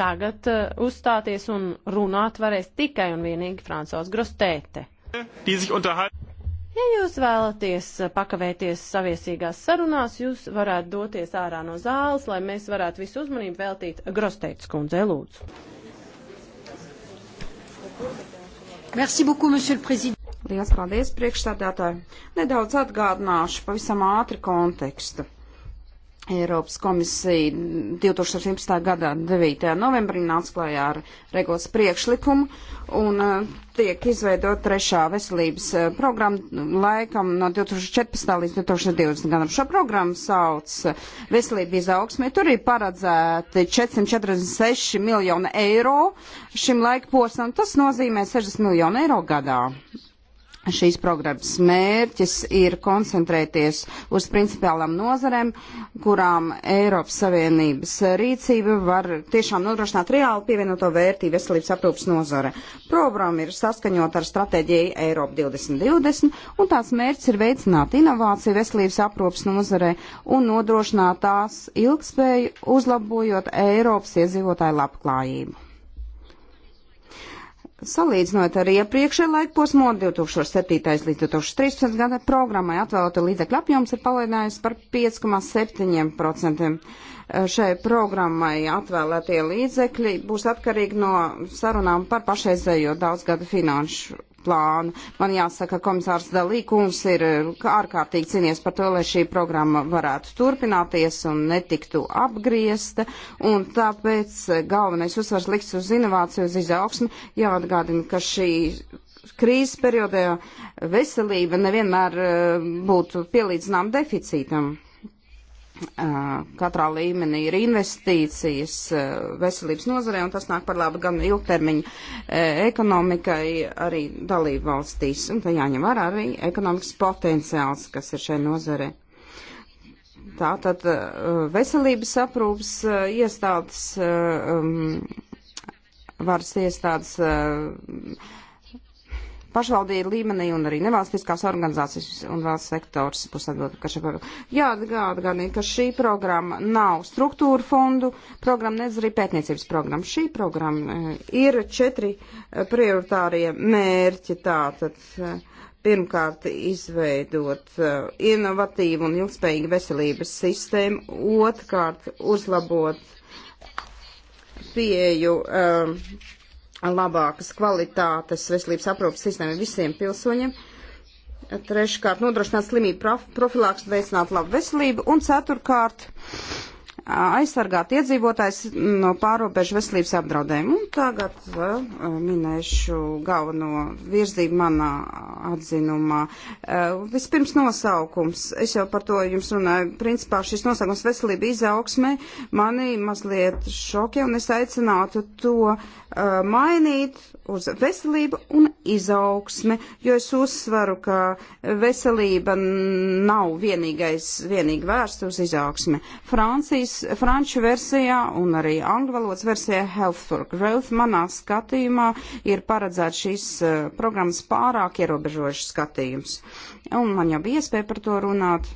tagad uh, uzstāties un runāt varēs tikai un vienīgi Francos Grostēte. Ja jūs vēlaties pakavēties saviesīgās sarunās, jūs varētu doties ārā no zāles, lai mēs varētu visu uzmanību veltīt Grosteits kundzei lūdzu. Merci beaucoup, monsieur le président. Liels paldies, priekšstādātāji. Nedaudz atgādināšu pavisam ātri kontekstu. Eiropas komisija 2017. gada 9. novembrī nāca klājā ar regulas priekšlikumu un uh, tiek izveidot trešā veselības uh, programma laikam no 2014. līdz 2020. gadam. Šo programmu sauc uh, Veselība izaugsmē. Tur ir paredzēti 446 miljoni eiro šim laika posmam. Tas nozīmē 60 miljonu eiro gadā šīs programmas mērķis ir koncentrēties uz principiālām nozarēm, kurām Eiropas Savienības rīcība var tiešām nodrošināt reāli pievienoto vērtību veselības aprūpas nozare. Programma ir saskaņota ar stratēģiju Eiropa 2020, un tās mērķis ir veicināt inovāciju veselības aprūpas nozarē un nodrošināt tās ilgspēju, uzlabojot Eiropas iedzīvotāju labklājību. Salīdzinot ar iepriekšēju laikposmu, 2007. līdz 2013. gada programmai atvēlēta līdzekļu apjoms ir palielinājies par 5,7%. Šai programmai atvēlētie līdzekļi būs atkarīgi no sarunām par pašreizējo daudzgadu finanšu plānu. Man jāsaka, komisārs Dalīkums ir eh, ārkārtīgi cīnies par to, lai šī programma varētu turpināties un netiktu apgriesta, un tāpēc eh, galvenais uzsvars liks uz inovāciju, uz izaugsmi. Jāatgādina, ka šī krīzes periodā veselība nevienmēr eh, būtu pielīdzinām deficītam katrā līmenī ir investīcijas veselības nozarē, un tas nāk par labu gan ilgtermiņa ekonomikai, arī dalību valstīs, un tā jāņem vērā arī ekonomikas potenciāls, kas ir šai nozarē. Tātad veselības aprūpas iestādes, um, varas iestādes pašvaldību līmenī un arī nevalstiskās organizācijas un valsts sektors būs atbildīgi, ka šī programma. Jā, atgādina, ka šī programma nav struktūra fondu programma, nedz arī pētniecības programma. Šī programma eh, ir četri eh, prioritārie mērķi tātad. Eh, pirmkārt, izveidot inovatīvu un ilgspējīgu veselības sistēmu, otrkārt, uzlabot pieju uh, labākas kvalitātes veselības aprūpas sistēma visiem pilsoņiem. Treškārt, nodrošināt slimību profilakstu, veicināt labu veselību. Un ceturkārt, uh, aizsargāt iedzīvotājs no pārobežu veselības apdraudējumu. Un tagad uh, minēšu galveno virzību manā atzinumā. Uh, vispirms nosaukums. Es jau par to jums runāju. Principā šis nosaukums veselība izaugsmē mani mazliet šokē un es aicinātu to uh, mainīt uz veselību un izaugsme, jo es uzsveru, ka veselība nav vienīgais, vienīgi vērsta uz izaugsme. Francijas franču versijā un arī angļu valodas versijā Health for Growth manā skatījumā ir paredzēts šīs uh, eh, programmas pārāk ierobežošs skatījums. Un man jau bija iespēja par to runāt.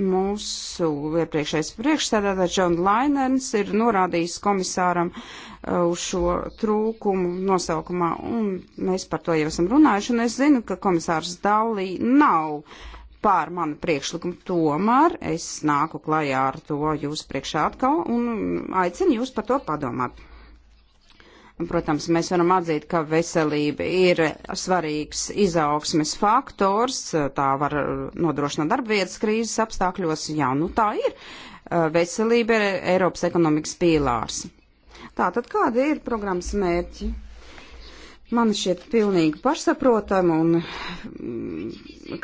Mūsu iepriekšējais priekšstādātājs John Lainens ir norādījis komisāram uh, uz šo trūkumu nosaukumā, un mēs par to jau esam runājuši, un es zinu, ka komisārs Dallī nav uh, pār manu priekšlikumu, tomēr es nāku klajā ar to jūsu priekšā atkal un aicinu jūs par to padomāt. Protams, mēs varam atzīt, ka veselība ir svarīgs izaugsmes faktors, tā var nodrošināt darbvietas krīzes apstākļos, jā, nu tā ir. Veselība ir Eiropas ekonomikas pīlārs. Tātad kādi ir programmas mērķi? man šķiet pilnīgi pašsaprotama un mm,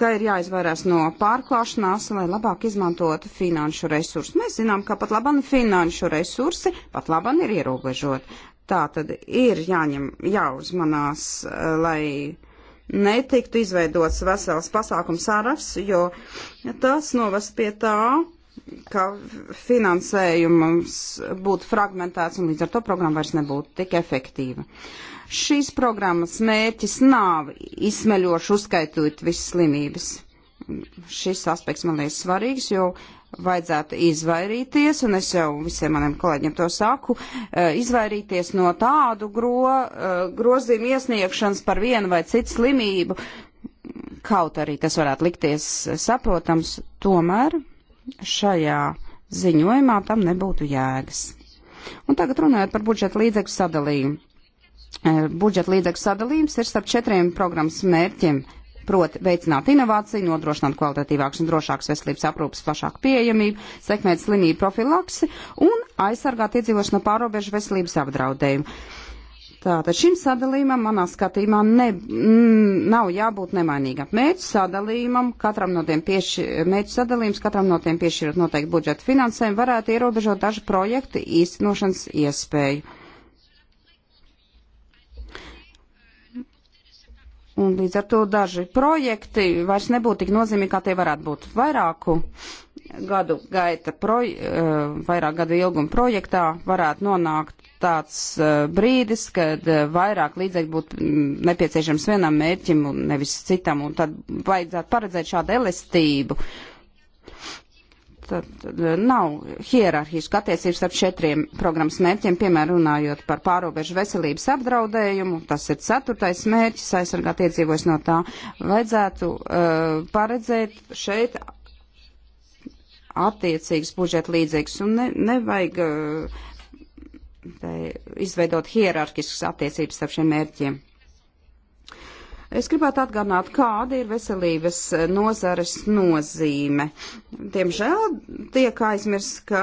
ka ir jāizvairās no pārklāšanās, lai labāk izmantotu finanšu resursus. Mēs zinām, ka pat laban finanšu resursi pat laban ir ierobežot. Tā tad ir jāņem, jāuzmanās, eh, lai netiktu izveidots vesels pasākums saraksts, jo tas novest pie tā, ka finansējums būtu fragmentēts un līdz ar to programma vairs nebūtu tik efektīva. Uh, Šīs programmas mērķis nav izsmeļoši uzskaitot visas slimības. Šis aspekts man liekas svarīgs, jo vajadzētu izvairīties, un es jau visiem maniem kolēģiem to saku, eh, izvairīties no tādu gro, eh, grozījumu iesniegšanas par vienu vai citu slimību. Kaut arī tas varētu likties saprotams, tomēr šajā ziņojumā tam nebūtu jēgas. Un tagad runājot par budžeta līdzekļu sadalījumu. Eh, budžeta līdzekļu sadalījums ir starp četriem programmas mērķiem. Proti, veicināt inovāciju, nodrošināt kvalitatīvāks un drošāks veselības aprūpas plašāku pieejamību, sekmēt slimību profilaksi un aizsargāt iedzīvošanu no pārobežu veselības apdraudējumu. Tātad šim sadalījumam, manā skatījumā, ne, m, mm, nav jābūt nemainīgam. Mērķu sadalījumam, katram no tiem pieši, mērķu sadalījums, katram no tiem piešķirot noteikti budžeta finansējumu, varētu ierobežot dažu projektu īstenošanas iespēju Un līdz ar to daži projekti vairs nebūtu tik nozīmīgi, kā tie varētu būt. Vairāku gadu gaita, proj, eh, vairāk gadu ilguma projektā varētu nonākt tāds eh, brīdis, kad eh, vairāk līdzekļu būtu nepieciešams vienam mērķim un nevis citam, un tad vajadzētu paredzēt šādu elastību, tad eh, nav hierarhiski attiecības starp četriem programmas mērķiem, piemēram, runājot par pārobežu veselības apdraudējumu, tas ir ceturtais mērķis, aizsargāt iedzīvojus no tā, vajadzētu uh, paredzēt šeit attiecīgs budžeta līdzīgs un ne, nevajag uh, izveidot hierarhiskas attiecības starp šiem mērķiem. Es gribētu atgādināt, kāda ir veselības eh, nozares nozīme. Diemžēl tiek aizmirst, ka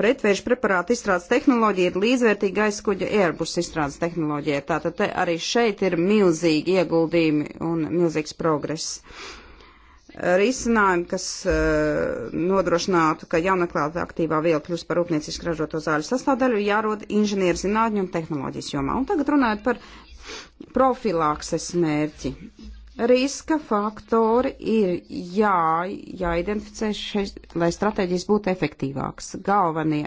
pretvēršu preparātu izstrādes tehnoloģija ir līdzvērtīga aizkuģa Airbus izstrādes tehnoloģija. Tātad te arī šeit ir milzīgi ieguldījumi un milzīgs progress risinājumi, kas uh, nodrošinātu, ka jaunaklāta aktīvā viela kļūst par rūpnieciski ražoto zāļu sastāvdaļu, jārod inženieru zinātņu un tehnoloģijas jomā. Un tagad runājot par profilakses mērķi. Riska faktori ir jā, jāidentificē šeit, lai stratēģijas būtu efektīvāks. Galvenie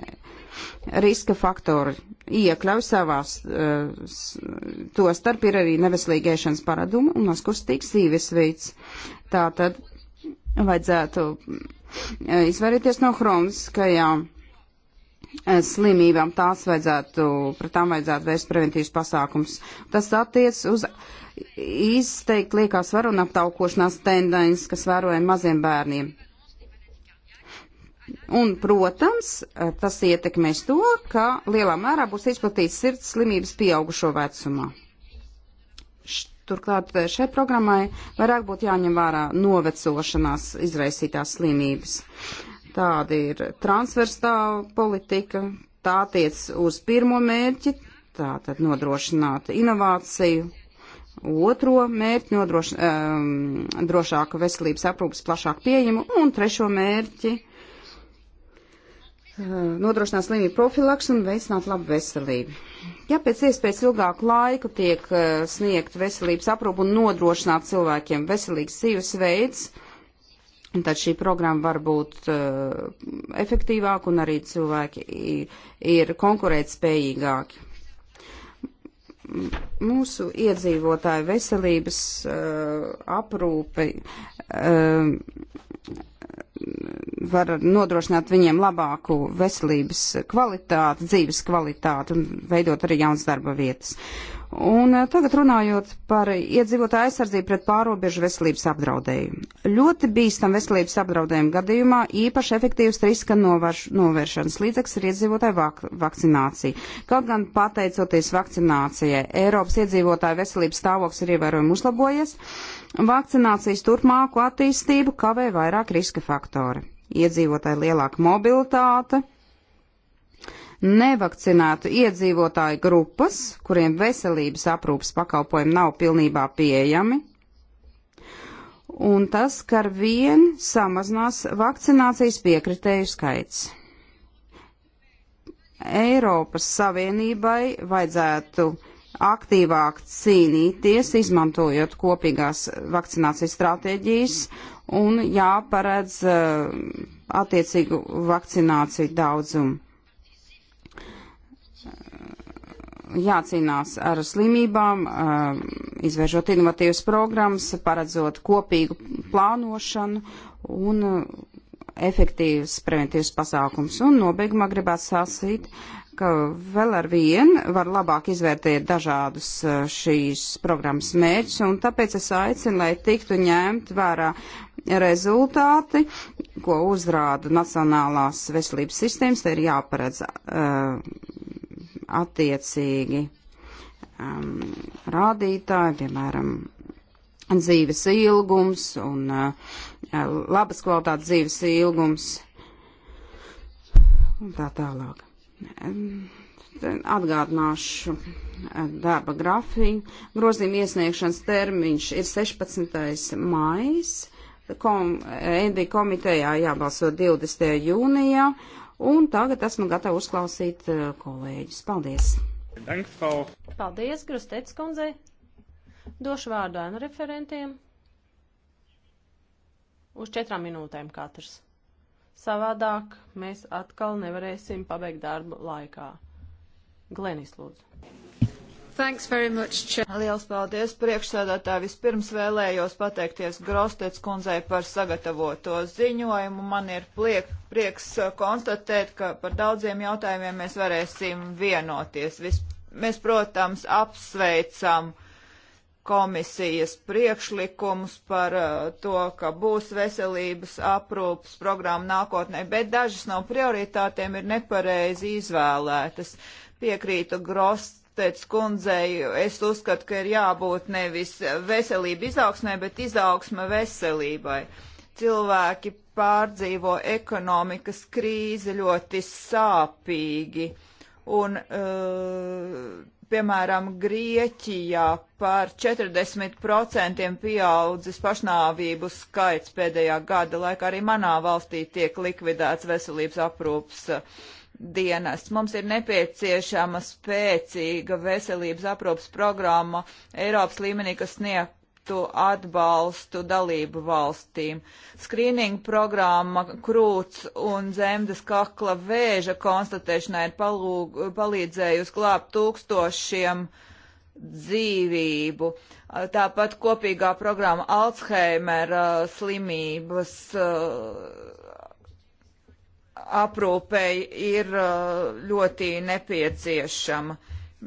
riska faktori iekļauj savās, eh, to starp ir arī neveselīgēšanas paradumi un askustīgs dzīvesveids. Tātad vajadzētu eh, izvairīties no hroniskajām Eh, slimībām. Tās vajadzētu, pret tām vajadzētu vērst preventīvas pasākums. Tas attiec uz izteikt liekās varu un aptaukošanās tendences, kas vērojami maziem bērniem. Un, protams, eh, tas ietekmēs to, ka lielā mērā būs izplatīts sirds slimības pieaugušo vecumā. Turklāt eh, šai programmai vairāk būtu jāņem vērā novecošanās izraisītās slimības. Uh, Tāda ir transversāla politika, tā tiec uz pirmo mērķi, tā tad nodrošināt inovāciju, otro mērķi nodroš, um, ehm, drošāku veselības aprūpas plašāku pieejamu un trešo mērķi eh, nodrošināt slimību profilaks un veicināt labu veselību. Ja pēc iespējas ilgāku laiku tiek eh, sniegt veselības aprūpu un nodrošināt cilvēkiem veselīgs dzīvesveids, veids, Un tad šī programma var būt uh, efektīvāka un arī cilvēki ir, ir konkurētspējīgāki. Mūsu iedzīvotāju veselības uh, aprūpe uh, var nodrošināt viņiem labāku veselības kvalitāti, dzīves kvalitāti un veidot arī jauns darba vietas. Uh, Un eh, tagad runājot par iedzīvotāju aizsardzību pret pārobežu veselības apdraudējumu. Ļoti bīstam veselības apdraudējumu gadījumā īpaši efektīvs riska novērš, novēršanas līdzeklis ir iedzīvotāju vak vakcinācija. Kaut gan pateicoties vakcinācijai, Eiropas iedzīvotāju veselības stāvoklis ir ievērojami uzlabojies, vakcinācijas turpmāku attīstību kavē vairāk riska faktori. Iedzīvotāju lielāka mobilitāte, nevakcinētu iedzīvotāju grupas, kuriem veselības aprūpas pakalpojumi nav pilnībā pieejami. Un tas, ka ar vien samazinās vakcinācijas piekritēju skaits. Eiropas Savienībai vajadzētu aktīvāk cīnīties, izmantojot kopīgās vakcinācijas stratēģijas un jāparedz uh, attiecīgu vakcināciju daudzumu. jācīnās ar slimībām, um, izvēršot inovatīvas programmas, paredzot kopīgu plānošanu un uh, efektīvas preventīvas pasākums. Un nobeigumā gribētu sasīt, ka vēl ar vienu var labāk izvērtēt dažādus uh, šīs programmas mērķus, un tāpēc es aicinu, lai tiktu ņemt vērā rezultāti, ko uzrāda Nacionālās veselības sistēmas, te ir jāparedz. Uh, attiecīgi um, rādītāji, piemēram, dzīves ilgums un uh, labas kvalitātes dzīves ilgums un tā tālāk. Um, atgādināšu uh, darba grafiku. Grozījuma iesniegšanas termiņš ir 16. maijs. Kom, Endi komitejā jābalso 20. jūnijā. Uh, Un tagad esmu gatava uzklausīt eh, kolēģus. Paldies! Paldies, Grustets kundzei! Došu vārdu ēnu referentiem. Uz četrām minūtēm katrs. Savādāk mēs atkal nevarēsim pabeigt darbu laikā. Glenis, lūdzu. Much, Liels paldies priekšsēdētāji. Vispirms vēlējos pateikties Grostets kundzei par sagatavoto ziņojumu. Man ir pliek, prieks uh, konstatēt, ka par daudziem jautājumiem mēs varēsim vienoties. Vis, mēs, protams, apsveicam komisijas priekšlikumus par uh, to, ka būs veselības aprūpas programma nākotnē, bet dažas no prioritātēm ir nepareizi izvēlētas. Piekrītu Grosts Grostēts kundzei, es uzskatu, ka ir jābūt nevis veselība izaugsmē, bet izaugsme veselībai. Cilvēki pārdzīvo ekonomikas krīzi ļoti sāpīgi. Un, uh, piemēram, Grieķijā par 40% pieaudzis pašnāvību skaits pēdējā gada laikā. Arī manā valstī tiek likvidēts veselības aprūpas uh, eh, dienas. Mums ir nepieciešama spēcīga veselības aprūpas programma Eiropas līmenī, kas sniegtu atbalstu dalību valstīm. Skrīninga programma krūts un zemdes kakla vēža konstatēšanai ir palūg, palīdzējusi glābt tūkstošiem dzīvību. Tāpat kopīgā programma Alzheimera uh, slimības uh, aprūpei ir uh, ļoti nepieciešama,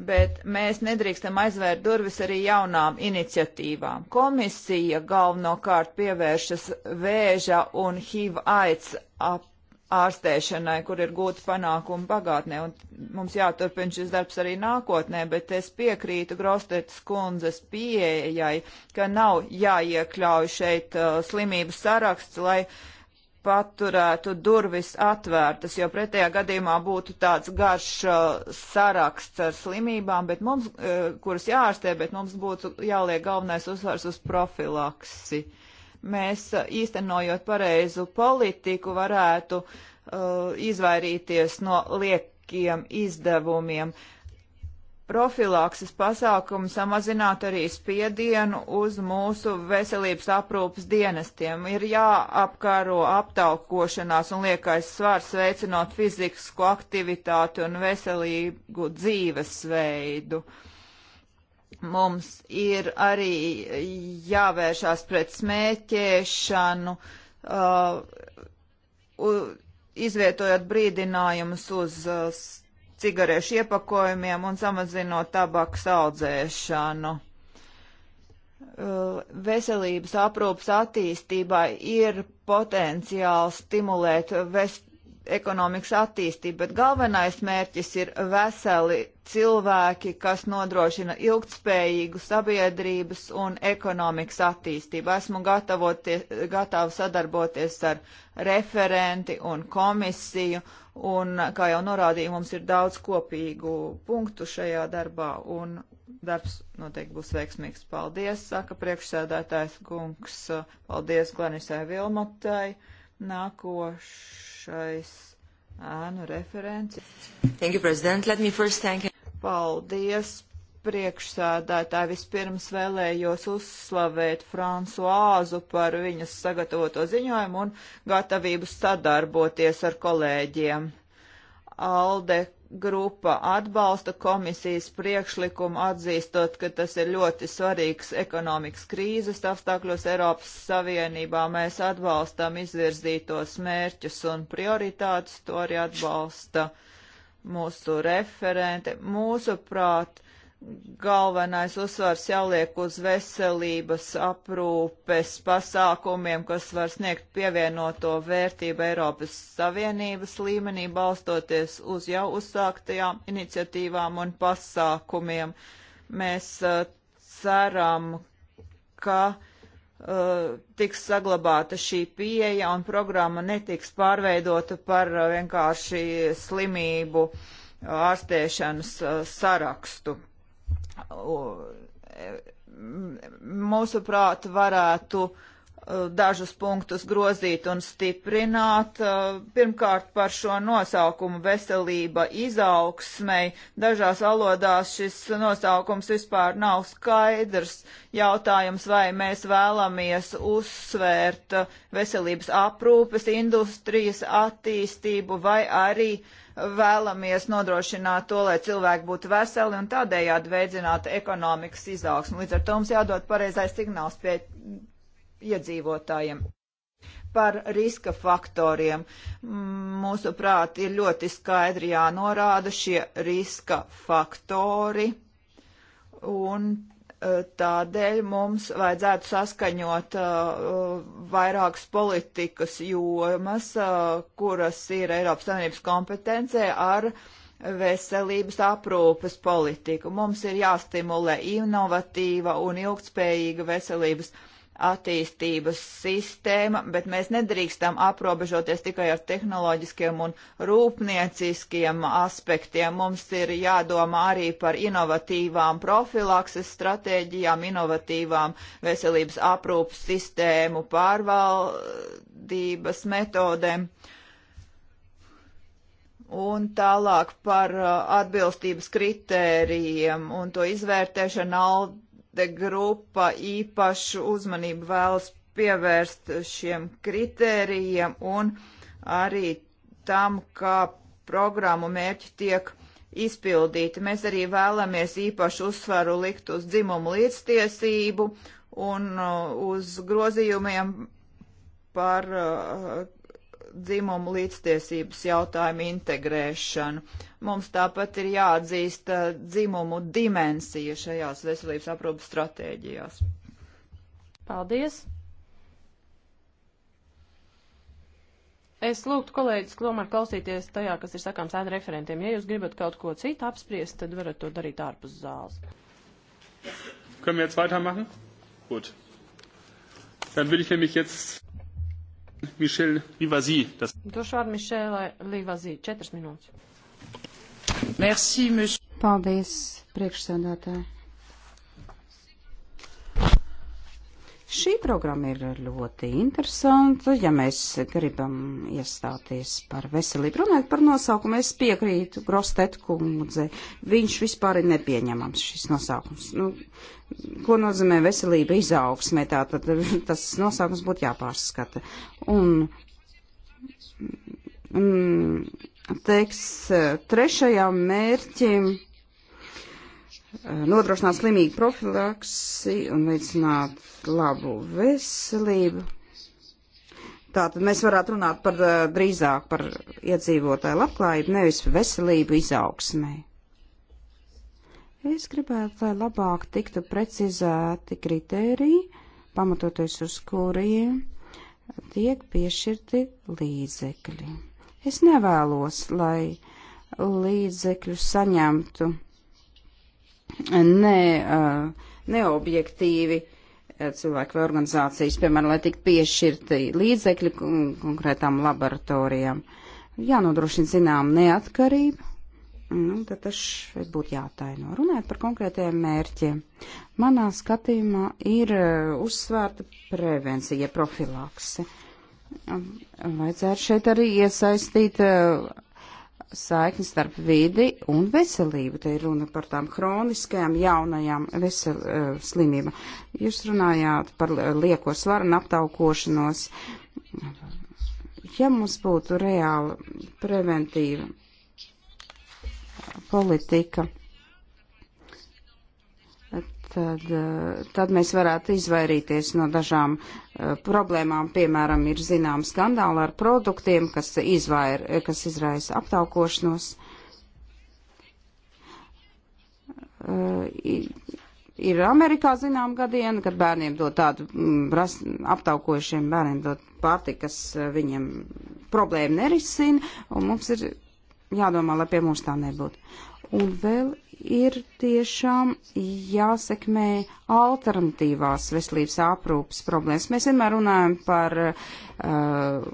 bet mēs nedrīkstam aizvērt durvis arī jaunām iniciatīvām. Komisija galvenokārt pievēršas vēža un HIV aids ārstēšanai, kur ir gūti panākumi pagātnē, un mums jāturpina šis darbs arī nākotnē, bet es piekrītu Grostetas kundzes pieejai, ka nav jāiekļauj šeit uh, slimības saraksts, lai uh, paturētu durvis atvērtas, jo pretējā gadījumā būtu tāds garš uh, saraksts ar slimībām, bet mums, uh, kuras jārastē, bet mums būtu jāliek galvenais uzsvars uz profilaksi. Mēs uh, īstenojot pareizu politiku varētu uh, izvairīties no liekiem izdevumiem. Uh, profilakses pasākumu samazinātu arī spiedienu uz mūsu veselības aprūpas dienestiem. Ir jāapkaro aptaukošanās un liekais svars veicinot fizisko aktivitāti un veselīgu dzīvesveidu. Mums ir arī jāvēršās pret smēķēšanu, uh, izvietojot brīdinājumus uz uh, cigarešu iepakojumiem un samazinot tabakas audzēšanu. Uh, veselības aprūpas attīstībai ir potenciāls stimulēt vest ekonomikas attīstību, bet galvenais mērķis ir veseli cilvēki, kas nodrošina ilgtspējīgu sabiedrības un ekonomikas attīstību. Esmu gatava sadarboties ar referenti un komisiju, un, kā jau norādīju, mums ir daudz kopīgu punktu šajā darbā, un darbs noteikti būs veiksmīgs. Paldies, saka priekšsēdētājs Gunks, paldies Glenisai Vilmotai. Nākošais ēnu referents. Thank you, President. Let me first thank you. Paldies, priekšsādātāji. Vispirms vēlējos uzslavēt Fransuāzu par viņas sagatavoto ziņojumu un gatavību sadarboties ar kolēģiem. Alde grupa atbalsta komisijas priekšlikumu, atzīstot, ka tas ir ļoti svarīgs ekonomikas krīzes apstākļos Eiropas Savienībā. Mēs atbalstam izvirzītos mērķus un prioritātus, to arī atbalsta mūsu referente. Mūsuprāt, galvenais uzsvars jāliek uz veselības aprūpes pasākumiem, kas var sniegt pievienoto vērtību Eiropas Savienības līmenī, balstoties uz jau uzsāktajām iniciatīvām un pasākumiem. Mēs uh, ceram, ka uh, tiks saglabāta šī pieeja un programma netiks pārveidota par uh, vienkārši slimību ārstēšanas sarakstu E, mūsuprāt, varētu e, dažus punktus grozīt un stiprināt. E, pirmkārt, par šo nosaukumu veselība izaugsmei. Dažās valodās šis nosaukums vispār nav skaidrs. Jautājums, vai mēs vēlamies uzsvērt veselības aprūpes industrijas attīstību vai arī uh, vēlamies nodrošināt to, lai cilvēki būtu veseli un tādējādi veicināt ekonomikas izaugsmu. Līdz ar to mums jādod pareizais signāls pie iedzīvotājiem. Par riska faktoriem mūsuprāt ir ļoti skaidri jānorāda šie riska faktori un Tādēļ mums vajadzētu saskaņot uh, vairākas politikas jomas, uh, kuras ir Eiropas Savienības kompetencē ar veselības aprūpes politiku. Mums ir jāstimulē inovatīva un ilgtspējīga veselības aprūpes attīstības sistēma, bet mēs nedrīkstam aprobežoties tikai ar tehnoloģiskiem un rūpnieciskiem aspektiem. Mums ir jādomā arī par inovatīvām profilakses stratēģijām, inovatīvām veselības aprūpas sistēmu pārvaldības metodēm. Un tālāk par uh, atbilstības kritērijiem un to izvērtēšanu te grupa īpašu uzmanību vēlas pievērst šiem kritērijiem un arī tam, kā programmu mērķi tiek izpildīti. Mēs arī vēlamies īpašu uzsvaru likt uz dzimumu līdztiesību un uh, uz grozījumiem par uh, dzimumu līdztiesības jautājumu integrēšanu. Mums tāpat ir jāatzīst uh, dzimumu dimensija šajās veselības aprūpas stratēģijās. Paldies! Es lūgtu kolēģis Klomar klausīties tajā, kas ir sakāms ēna referentiem. Ja jūs gribat kaut ko citu apspriest, tad varat to darīt ārpus zāles. Können wir jetzt weitermachen? Gut. Dann würde ich nämlich jetzt Michel Livasi das. Došu vārdu Mišēlai Livasi. Četras minūtes. Merci, monsieur. Paldies, priekšsēdētāji. Šī programma ir ļoti interesanta, ja mēs gribam iestāties par veselību. Runājot par nosaukumu, es piekrītu Grostet kungdzei. Viņš vispār ir nepieņemams šis nosaukums. Nu, ko nozīmē veselība izaugsmē, tā tad tas nosaukums būtu jāpārskata. Un, un teiks, e, trešajam mērķim e, nodrošināt slimīgu profilaksi un veicināt labu veselību. Tātad mēs varētu runāt par e, drīzāk par iedzīvotāju labklājību, nevis veselību izaugsmē. Es gribētu, lai labāk tiktu precizēti kritēriji, pamatoties uz kuriem tiek piešķirti līdzekļi. Es nevēlos, lai līdzekļu saņemtu ne, uh, neobjektīvi uh, cilvēki vai organizācijas, piemēram, lai tiktu piešķirti līdzekļi konkrētām laboratorijām. Jānodrošina zinām neatkarība. Nu, tad tas šeit būtu jātaino. Runājot par konkrētajiem mērķiem, manā skatījumā ir uh, uzsvērta prevencija, profilakse. Uh, vajadzētu šeit arī iesaistīt eh, saikni starp vidi un veselību. Te ir runa par tām kroniskajām jaunajām vesel, eh, slimībām. Jūs runājāt par lieko svaru un aptaukošanos. Ja mums būtu reāla preventīva politika tad, eh, tad mēs varētu izvairīties no dažām uh, problēmām. Piemēram, ir zinām skandāli ar produktiem, kas, izvair, kas izraisa aptaukošanos. Uh, ir Amerikā zinām gadiena, kad bērniem dod tādu mm, ras, aptaukojušiem bērniem dod pārtiku, kas viņiem problēmu nerisina, un mums ir jādomā, lai pie mums tā nebūtu. Un vēl ir tiešām jāsekmē alternatīvās veselības aprūpas problēmas. Mēs vienmēr runājam par uh,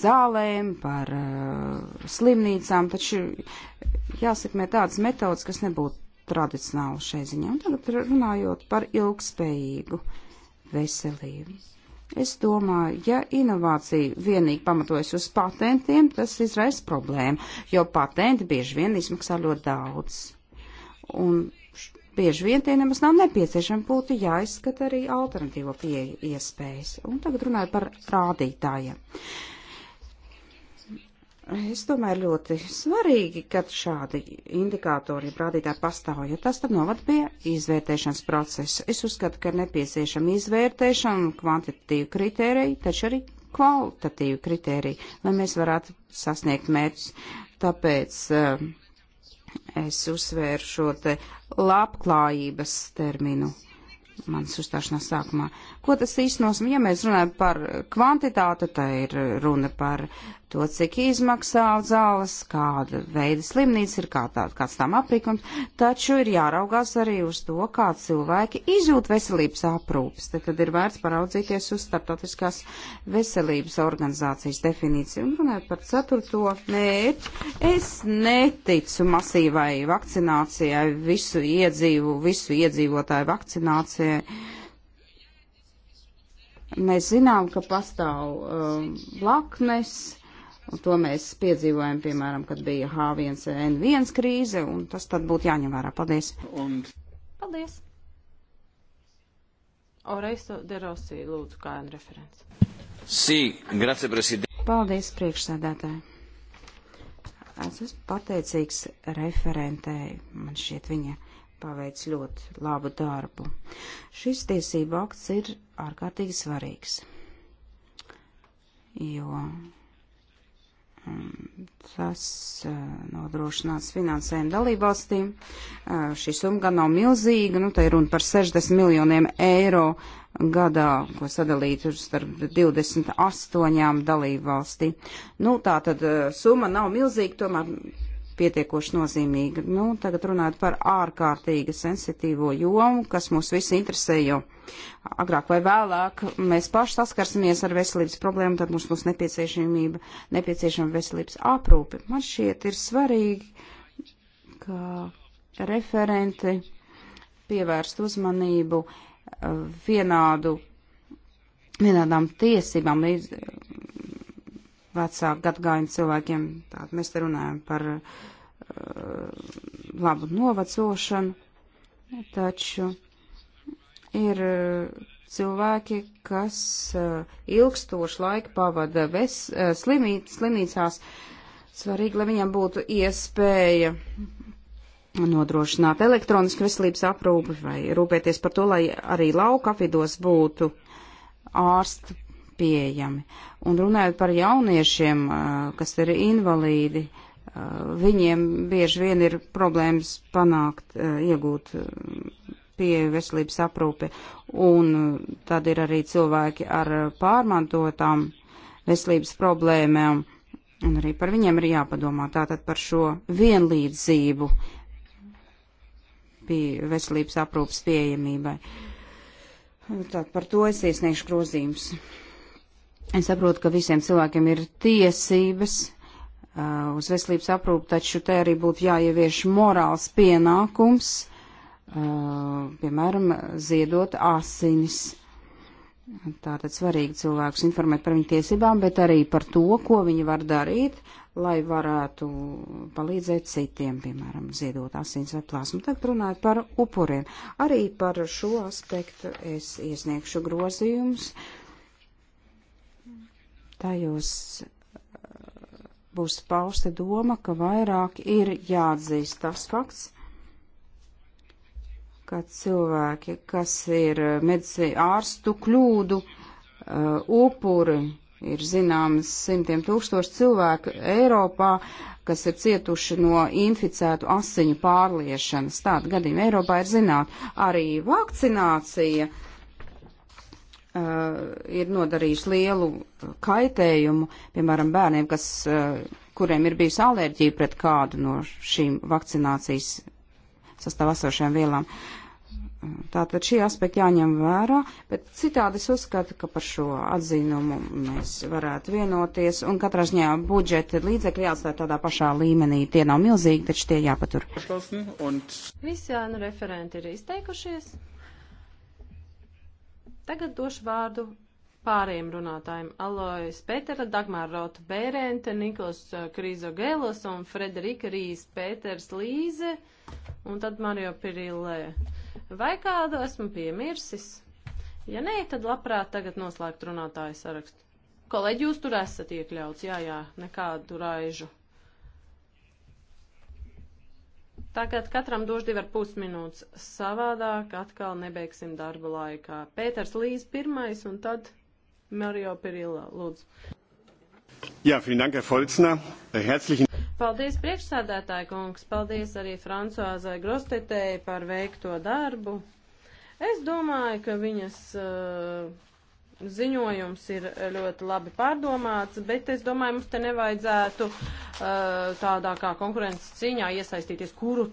zālēm, par uh, slimnīcām, taču jāsekmē tādas metodas, kas nebūtu tradicionāli šai ziņā. Un tagad runājot par ilgspējīgu veselību. Es domāju, ja inovācija vienīgi pamatojas uz patentiem, tas izraisa problēmu, jo patenti bieži vien izmaksā ļoti daudz. Un bieži vien tie nemaz nav nepieciešami, būtu jāizskata arī alternatīvo pieeja iespējas. Un tagad runāju par rādītājiem. Uh, Es domāju, ļoti svarīgi, ka šādi indikātori rādītāji pastāv, jo tas tad novad pie izvērtēšanas procesa. Es uzskatu, ka ir nepieciešama izvērtēšana, kvantitīva kritērija, taču arī kvalitatīva kritērija, lai mēs varētu sasniegt mērķus. Tāpēc uh, es uzsvēru šo te labklājības terminu manas uzstāšanās sākumā. Ko tas īstenosim? Ja mēs runājam par kvantitāti, tā ir runa par to, cik izmaksā zāles, kāda veida slimnīca ir, kā tā, kāds tam aprīkums, taču ir jāraugās arī uz to, kā cilvēki izjūt veselības aprūpes. Tad, tad ir vērts paraudzīties uz starptautiskās veselības organizācijas definīciju. Un runājot par ceturto mērķi, es neticu masīvai vakcinācijai, visu iedzīvu, visu iedzīvotāju vakcinācijai Mēs zinām, ka pastāv um, blaknes, un to mēs piedzīvojam, piemēram, kad bija H1N1 krīze, un tas tad būtu jāņem vērā. Paldies! Un... Paldies! Oreisto Derosī, lūdzu, kā un referents. Sī, sí, grazie, prezident. Paldies, priekšsēdētāji. Es esmu pateicīgs referentēji, man šķiet viņa paveic ļoti labu darbu. Šis tiesība akts ir ārkārtīgi svarīgs, jo mm, tas eh, nodrošinās finansējumu dalībvalstīm. Eh, šī summa gan nav milzīga, nu, te ir runa par 60 miljoniem eiro gadā, ko sadalītu starp 28 dalībvalstīm. Nu, tā tad eh, summa nav milzīga, tomēr pietiekoši nozīmīga. Nu, tagad runājot par ārkārtīgi sensitīvo jomu, kas mūs visi interesē, jo agrāk vai vēlāk mēs paši saskarsimies ar veselības problēmu, tad mums būs nepieciešamība, nepieciešama veselības aprūpe. Man šķiet ir svarīgi, ka referenti pievērst uzmanību uh, vienādu, vienādām tiesībām līdz vecāku gadgājumu cilvēkiem. Tātad mēs te runājam par uh, labu novecošanu, taču ir uh, cilvēki, kas uh, ilgstoši laiku pavada ves, uh, slimīt, slimnīcās. Svarīgi, lai viņam būtu iespēja nodrošināt elektronisku veselības aprūpi vai rūpēties par to, lai arī lauka apvidos būtu ārsti pieejami. Un runājot par jauniešiem, kas ir invalīdi, viņiem bieži vien ir problēmas panākt, iegūt pieeju veselības aprūpe. Un tad ir arī cilvēki ar pārmantotām veselības problēmām, un arī par viņiem ir jāpadomā tātad par šo vienlīdzību pie veselības aprūpas pieejamībai. Tātad par to es iesniegšu grozījumus. Es saprotu, ka visiem cilvēkiem ir tiesības uh, uz veselības aprūpu, taču te arī būtu jāievieš morāls pienākums, uh, piemēram, ziedot asinis. Tātad svarīgi cilvēkus informēt par viņu tiesībām, bet arī par to, ko viņi var darīt, lai varētu palīdzēt citiem, piemēram, ziedot asins vai plāsmu. Tagad runājot par upuriem. Arī par šo aspektu es iesniegšu grozījumus. Uh, Tajos eh, būs pausta doma, ka vairāk ir jāatzīst tas fakts, ka cilvēki, kas ir medicīnu ārstu kļūdu, uh, upuri, ir zināms simtiem tūkstoši cilvēku Eiropā, kas ir cietuši no inficētu asiņu pārliešanas. Tāda gadījuma Eiropā ir zināt. Arī vakcinācija uh, Uh, ir nodarījuši lielu kaitējumu, piemēram, bērniem, kas, uh, kuriem ir bijusi alerģija pret kādu no šīm vakcinācijas sastāvasošajām vielām. Tātad šie aspekti jāņem vērā, bet citādi es uzskatu, ka par šo atzinumu mēs varētu vienoties, un katrā ziņā budžeta līdzekļi jāatstāj tādā pašā līmenī. Tie nav milzīgi, taču tie jāpatur. Visi ēnu referenti ir izteikušies. Tagad došu vārdu pārējiem runātājiem - Alojas Petera, Dagmāra Rota Bērente, Niklas uh, Krīzogēlos un Frederika Rīs Pēters Līze un tad Mario Pirillē. Vai kādu esmu piemirsis? Ja nē, tad labprāt tagad noslēgt runātāju sarakstu. Kolēģi, jūs tur esat iekļauts, jā, jā, nekādu raižu. Tagad katram došu divar pusminūtes. Savādāk atkal nebeigsim darbu laikā. Pēters Līs pirmais un tad Mario Pirilla, lūdzu. Jā, ja, vielen dank, Herr Folzner. Äh, herzlichen Paldies priekšsādātāja kungs, paldies arī Francoāzai Grostetēji par veikto darbu. Es domāju, ka viņas uh, ziņojums ir ļoti labi pārdomāts, bet es domāju, mums te nevajadzētu uh, tādā kā konkurences cīņā iesaistīties, kuru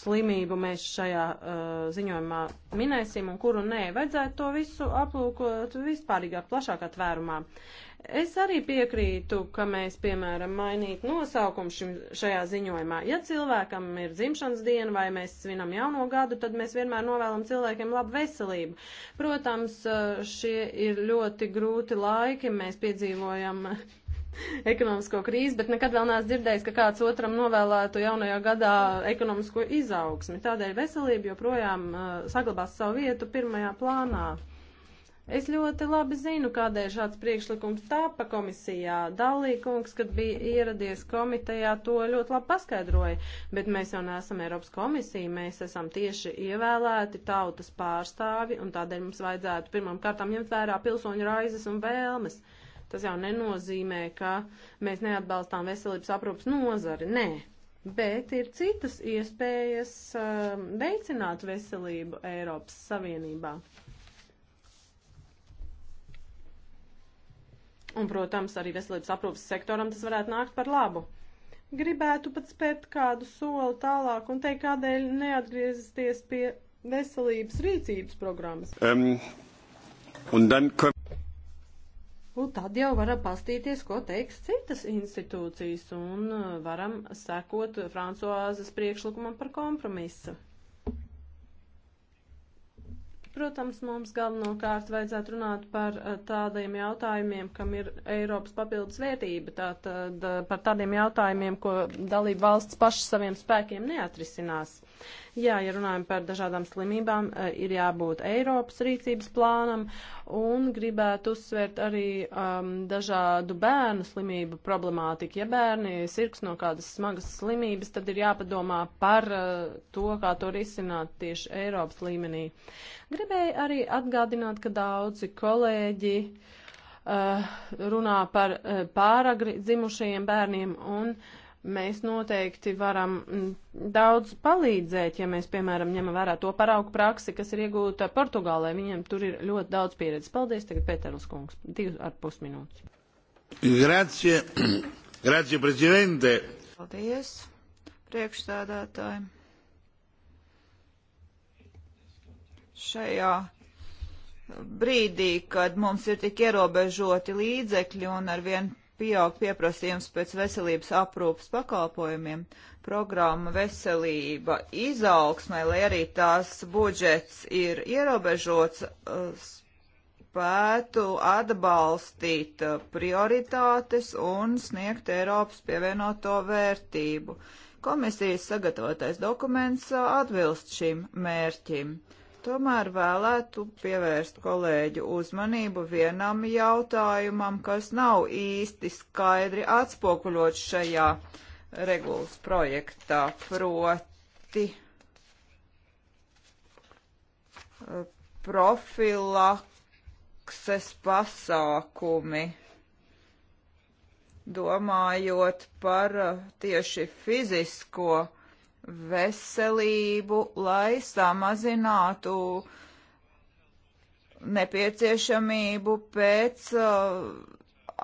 slimību mēs šajā uh, ziņojumā minēsim un kuru nē. Vajadzētu to visu aplūkot vispārīgāk, plašākā tvērumā. Es arī piekrītu, ka mēs, piemēram, mainītu nosaukumu šim, šajā ziņojumā. Ja cilvēkam ir dzimšanas diena vai mēs svinam jauno gadu, tad mēs vienmēr novēlam cilvēkiem labu veselību. Protams, šie ir ļoti grūti laiki, mēs piedzīvojam ekonomisko krīzi, bet nekad vēl neesmu dzirdējis, ka kāds otram novēlētu jaunajā gadā ekonomisko izaugsmi. Tādēļ veselība joprojām uh, saglabās savu vietu pirmajā plānā. Es ļoti labi zinu, kādēļ šāds priekšlikums tāpa komisijā. Dalīkungs, kad bija ieradies komitejā, to ļoti labi paskaidroja, bet mēs jau neesam Eiropas komisija, mēs esam tieši ievēlēti tautas pārstāvi, un tādēļ mums vajadzētu pirmām kārtām ņemt vērā pilsoņu raizes un vēlmes. Tas jau nenozīmē, ka mēs neatbalstām veselības aprūpas nozari, nē. Bet ir citas iespējas uh, veicināt veselību Eiropas Savienībā. Un, protams, arī veselības aprūpas sektoram tas varētu nākt par labu. Gribētu pat spērt kādu soli tālāk un teikt, kādēļ neatgriezties pie veselības rīcības programmas. Um, un, dan, ka... un tad jau varam pastīties, ko teiks citas institūcijas, un eh, varam sekot Francoāzes priekšlikumam par kompromisu. Protams, mums galvenokārt vajadzētu runāt par eh, tādiem jautājumiem, kam ir Eiropas papildus vērtība, tātad eh, par tādiem jautājumiem, ko dalība valsts paši saviem spēkiem neatrisinās. Jā, ja runājam par dažādām slimībām, eh, ir jābūt Eiropas rīcības plānam un gribētu uzsvērt arī um, dažādu bērnu slimību problemātiku. Ja bērni sirgs no kādas smagas slimības, tad ir jāpadomā par uh, to, kā to risināt tieši Eiropas līmenī. Gribēju arī atgādināt, ka daudzi kolēģi uh, runā par uh, pāragri dzimušajiem bērniem un mēs noteikti varam mm, daudz palīdzēt, ja mēs, piemēram, ņemam vērā to paraugu praksi, kas ir iegūta Portugālē. Viņiem tur ir ļoti daudz pieredzes. Paldies, tagad Pēterus kungs, divas ar pusminūtes. Grazie, grazie, prezidente. Paldies, priekšstādātāji. šajā brīdī, kad mums ir tik ierobežoti līdzekļi un arvien pieaug pieprasījums pēc veselības aprūpas pakalpojumiem, programma veselība izaugsmai, lai arī tās budžets ir ierobežots, uh, spētu atbalstīt uh, prioritātes un sniegt Eiropas pievienoto vērtību. Komisijas sagatavotais dokuments uh, atbilst šim mērķim. Uh, Tomēr vēlētu pievērst kolēģu uzmanību vienam jautājumam, kas nav īsti skaidri atspoguļots šajā regulas projektā, proti eh, profilakses pasākumi, domājot par eh, tieši fizisko veselību, lai samazinātu nepieciešamību pēc uh,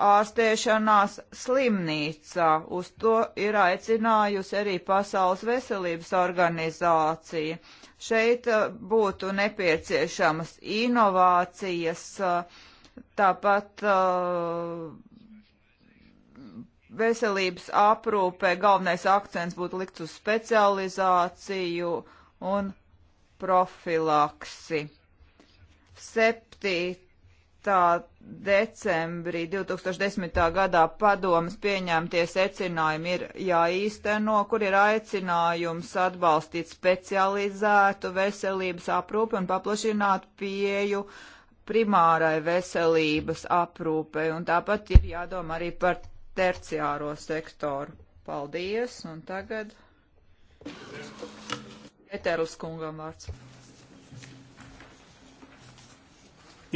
ārstēšanās slimnīcā. Uz to ir aicinājusi arī Pasaules veselības organizācija. Šeit uh, būtu nepieciešamas inovācijas, uh, tāpat uh, veselības aprūpē galvenais akcents būtu likts uz specializāciju un profilaksi. 7. decembrī 2010. gadā padomas pieņemtie secinājumi ir jāīsteno, kur ir aicinājums atbalstīt specializētu veselības aprūpi un paplašināt pieju primārai veselības aprūpei, un tāpat ir jādomā arī par terciāro sektoru. Paldies, un tagad Eterus kungam vārds.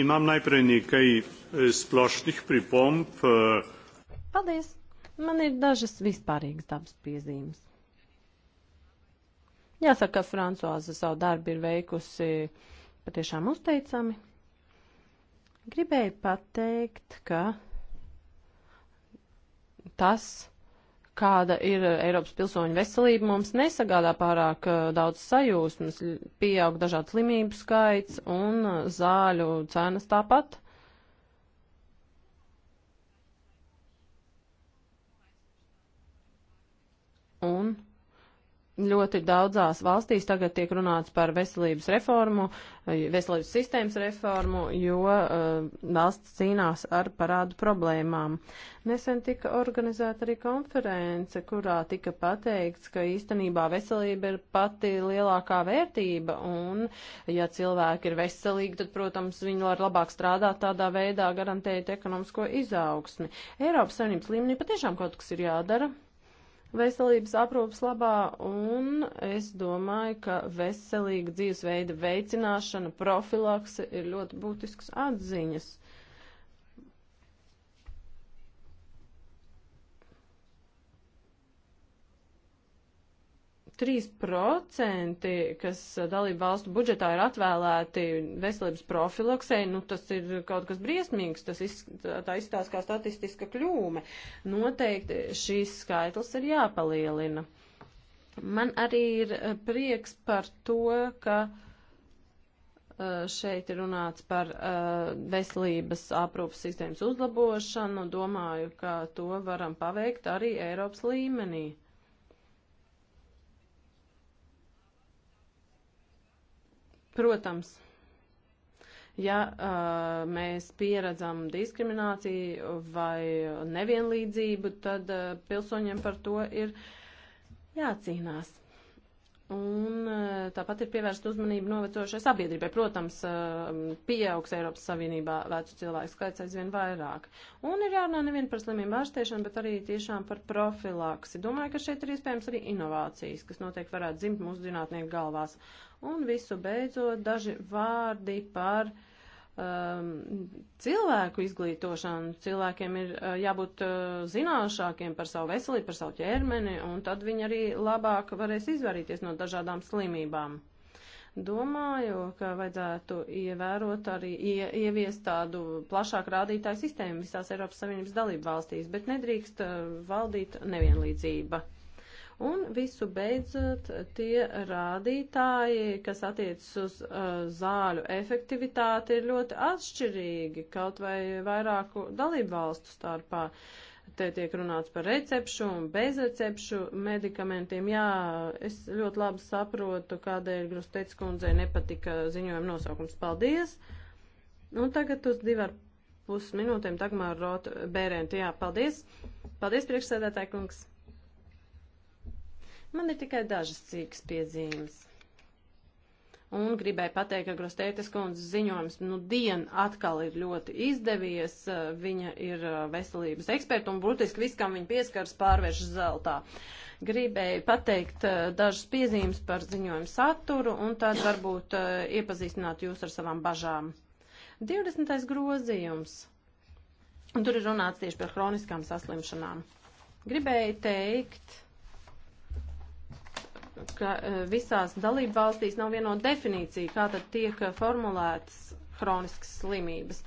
Imam najprej nekaj eh, splošnih pripomp. Eh. Paldies. Man ir dažas vispārīgas dabas piezīmes. Jāsaka, ka Francoza savu darbu ir veikusi patiešām uzteicami. Gribēju pateikt, ka tas, kāda ir Eiropas pilsoņu veselība, mums nesagādā pārāk eh, daudz sajūsmas, pieaug dažādu slimību skaits un eh, zāļu cenas tāpat. Un ļoti daudzās valstīs tagad tiek runāts par veselības reformu, eh, veselības sistēmas reformu, jo uh, valsts cīnās ar parādu problēmām. Nesen tika organizēta arī konference, kurā tika pateikts, ka īstenībā veselība ir pati lielākā vērtība, un ja cilvēki ir veselīgi, tad, protams, viņi var labāk strādāt tādā veidā, garantējot ekonomisko izaugsmi. Eiropas Savienības līmenī patiešām kaut kas ir jādara veselības aprūpas labā, un es domāju, ka veselīga dzīvesveida veicināšana, profilakse ir ļoti būtisks atziņas. 3%, kas uh, dalību valstu budžetā ir atvēlēti veselības profilaksei, nu tas ir kaut kas briesmīgs, tas iz, tā izstāsta kā statistiska kļūme. Noteikti šīs skaitlis ir jāpalielina. Man arī ir uh, prieks par to, ka uh, šeit ir runāts par veselības aprūpas sistēmas uzlabošanu. Domāju, ka to varam paveikt arī Eiropas līmenī. Protams, ja uh, mēs pieredzam diskrimināciju vai nevienlīdzību, tad uh, pilsoņiem par to ir jācīnās. Un tāpat ir pievērsta uzmanība novecošai sabiedrībai. Protams, pieaugs Eiropas Savienībā vecu cilvēku skaits aizvien vairāk. Un ir jārunā nevien par slimību ārstēšanu, bet arī tiešām par profilaksi. Domāju, ka šeit ir iespējams arī inovācijas, kas noteikti varētu dzimt mūsu zinātnieku galvās. Un visu beidzot daži vārdi par um, cilvēku izglītošanu. Cilvēkiem ir uh, jābūt uh, zināšākiem par savu veselību, par savu ķermeni, un tad viņi arī labāk varēs izvairīties no dažādām slimībām domāju, ka vajadzētu ievērot arī ie, ieviest tādu plašāku rādītāju sistēmu visās Eiropas Savienības dalību valstīs, bet nedrīkst uh, valdīt nevienlīdzība. Un visu beidzot, tie rādītāji, kas attiecas uz uh, zāļu efektivitāti, ir ļoti atšķirīgi, kaut vai vairāku dalību valstu starpā. Te tiek runāts par recepšu un bezrecepšu medikamentiem. Jā, es ļoti labi saprotu, kādēļ Grusteic kundzei nepatika ziņojuma nosaukums. Paldies! Un nu, tagad uz divar pus minūtēm Dagmāra Rota Bērēnta. Jā, paldies! Paldies, priekšsēdētāji kungs! Man ir tikai dažas cīkas piezīmes. Un gribēju pateikt, ka Grostētes kundzes ziņojums nu dien atkal ir ļoti izdevies. Eh, viņa ir eh, veselības eksperta un būtiski viss, kam viņa pieskars, pārvērš zeltā. Gribēju pateikt eh, dažas piezīmes par ziņojumu saturu un tad varbūt iepazīstināt jūs ar savām bažām. 20. grozījums. Un tur ir runāts tieši par hroniskām saslimšanām. Gribēju teikt, ka e, visās dalību valstīs nav vienota definīcija, kā tad tiek e, formulētas hroniskas slimības.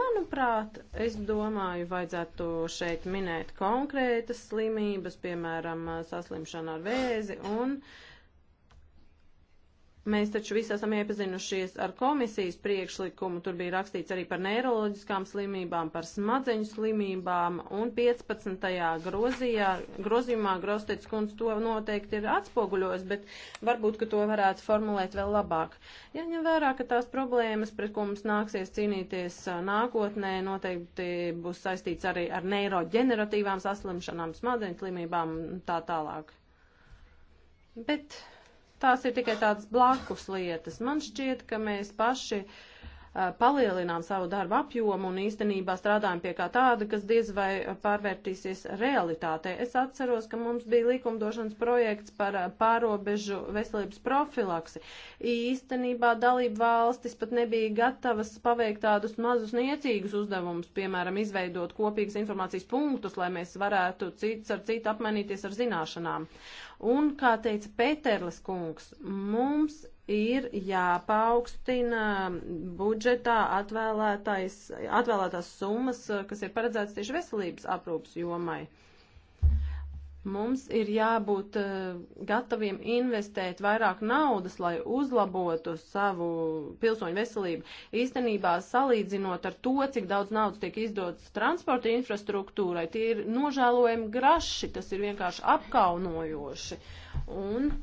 Manuprāt, es domāju, vajadzētu šeit minēt konkrētas slimības, piemēram, e, saslimšana ar vēzi un uh, Mēs taču visi esam iepazinušies ar komisijas priekšlikumu, tur bija rakstīts arī par neiroloģiskām slimībām, par smadzeņu slimībām, un 15. Grozijā, grozījumā Grostets kundz to noteikti ir atspoguļos, bet varbūt, ka to varētu formulēt vēl labāk. Jaņem vērā, ka tās problēmas, pret ko mums nāksies cīnīties nākotnē, noteikti būs saistīts arī ar neiroģeneratīvām saslimšanām, smadzeņu slimībām un tā tālāk. Bet tās ir tikai tādas blakus lietas. Man šķiet, ka mēs paši uh, Eh, palielinām savu darbu apjomu un īstenībā strādājam pie kā tāda, kas diez vai pārvērtīsies realitātē. Es atceros, ka mums bija likumdošanas projekts par eh, pārobežu veselības profilaksi. Īstenībā dalība valstis pat nebija gatavas paveikt tādus mazus niecīgus uzdevumus, piemēram, izveidot kopīgas informācijas punktus, lai mēs varētu cits ar citu apmainīties ar zināšanām. Un, kā teica Pēterlis kungs, mums ir jāpaukstina budžetā atvēlētās summas, kas ir paredzētas tieši veselības aprūpas jomai. Mums ir jābūt eh, gataviem investēt vairāk naudas, lai uzlabotu savu pilsoņu veselību. Īstenībā, salīdzinot ar to, cik daudz naudas tiek izdodas transporta infrastruktūrai, tie ir nožēlojami graši, tas ir vienkārši apkaunojoši. Un uh,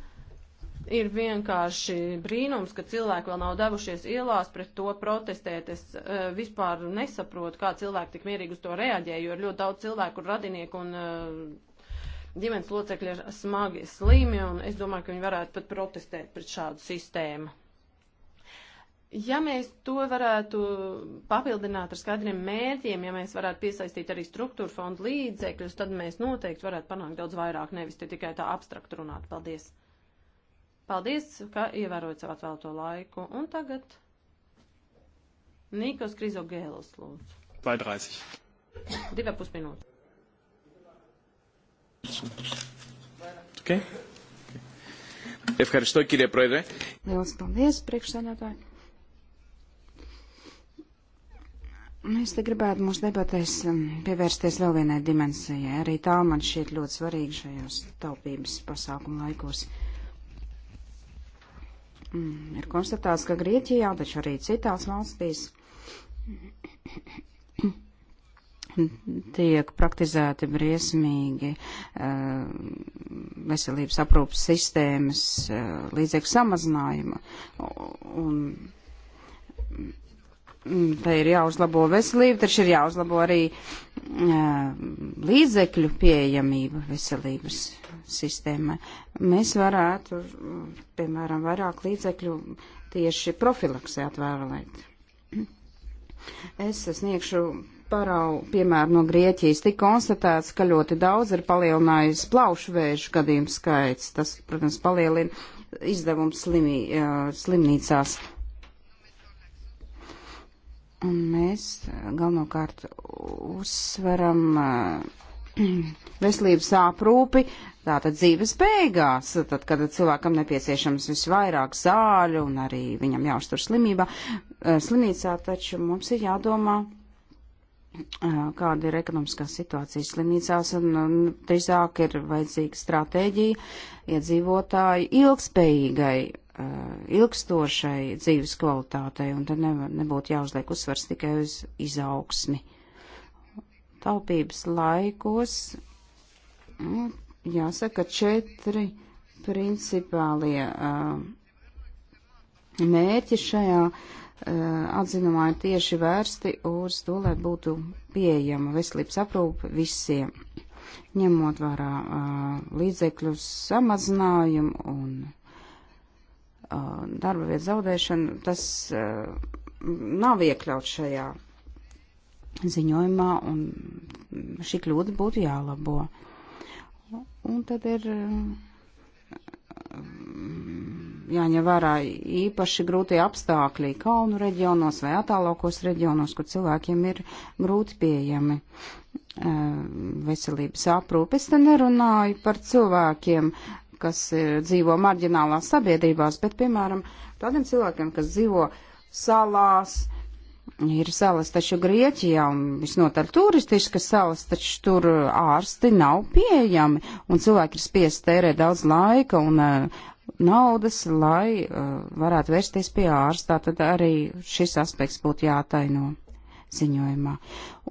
Ir vienkārši brīnums, ka cilvēki vēl nav devušies ielās pret to protestēt. Es uh, vispār nesaprotu, kā cilvēki tik mierīgi uz to reaģē, jo ir ļoti daudz cilvēku, radinieku un uh, ģimenes locekļi ir smagi slimi, un es domāju, ka viņi varētu pat protestēt pret šādu sistēmu. Ja mēs to varētu papildināt ar skaidriem mērķiem, ja mēs varētu piesaistīt arī struktūra fondu līdzekļus, tad mēs noteikti varētu panākt daudz vairāk, nevis tikai tā abstrakt runāt. Paldies! Paldies, ka ievērojat savu atvēlto laiku. Un tagad Nikos Krizogēlis lūdzu. 32. Divā pusminūte. Okay. Ευχαριστώ κύριε Πρόεδρε. Liels paldies, priekšsēdētāji. Mēs te gribētu mūsu debatēs um, pievērsties vēl vienai dimensijai. Arī tā man šķiet ļoti svarīga šajos taupības pasākumu laikos. Uh, Mm, ir konstatēts, ka Grieķijā, taču arī citās valstīs tiek praktizēti briesmīgi uh, veselības aprūpas sistēmas uh, līdzekļu samazinājuma. Un Te ir jāuzlabo veselība, taču ir jāuzlabo arī uh, līdzekļu pieejamība veselības sistēmai. Mēs varētu, piemēram, vairāk līdzekļu tieši profilaksē atvēlēt. Es sniegšu parau, piemēram, no Grieķijas tika konstatēts, ka ļoti daudz ir palielinājusi plaušu vēžu gadījumu skaits. Tas, protams, palielina izdevums slimī, uh, slimnīcās Un mēs eh, galvenokārt uzsveram eh, veselības aprūpi, tātad dzīves beigās, tad, kad cilvēkam nepieciešams visvairāk zāļu un arī viņam jāuztur slimībā, eh, slimnīcā, taču mums ir jādomā, kāda ir ekonomiskā situācija slimnīcās un, un drīzāk ir vajadzīga stratēģija iedzīvotāju ilgspējīgai Eh, ilgstošai dzīves kvalitātei, un tad ne, nebūtu jāuzliek uzsvars tikai uz izaugsmi. Taupības laikos, nu, jāsaka, četri principālie eh, mērķi šajā eh, atzinumā ir tieši vērsti uz to, lai būtu pieejama veselības aprūpe visiem, ņemot vērā līdzekļus samazinājumu un darba vietu zaudēšanu, tas nav iekļauts šajā ziņojumā, un šī kļūda būtu jālabo. Un tad ir jāņem vērā īpaši grūtie apstākļi kalnu reģionos vai attālākos reģionos, kur cilvēkiem ir grūti pieejami veselības aprūpes. Te nerunāju par cilvēkiem kas ir, e, dzīvo marģinālās sabiedrībās, bet, piemēram, tādiem cilvēkiem, kas dzīvo salās, ir salas taču Grieķijā un visnotaļ turistiskas salas, taču tur ārsti nav pieejami, un cilvēki ir spiest tērēt daudz laika un uh, naudas, lai uh, varētu vērsties pie ārstā, tad arī šis aspekts būtu jātaino ziņojumā.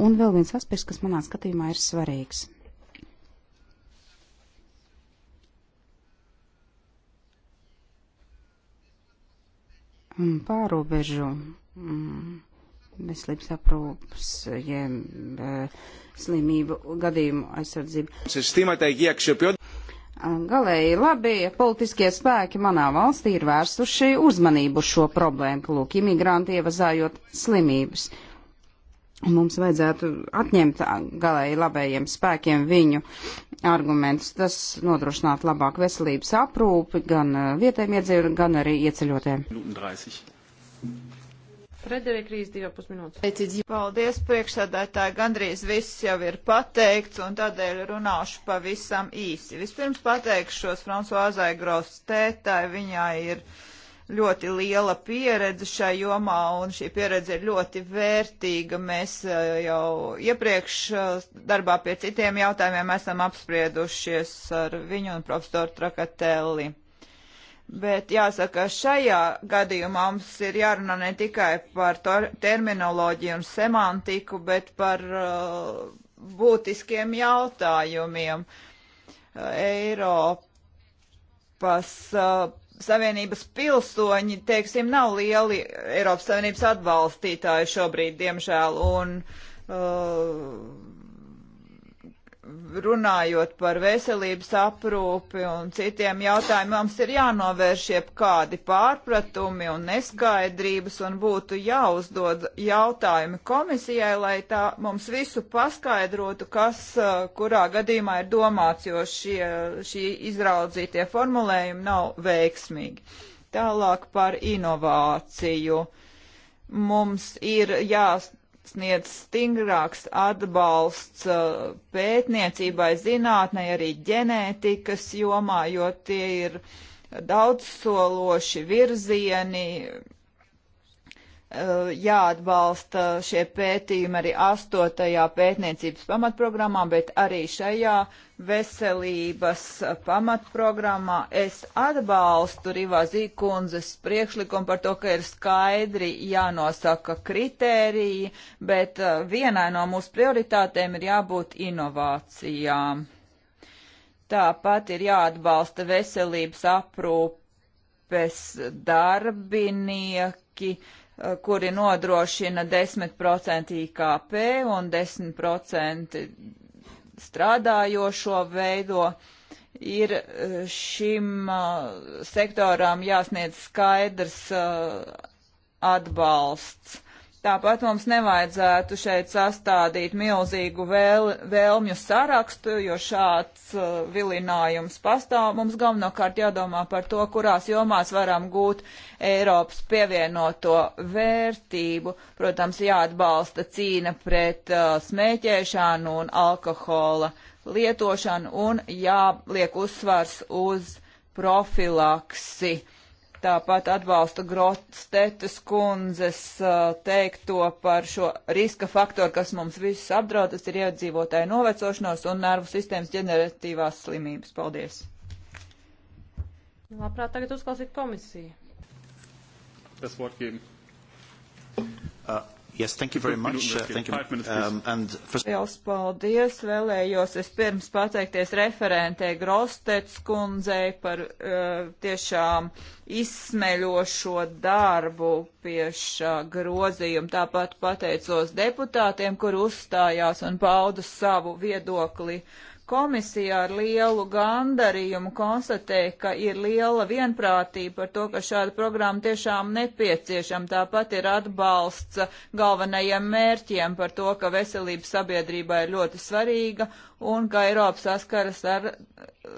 Un vēl viens aspekts, kas manā skatījumā ir svarīgs. Mm, pārobežu mm, veselības aprūpas, jeb e, slimību gadījumu aizsardzību. Galēji labi, politiskie spēki manā valstī ir vērsuši uzmanību šo problēmu, lūk, imigranti ievazājot slimības. Mums vajadzētu atņemt galēji labējiem spēkiem viņu argumentus. Tas nodrošinātu labāk veselības aprūpi gan uh, vietējiem iedzīvotājiem, gan arī ieceļotiem. Frederika Rīs, 2,5 minūtes. Paldies, priekšsādātāji, gandrīz viss jau ir pateikts, un tādēļ runāšu pavisam īsi. Vispirms pateikšos Fransuāzai Grostētai, viņai ir. Uh, ļoti liela pieredze šai jomā, un šī pieredze ir ļoti vērtīga. Mēs uh, jau iepriekš uh, darbā pie citiem jautājumiem esam apspriedušies ar viņu un profesoru Trakatelli. Bet jāsaka, šajā gadījumā mums ir jārunā ne tikai par terminoloģiju un semantiku, bet par uh, būtiskiem jautājumiem. Uh, Eiropa Eiropas uh, Savienības pilsoņi, teiksim, nav lieli Eiropas Savienības atbalstītāji šobrīd, diemžēl, un uh, runājot par veselības aprūpi un citiem jautājumiem, mums ir jānovērš jebkādi pārpratumi un neskaidrības un būtu jāuzdod jautājumi komisijai, lai tā mums visu paskaidrotu, kas kurā gadījumā ir domāts, jo šie, šie izraudzītie formulējumi nav veiksmīgi. Tālāk par inovāciju. Mums ir jāst sniedz stingrāks atbalsts uh, pētniecībai, zinātnē, arī ģenētikas jomā, jo tie ir daudzsološi virzieni, Eh, jāatbalsta šie pētījumi arī astotajā pētniecības pamatprogrammā, bet arī šajā veselības pamatprogrammā es atbalstu Rivā Zīkundzes priekšlikumu par to, ka ir skaidri jānosaka kritēriji, bet eh, vienai no mūsu prioritātēm ir jābūt inovācijām. Tāpat ir jāatbalsta veselības aprūpes darbinieki, uh, Eh, kuri nodrošina 10% IKP un 10% strādājošo veido, ir eh, šim eh, sektoram jāsniedz skaidrs atbalsts Tāpat mums nevajadzētu šeit sastādīt milzīgu vēl, vēlmju sarakstu, jo šāds uh, vilinājums pastāv. Mums galvenokārt jādomā par to, kurās jomās varam gūt Eiropas pievienoto vērtību. Protams, jāatbalsta cīna pret uh, smēķēšanu un alkohola lietošanu un jāliek uzsvars uz profilaksi. Uh, Tāpat atbalstu Grostetes kundzes uh, teikto par šo riska faktoru, kas mums visus apdraud, tas ir iedzīvotāju novecošanos un nervu sistēmas ģeneratīvās slimības. Paldies! Labprāt, tagad uzklausīt komisiju. Tas var geben. Uh. Yes, thank you very much. Uh, thank you. Um, and first... Liels paldies. Vēlējos es pirms pateikties referentē Grostets kundzei par uh, tiešām izsmeļošo darbu pie šā grozījuma. Tāpat pateicos deputātiem, kur uzstājās un pauda savu viedokli. Uh, Komisija ar lielu gandarījumu konstatē, ka ir liela vienprātība par to, ka šāda programma tiešām nepieciešama. Tāpat ir atbalsts galvenajiem mērķiem par to, ka veselība sabiedrībā ir ļoti svarīga un ka Eiropa saskaras ar uh,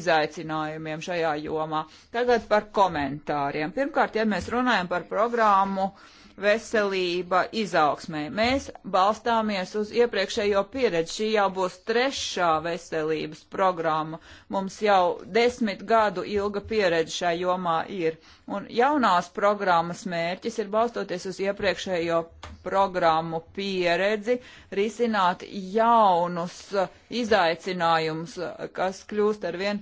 izaicinājumiem šajā jomā. Tagad par komentāriem. Pirmkārt, ja mēs runājam par programmu uh, veselība izaugsmē. Mēs balstāmies uz iepriekšējo pieredzi. Šī jau būs trešā veselības programma. Mums jau desmit gadu ilga pieredze šajā jomā ir. Un jaunās programmas mērķis ir balstoties uz iepriekšējo programmu pieredzi, risināt jaunus izaicinājumus, kas kļūst arvien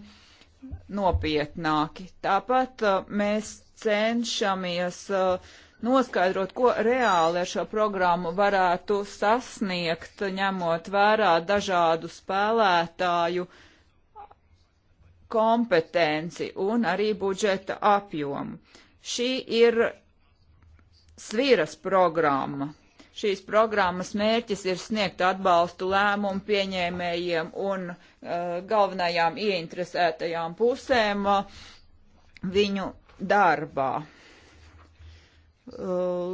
nopietnāki. Tāpat uh, mēs cenšamies uh, noskaidrot, ko reāli ar šo programmu varētu sasniegt, ņemot vērā dažādu spēlētāju kompetenci un arī budžeta apjomu. Šī ir sviras programma. Šīs programmas mērķis ir sniegt atbalstu lēmumu pieņēmējiem un uh, galvenajām ieinteresētajām pusēm uh, viņu darbā.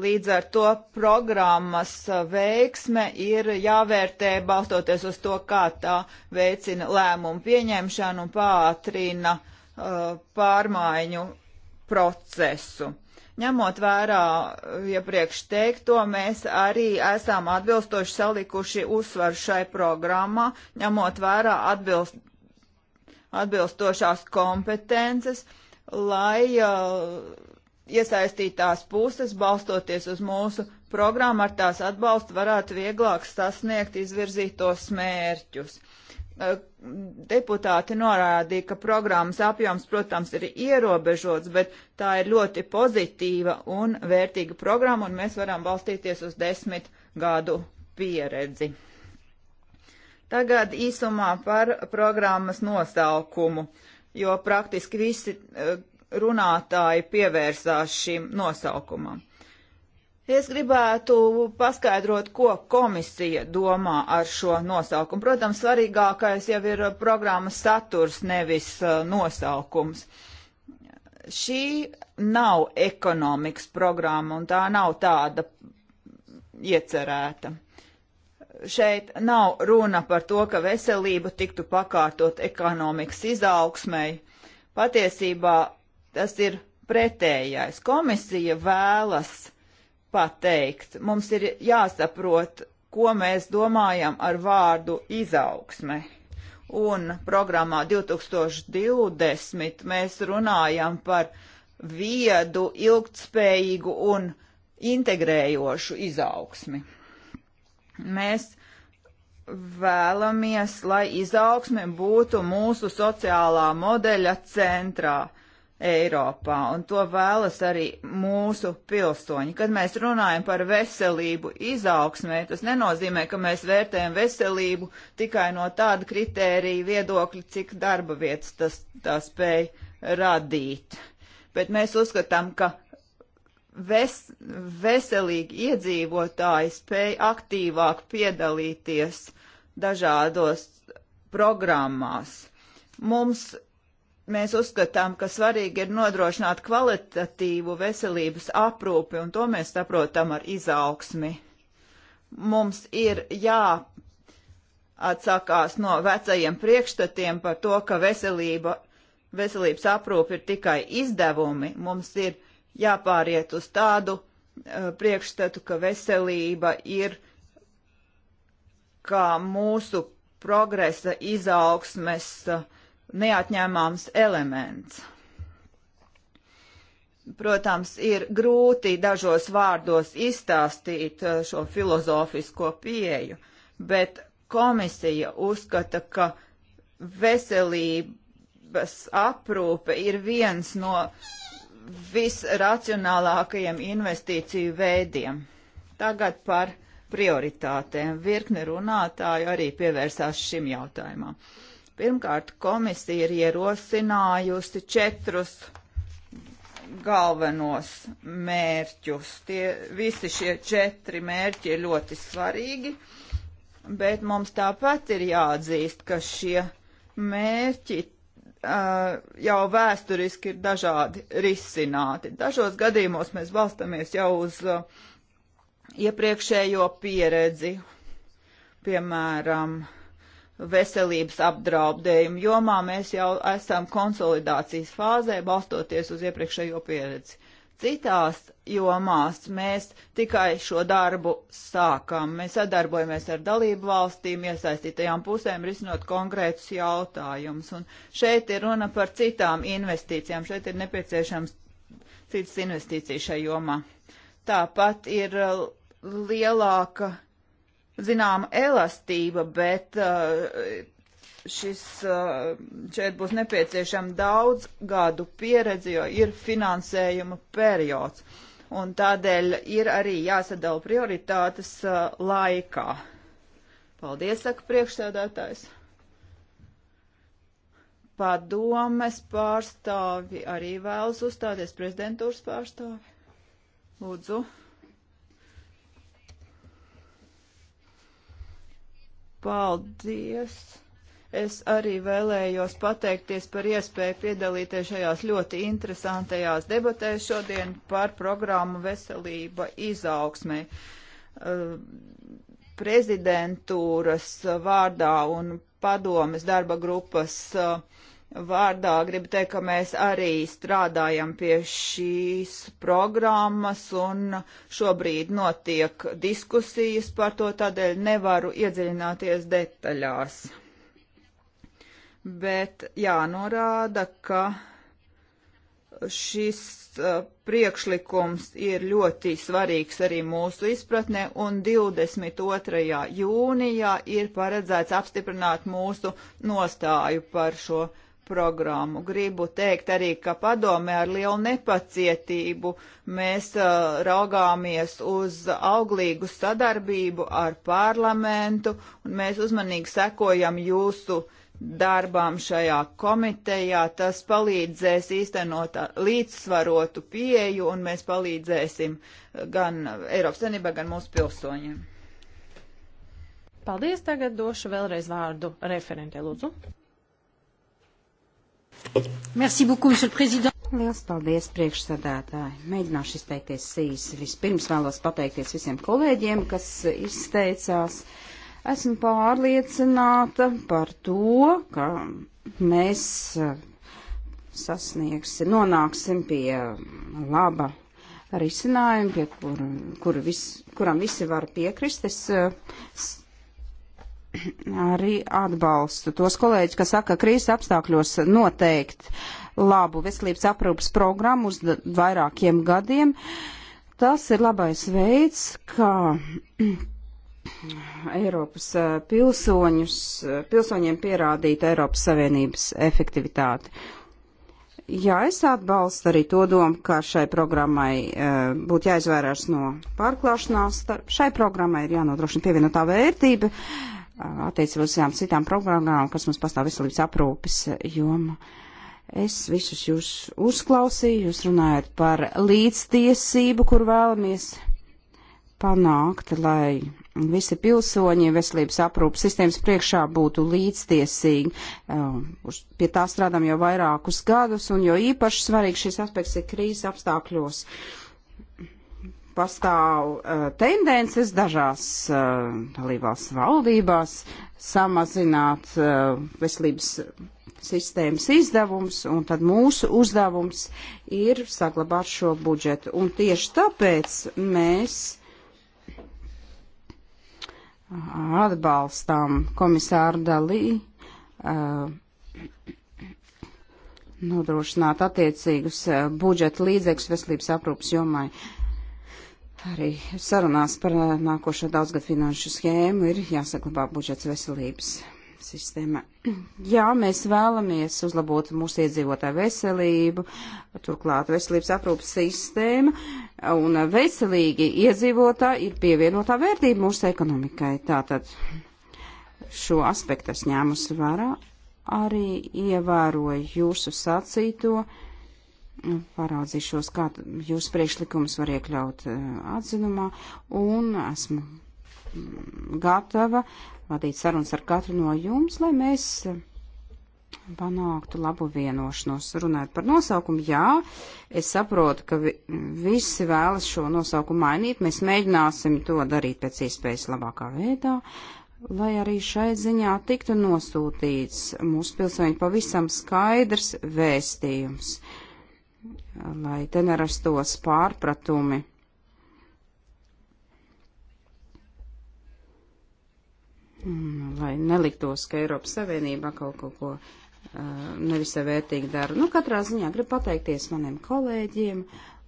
Līdz ar to programmas veiksme ir jāvērtē balstoties uz to, kā tā veicina lēmumu pieņemšanu un pātrina uh, pārmaiņu procesu. Ņemot vērā iepriekš ja teikto, mēs arī esam atbilstoši salikuši uzsvaru šai programmā, ņemot vērā atbilst, atbilstošās kompetences, lai uh, iesaistītās puses, balstoties uz mūsu programmu, ar tās atbalstu varētu vieglāk sasniegt izvirzītos mērķus. Deputāti norādīja, ka programmas apjoms, protams, ir ierobežots, bet tā ir ļoti pozitīva un vērtīga programma, un mēs varam balstīties uz desmit gadu pieredzi. Tagad īsumā par programmas nosaukumu, jo praktiski visi runātāji pievērsās šim nosaukumam. Es gribētu paskaidrot, ko komisija domā ar šo nosaukumu. Protams, svarīgākais jau ir programmas saturs, nevis uh, nosaukums. Šī nav ekonomikas programma un tā nav tāda iecerēta. Šeit nav runa par to, ka veselība tiktu pakārtot ekonomikas izaugsmai. Patiesībā Tas ir pretējais. Komisija vēlas pateikt, mums ir jāsaprot, ko mēs domājam ar vārdu izaugsme. Un programmā 2020 mēs runājam par viedu, ilgtspējīgu un integrējošu izaugsmi. Mēs vēlamies, lai izaugsme būtu mūsu sociālā modeļa centrā. Uh, Eiropā, un to vēlas arī mūsu pilsoņi. Kad mēs runājam par veselību izaugsmē, tas nenozīmē, ka mēs vērtējam veselību tikai no tāda kritērija viedokļa, cik darba vietas tas tā spēj radīt. Bet mēs uzskatām, ka ves, veselīgi iedzīvotāji spēj aktīvāk piedalīties dažādos programmās. Mums mēs uzskatām, ka svarīgi ir nodrošināt kvalitatīvu veselības aprūpi, un to mēs saprotam ar izaugsmi. Mums ir jāatsakās no vecajiem priekšstatiem par to, ka veselība, veselības aprūpi ir tikai izdevumi. Mums ir jāpāriet uz tādu uh, priekšstatu, ka veselība ir kā mūsu progresa izaugsmes uh, neatņēmāms elements. Protams, ir grūti dažos vārdos izstāstīt eh, šo filozofisko pieeju, bet komisija uzskata, ka veselības aprūpe ir viens no visracionālākajiem investīciju veidiem. Tagad par prioritātēm. Virkne runātāju arī pievērsās šim jautājumam. Uh, Pirmkārt, komisija ir ierosinājusi četrus galvenos mērķus. Tie visi šie četri mērķi ir ļoti svarīgi, bet mums tāpat ir jāatzīst, ka šie mērķi Uh, jau vēsturiski ir dažādi risināti. Dažos gadījumos mēs balstamies jau uz uh, iepriekšējo pieredzi, piemēram, veselības apdraudējumu jomā mēs jau esam konsolidācijas fāzē, balstoties uz iepriekšējo pieredzi. Citās jomās mēs tikai šo darbu sākam. Mēs sadarbojamies ar dalību valstīm, iesaistītajām pusēm, risinot konkrētus jautājumus. Un šeit ir runa par citām investīcijām. Šeit ir nepieciešams citas investīcijas šajā jomā. Tāpat ir uh, lielāka zinām elastība, bet uh, šis uh, šeit būs nepieciešama daudz gadu pieredze, jo ir finansējuma periods. Un tādēļ ir arī jāsadala prioritātes uh, laikā. Paldies, saka priekšsēdētājs. Padomes pārstāvi arī vēlas uzstāties prezidentūras pārstāvi. Lūdzu. Paldies! Es arī vēlējos pateikties par iespēju piedalīties šajās ļoti interesantajās debatēs šodien par programmu Veselība izaugsmē. Eh, prezidentūras vārdā un padomes darba grupas uh, vārdā gribu teikt, ka mēs arī strādājam pie šīs programmas un šobrīd notiek diskusijas par to, tādēļ nevaru iedziļināties detaļās. Bet jānorāda, ka šis uh, priekšlikums ir ļoti svarīgs arī mūsu izpratnē, un 22. jūnijā ir paredzēts apstiprināt mūsu nostāju par šo programmu programmu. Gribu teikt arī, ka padome ar lielu nepacietību mēs uh, raugāmies uz auglīgu sadarbību ar parlamentu un mēs uzmanīgi sekojam jūsu darbām šajā komitejā. Tas palīdzēs īstenot uh, līdzsvarotu pieeju un mēs palīdzēsim uh, gan Eiropas Savienībā, gan mūsu pilsoņiem. Paldies, tagad došu vēlreiz vārdu referentē, lūdzu. Merci beaucoup, monsieur le président. Liels paldies, priekšsādātāji. Mēģināšu izteikties īsi. Vispirms vēlos pateikties visiem kolēģiem, kas izteicās. Esmu pārliecināta par to, ka mēs eh, sasniegsim, nonāksim pie laba risinājuma, pie kur, kur vis, kuram visi var piekrist. Es eh, arī atbalstu tos kolēģus, kas saka, ka krīzes apstākļos noteikt labu veselības aprūpas programmu uz vairākiem gadiem. Tas ir labais veids, kā Eiropas eh, pilsoņus, eh, pilsoņiem pierādīt Eiropas Savienības efektivitāti. Jā, es atbalstu arī to domu, ka šai programmai e, būtu jāizvairās no pārklāšanās. Šai programmai ir jānodrošina pievienotā vērtība. E, attiecībā uz visām citām programmām, kas mums pastāv veselības aprūpes jomā. Es visus jūs uzklausīju, jūs runājat par līdztiesību, kur vēlamies panākt, lai visi pilsoņi veselības aprūpas sistēmas priekšā būtu līdztiesīgi. Um, pie tā strādām jau vairākus gadus, un jo īpaši svarīgs šis aspekts ir krīzes apstākļos. Uh, pastāv uh, tendences dažās uh, dalībās valdībās samazināt uh, veselības sistēmas izdevums, un tad mūsu uzdevums ir saglabāt šo budžetu. Un tieši tāpēc mēs atbalstām komisāru Dalī uh, nodrošināt attiecīgus budžeta līdzekļus veselības aprūpas jomai. Uh, Arī sarunās par eh, nākošo daudzgad finanšu schēmu ir jāsaglabā budžets veselības sistēma. Jā, mēs vēlamies uzlabot mūsu iedzīvotāju veselību, turklāt veselības aprūpas sistēma, un veselīgi iedzīvotāji ir pievienotā vērtība mūsu ekonomikai. Tātad šo aspektu es ņēmu svērā, arī ievēroju jūsu sacīto. Uh, Nu, paraudzīšos, kā jūs priekšlikums var iekļaut eh, atzinumā, un esmu mm, gatava vadīt sarunas ar katru no jums, lai mēs eh, panāktu labu vienošanos. Runājot par nosaukumu, jā, es saprotu, ka vi visi vēlas šo nosaukumu mainīt. Mēs mēģināsim to darīt pēc iespējas labākā veidā, lai arī šai ziņā tiktu nosūtīts mūsu pilsoņu pavisam skaidrs vēstījums lai te nerastos pārpratumi. Mm, lai neliktos, ka Eiropas Savienība kaut ko, ko nevisai vērtīgi dara. Nu, katrā ziņā gribu pateikties maniem kolēģiem,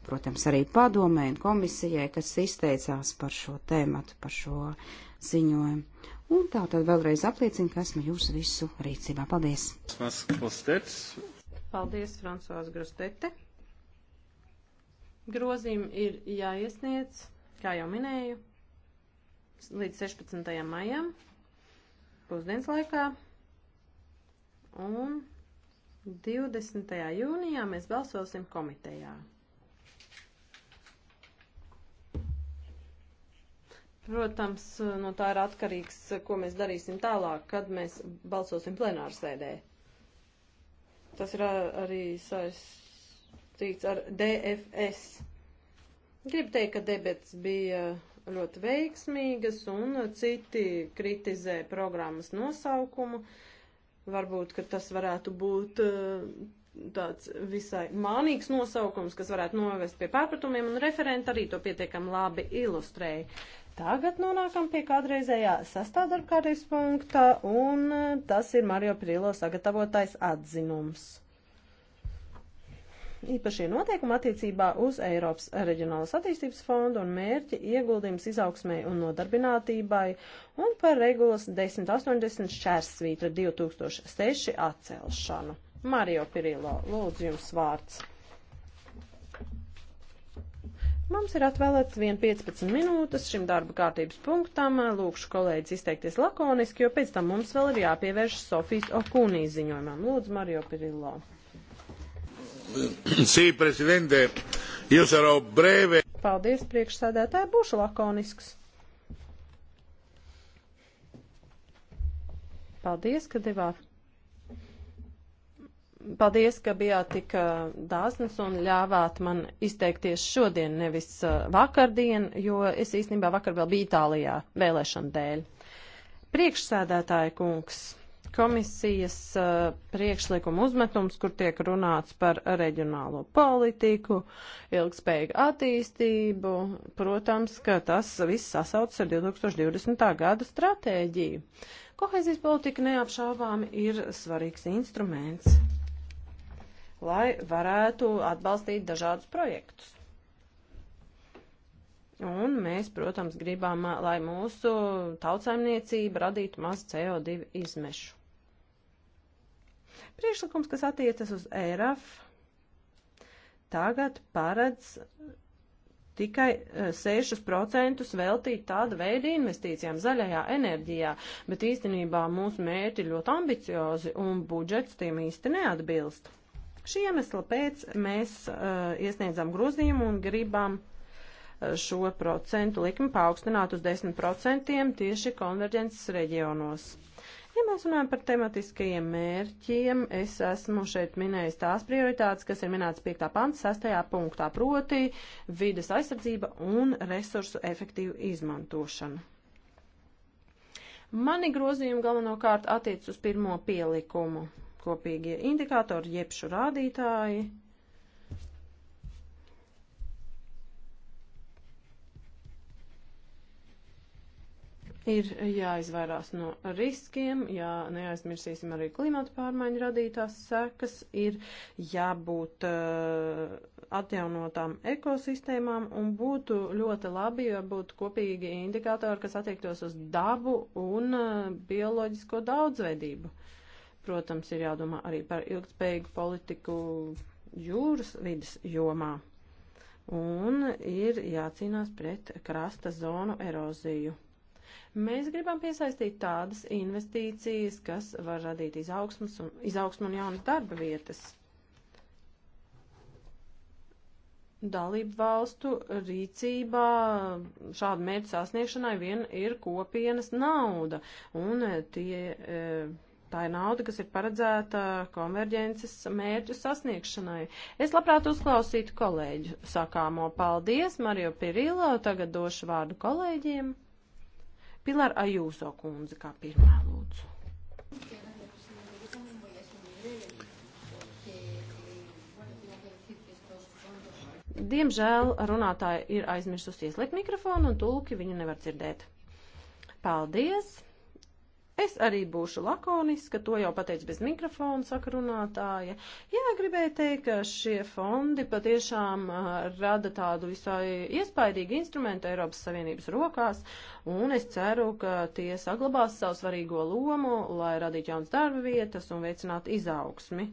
protams, arī padomē un komisijai, kas izteicās par šo tēmatu, par šo ziņojumu. Un tā tad vēlreiz apliecina, ka esmu jūsu visu rīcībā. Paldies! Paldies, Fransuāz Grostete! Grozījumi ir jāiesniedz, kā jau minēju, līdz 16. maijam, pusdienas laikā, un 20. jūnijā mēs balsosim komitejā. Protams, no tā ir atkarīgs, ko mēs darīsim tālāk, kad mēs balsosim plenārsēdē. Tas ir arī saistīts saistīts ar DFS. Gribu teikt, ka debets bija ļoti veiksmīgas un citi kritizē programmas nosaukumu. Varbūt, ka tas varētu būt uh, tāds visai mānīgs nosaukums, kas varētu novest pie pārpratumiem, un referenta arī to pietiekam labi ilustrēja. Tagad nonākam pie kādreizējā sastāvdaļkārtības punkta, un uh, tas ir Mario Prilo sagatavotais atzinums īpašie noteikumi attiecībā uz Eiropas reģionālas attīstības fondu un mērķi ieguldījums izaugsmē un nodarbinātībai un par regulas 1080 šķērsvītra 2006 atcelšanu. Mario Pirilo, lūdzu jums vārds. Mums ir atvēlēts 1,15 minūtes šim darba kārtības punktam. Lūkšu kolēģis izteikties lakoniski, jo pēc tam mums vēl ir jāpievērš Sofijas Okūnijas ziņojumam. Lūdzu, Mario Pirillo. Sī, prezidente, jūs arau brēvē. Paldies, priekšsēdētāji, būšu lakonisks. Paldies, ka devāt. Paldies, ka bijāt tik dāsnas un ļāvāt man izteikties šodien, nevis vakardien, jo es īstenībā vakar vēl biju Itālijā vēlēšana dēļ. Priekšsēdētāja kungs komisijas uh, eh, priekšlikuma uzmetums, kur tiek runāts par reģionālo politiku, ilgspējīgu attīstību. Protams, ka tas viss sasaucas ar 2020. gada stratēģiju. Kohēzijas politika neapšaubām ir svarīgs instruments, lai varētu atbalstīt dažādus projektus. Un mēs, protams, gribam, lai mūsu tautsaimniecība radītu maz CO2 izmešu. Priekšlikums, kas attiecas uz ERAF, tagad paredz tikai 6% eh, veltīt tādu veidu investīcijām zaļajā enerģijā, bet īstenībā mūsu mērķi ļoti ambiciozi un budžets tiem īsti neatbilst. Šī iemesla pēc mēs uh, iesniedzam grozījumu un gribam uh, šo procentu likmi paaugstināt uz 10% tieši konverģences reģionos. Ja mēs runājam par tematiskajiem mērķiem, es esmu šeit minējis tās prioritātes, kas ir minētas 5. pants, 6. punktā, proti vides aizsardzība un resursu efektīvu izmantošanu. Mani grozījumi galvenokārt attiec uz pirmo pielikumu kopīgie indikātori, jebšu rādītāji, Ir jāizvairās no riskiem, jā, neaizmirsīsim arī klimata pārmaiņu radītās sekas, ir jābūt uh, atjaunotām ekosistēmām un būtu ļoti labi, ja būtu kopīgi indikātori, kas attiektos uz dabu un uh, bioloģisko daudzveidību. Protams, ir jādomā arī par ilgspējīgu politiku jūras vidas jomā. Un ir jācīnās pret krasta zonu eroziju. Mēs gribam piesaistīt tādas investīcijas, kas var radīt izaugsmas un, izaugsmu un jaunas darba vietas. Dalību valstu rīcībā šādu mērķu sasniegšanai vien ir kopienas nauda, un e, tie, e, tā ir nauda, kas ir paredzēta konverģences mērķu sasniegšanai. Es labprāt uzklausītu kolēģu sakāmo paldies, Mario Pirilo, tagad došu vārdu kolēģiem. Pilar Ajūso kundze kā pirmā lūdzu. Diemžēl runātāja ir aizmirsusi ieslēgt mikrofonu un tulki viņu nevar dzirdēt. Paldies! Es arī būšu lakoniska, to jau pateicu bez mikrofona sakarunātāja. Jā, gribēju teikt, ka šie fondi patiešām uh, rada tādu visai iespaidīgu instrumentu Eiropas Savienības rokās, un es ceru, ka tie saglabās savu svarīgo lomu, lai radītu jaunas darba vietas un veicinātu izaugsmi.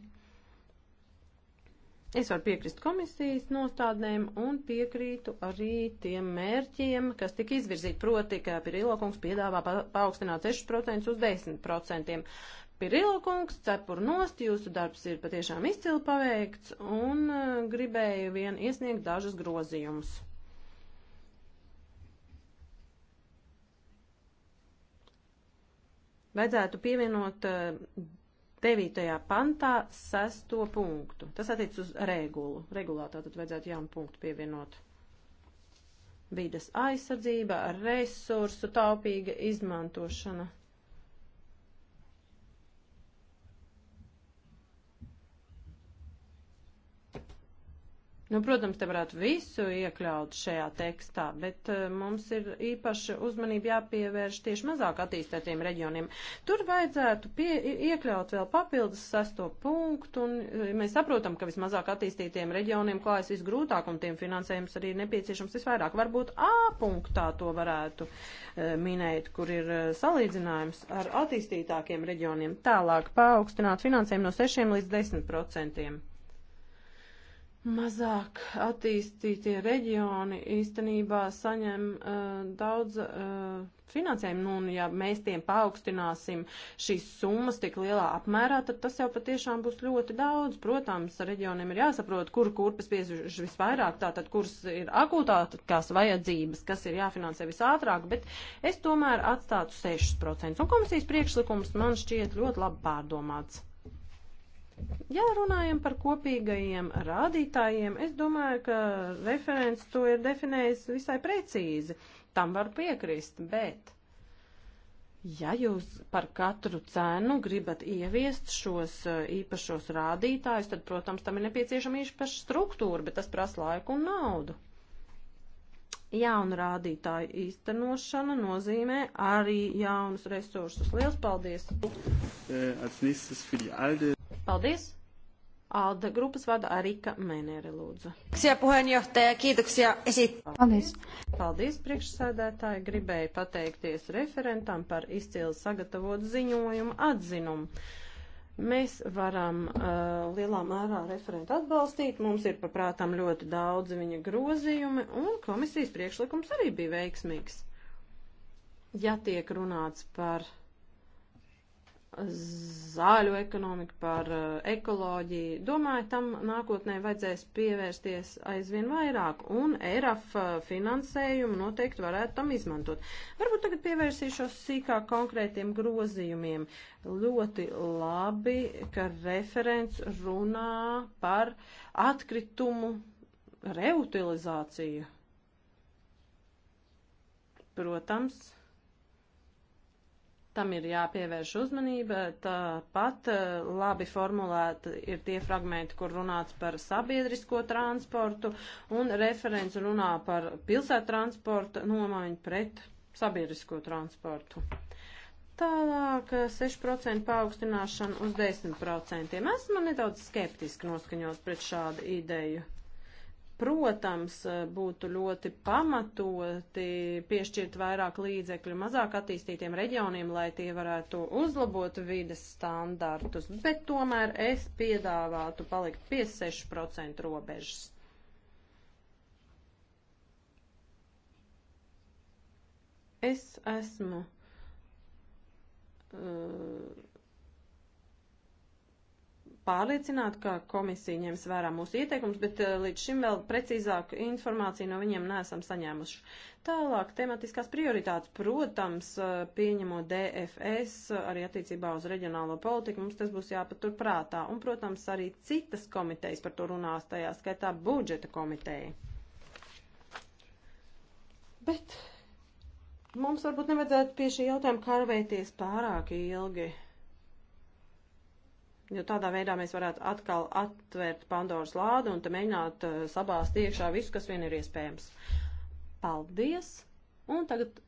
Es varu piekrist komisijas nostādnēm un piekrītu arī tiem mērķiem, kas tika izvirzīti, proti, ka Pirilokungs piedāvā pa paaugstināt 6% uz 10%. Pirilokungs, cepur nost, jūsu darbs ir patiešām izcili paveikts un uh, gribēju vien iesniegt dažas grozījumus. Vajadzētu pievienot uh, 9. pantā 6. punktu. Tas attiec uz regulu. Regulā tātad vajadzētu jaunu punktu pievienot. Vides aizsardzība, resursu taupīga izmantošana. Nu, protams, te varētu visu iekļaut šajā tekstā, bet uh, mums ir īpaši uzmanība jāpievērš tieši mazāk attīstētiem reģioniem. Tur vajadzētu pie, iekļaut vēl papildus sesto punktu, un eh, mēs saprotam, ka vismazāk attīstītiem reģioniem klājas visgrūtāk, un tiem finansējums arī nepieciešams visvairāk. Varbūt A punktā to varētu uh, minēt, kur ir uh, salīdzinājums ar attīstītākiem reģioniem. Tālāk paaugstināt finansējumu no 6 līdz 10 procentiem mazāk attīstītie reģioni īstenībā saņem uh, daudz uh, finansējumu, nu, un ja mēs tiem paaugstināsim šīs summas tik lielā apmērā, tad tas jau patiešām būs ļoti daudz. Protams, reģioniem ir jāsaprot, kur kurpes piesauž visvairāk, tātad kuras ir akūtākās vajadzības, kas ir jāfinansē visātrāk, bet es tomēr atstātu 6%, un komisijas priekšlikums man šķiet ļoti labi pārdomāts. Ja runājam par kopīgajiem rādītājiem, es domāju, ka referents to ir definējis visai precīzi. Tam var piekrist, bet ja jūs par katru cenu gribat ieviest šos eh, īpašos rādītājus, tad, protams, tam ir nepieciešama īpaša struktūra, bet tas prasa laiku un naudu. Jauna rādītāja īstenošana nozīmē arī jaunus resursus. Liels paldies! Eh, als nächstes für die ALDE. Paldies! Alda grupas vada Arika Mēnere, lūdzu. Kiitoksia puheenjohtaja, kiitoksia esit. Paldies. Paldies, priekšsēdētāji. Gribēju pateikties referentam par izcili sagatavotu ziņojumu atzinumu. Mēs varam uh, lielā mērā referentu atbalstīt, mums ir paprātām ļoti daudz viņa grozījumi, un komisijas priekšlikums arī bija veiksmīgs. Ja tiek runāts par zāļu ekonomiku, par uh, ekoloģiju. Domāju, tam nākotnē vajadzēs pievērsties aizvien vairāk, un ERAF uh, finansējumu noteikti varētu tam izmantot. Varbūt tagad pievērsīšos sīkāk konkrētiem grozījumiem. Ļoti labi, ka referents runā par atkritumu reutilizāciju. Protams tam ir jāpievērš uzmanība. Tāpat eh, labi formulēti ir tie fragmenti, kur runāts par sabiedrisko transportu, un referents runā par pilsētu transporta nomaiņu pret sabiedrisko transportu. Tālāk 6% eh, paaugstināšana uz 10%. Esmu nedaudz skeptiski noskaņots pret šādu ideju. Protams, eh, būtu ļoti pamatoti piešķirt vairāk līdzekļu mazāk attīstītiem reģioniem, lai tie varētu uzlabot vides standartus, bet tomēr es piedāvātu palikt pie 6% robežas. Es esmu. Uh, pārliecināti, ka komisija ņems vērā mūsu ieteikumus, bet eh, līdz šim vēl precīzāku informāciju no viņiem neesam saņēmuši. Tālāk, tematiskās prioritātes, protams, eh, pieņemot DFS eh, arī attiecībā uz reģionālo politiku, mums tas būs jāpatur prātā. Un, protams, arī citas komitejas par to runās, tajā skaitā budžeta komiteja. Bet mums varbūt nevajadzētu pie šī jautājuma karvēties pārāk ilgi jo tādā veidā mēs varētu atkal atvērt Pandoras lādu un te mēģināt uh, eh, sabāst iekšā visu, kas vien ir iespējams. Paldies! Un tagad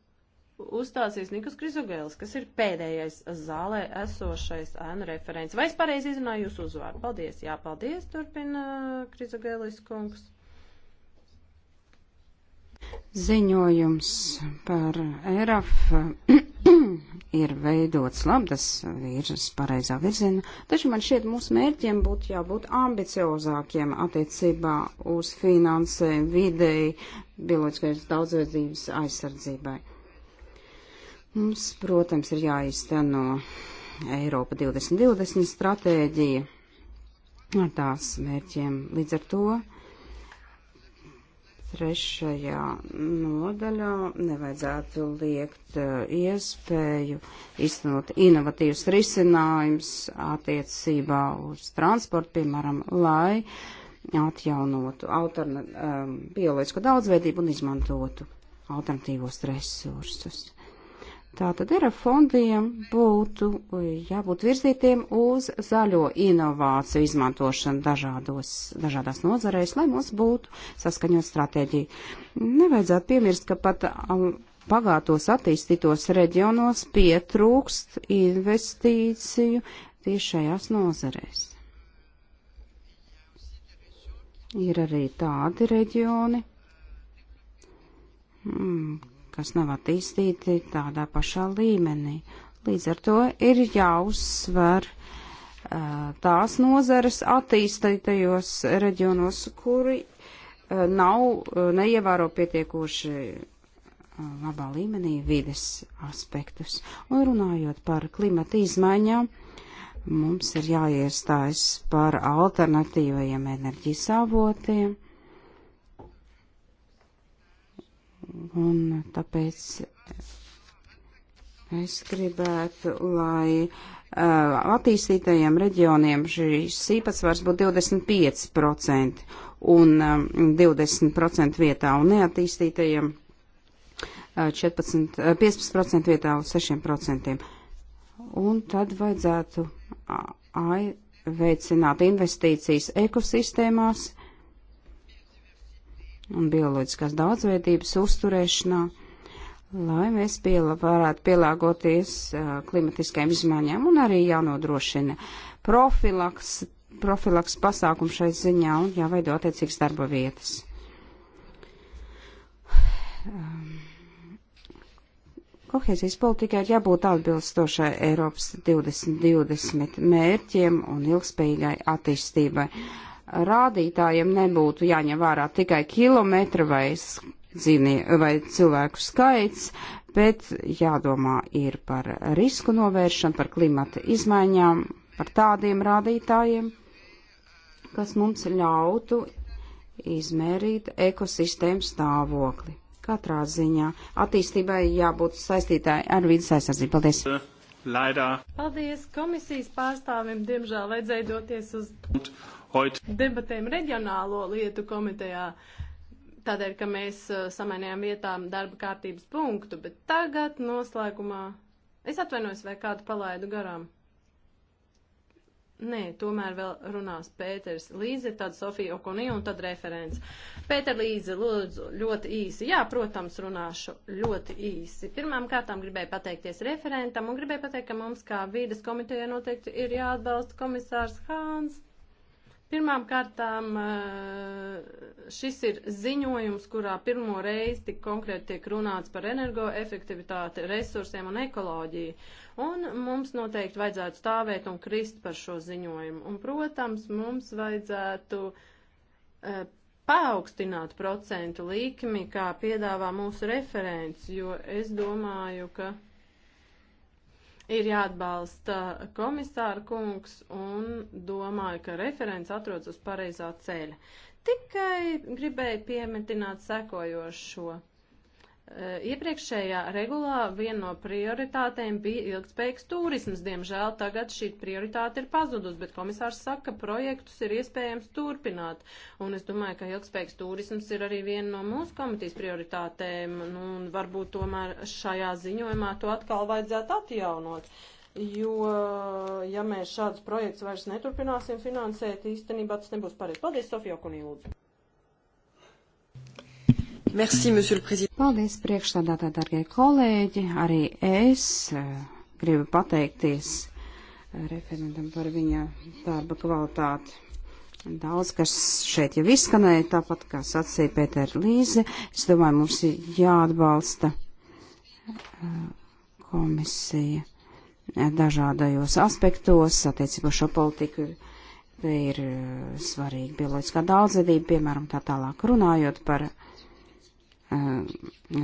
uzstāsies Nikos Krizogēlis, kas ir pēdējais zālē esošais ēnu referents. Vai es pareizi izrunāju jūsu uzvārdu? Paldies! Jā, paldies, turpina eh, Krizogēlis kungs. Ziņojums par ERAF ir veidots labdas virzes pareizā virzienā, taču man šķiet mūsu mērķiem būtu jābūt ambiciozākiem attiecībā uz finansēm, videi, bioloģiskais daudzveidzības aizsardzībai. Mums, protams, ir jāizteno Eiropa 2020 stratēģija ar tās mērķiem. Līdz ar to trešajā nodaļā nevajadzētu liekt uh, iespēju iznot inovatīvs risinājums attiecībā uz transportu, piemēram, lai atjaunotu alterna, um, bioloģisko daudzveidību un izmantotu alternatīvos resursus. Tātad ir ar fondiem būtu jābūt virzītiem uz zaļo inovāciju izmantošanu dažādos, dažādās nozarēs, lai mums būtu saskaņot stratēģiju. Nevajadzētu piemirst, ka pat pagātos um, attīstītos reģionos pietrūkst investīciju tieši šajās nozarēs. Ir arī tādi reģioni, mm, kas nav attīstīti tādā pašā līmenī. Līdz ar to ir jāuzsver tās nozares attīstītajos reģionos, kuri nav, neievēro pietiekoši labā līmenī vides aspektus. Un runājot par klimata izmaiņām, mums ir jāiestājas par alternatīvajiem enerģijas avotiem Un tāpēc es gribētu, lai uh, attīstītajiem reģioniem šīs īpatsvars būtu 25% un um, 20% vietā un neattīstītajiem uh, 14, uh, 15% vietā un 6%. Un tad vajadzētu uh, veicināt investīcijas ekosistēmās un bioloģiskās daudzveidības uzturēšanā, lai mēs piela, varētu pielāgoties uh, klimatiskajām izmaiņām un arī jānodrošina profilaks, profilaks pasākumu šai ziņā un jāveido attiecīgas darba vietas. Um, kohēzijas politikai ir jābūt atbilstošai Eiropas 2020 mērķiem un ilgspējīgai attīstībai. Uh, rādītājiem nebūtu jāņem vērā tikai kilometri vai, dzīvnie, vai cilvēku skaits, bet jādomā ir par risku novēršanu, par klimata izmaiņām, par tādiem rādītājiem, kas mums ļautu izmērīt ekosistēmu stāvokli. Katrā ziņā attīstībai jābūt saistītāji ar vidas aizsardzību. Paldies! Laidā. Paldies komisijas pārstāvim, diemžēl vajadzēja doties uz heute debatēm reģionālo lietu komitejā, tādēļ, ka mēs uh, samainījām vietām darba kārtības punktu, bet tagad noslēgumā es atvainojos, vai kādu palaidu garām. Nē, tomēr vēl runās Pēters Līze, tad Sofija Okonija un tad referents. Pēter Līze, lūdzu, ļoti īsi. Jā, protams, runāšu ļoti īsi. Pirmām kārtām gribēju pateikties referentam un gribēju pateikt, ka mums kā vīdes komiteja noteikti ir jāatbalsta komisārs Hāns Pirmām kārtām eh, šis ir ziņojums, kurā pirmo reizi tik konkrēti tiek runāts par energoefektivitāti, resursiem un ekoloģiju. Un mums noteikti vajadzētu stāvēt un krist par šo ziņojumu. Un, protams, mums vajadzētu eh, paaugstināt procentu likmi, kā piedāvā mūsu referents, jo es domāju, ka ir jāatbalsta komisāra kungs un domāju, ka referents atrodas uz pareizā ceļa. Tikai gribēju piemetināt sekojošo. E, iepriekšējā regulā viena no prioritātēm bija ilgspējīgs turisms. Diemžēl tagad šī prioritāte ir pazudus, bet komisārs saka, ka projektus ir iespējams turpināt. Un es domāju, ka ilgspējīgs turisms ir arī viena no mūsu komitīs prioritātēm. Nu, un varbūt tomēr šajā ziņojumā to atkal vajadzētu atjaunot. Jo, ja mēs šādus projektus vairs neturpināsim finansēt, īstenībā tas nebūs pareizi. Paldies, Sofija Okunī, lūdzu. Merci, Paldies, priekšstādātā, dargie kolēģi. Arī es eh, gribu pateikties eh, referentam par viņa darba kvalitāti. Daudz, kas šeit jau izskanēja, tāpat kā sacīja Pētera Līze, es domāju, mums ir jāatbalsta eh, komisija dažādajos aspektos attiecībā šo politiku. Te ir svarīga bioloģiskā daudzveidība, piemēram, tā tālāk runājot par Eh,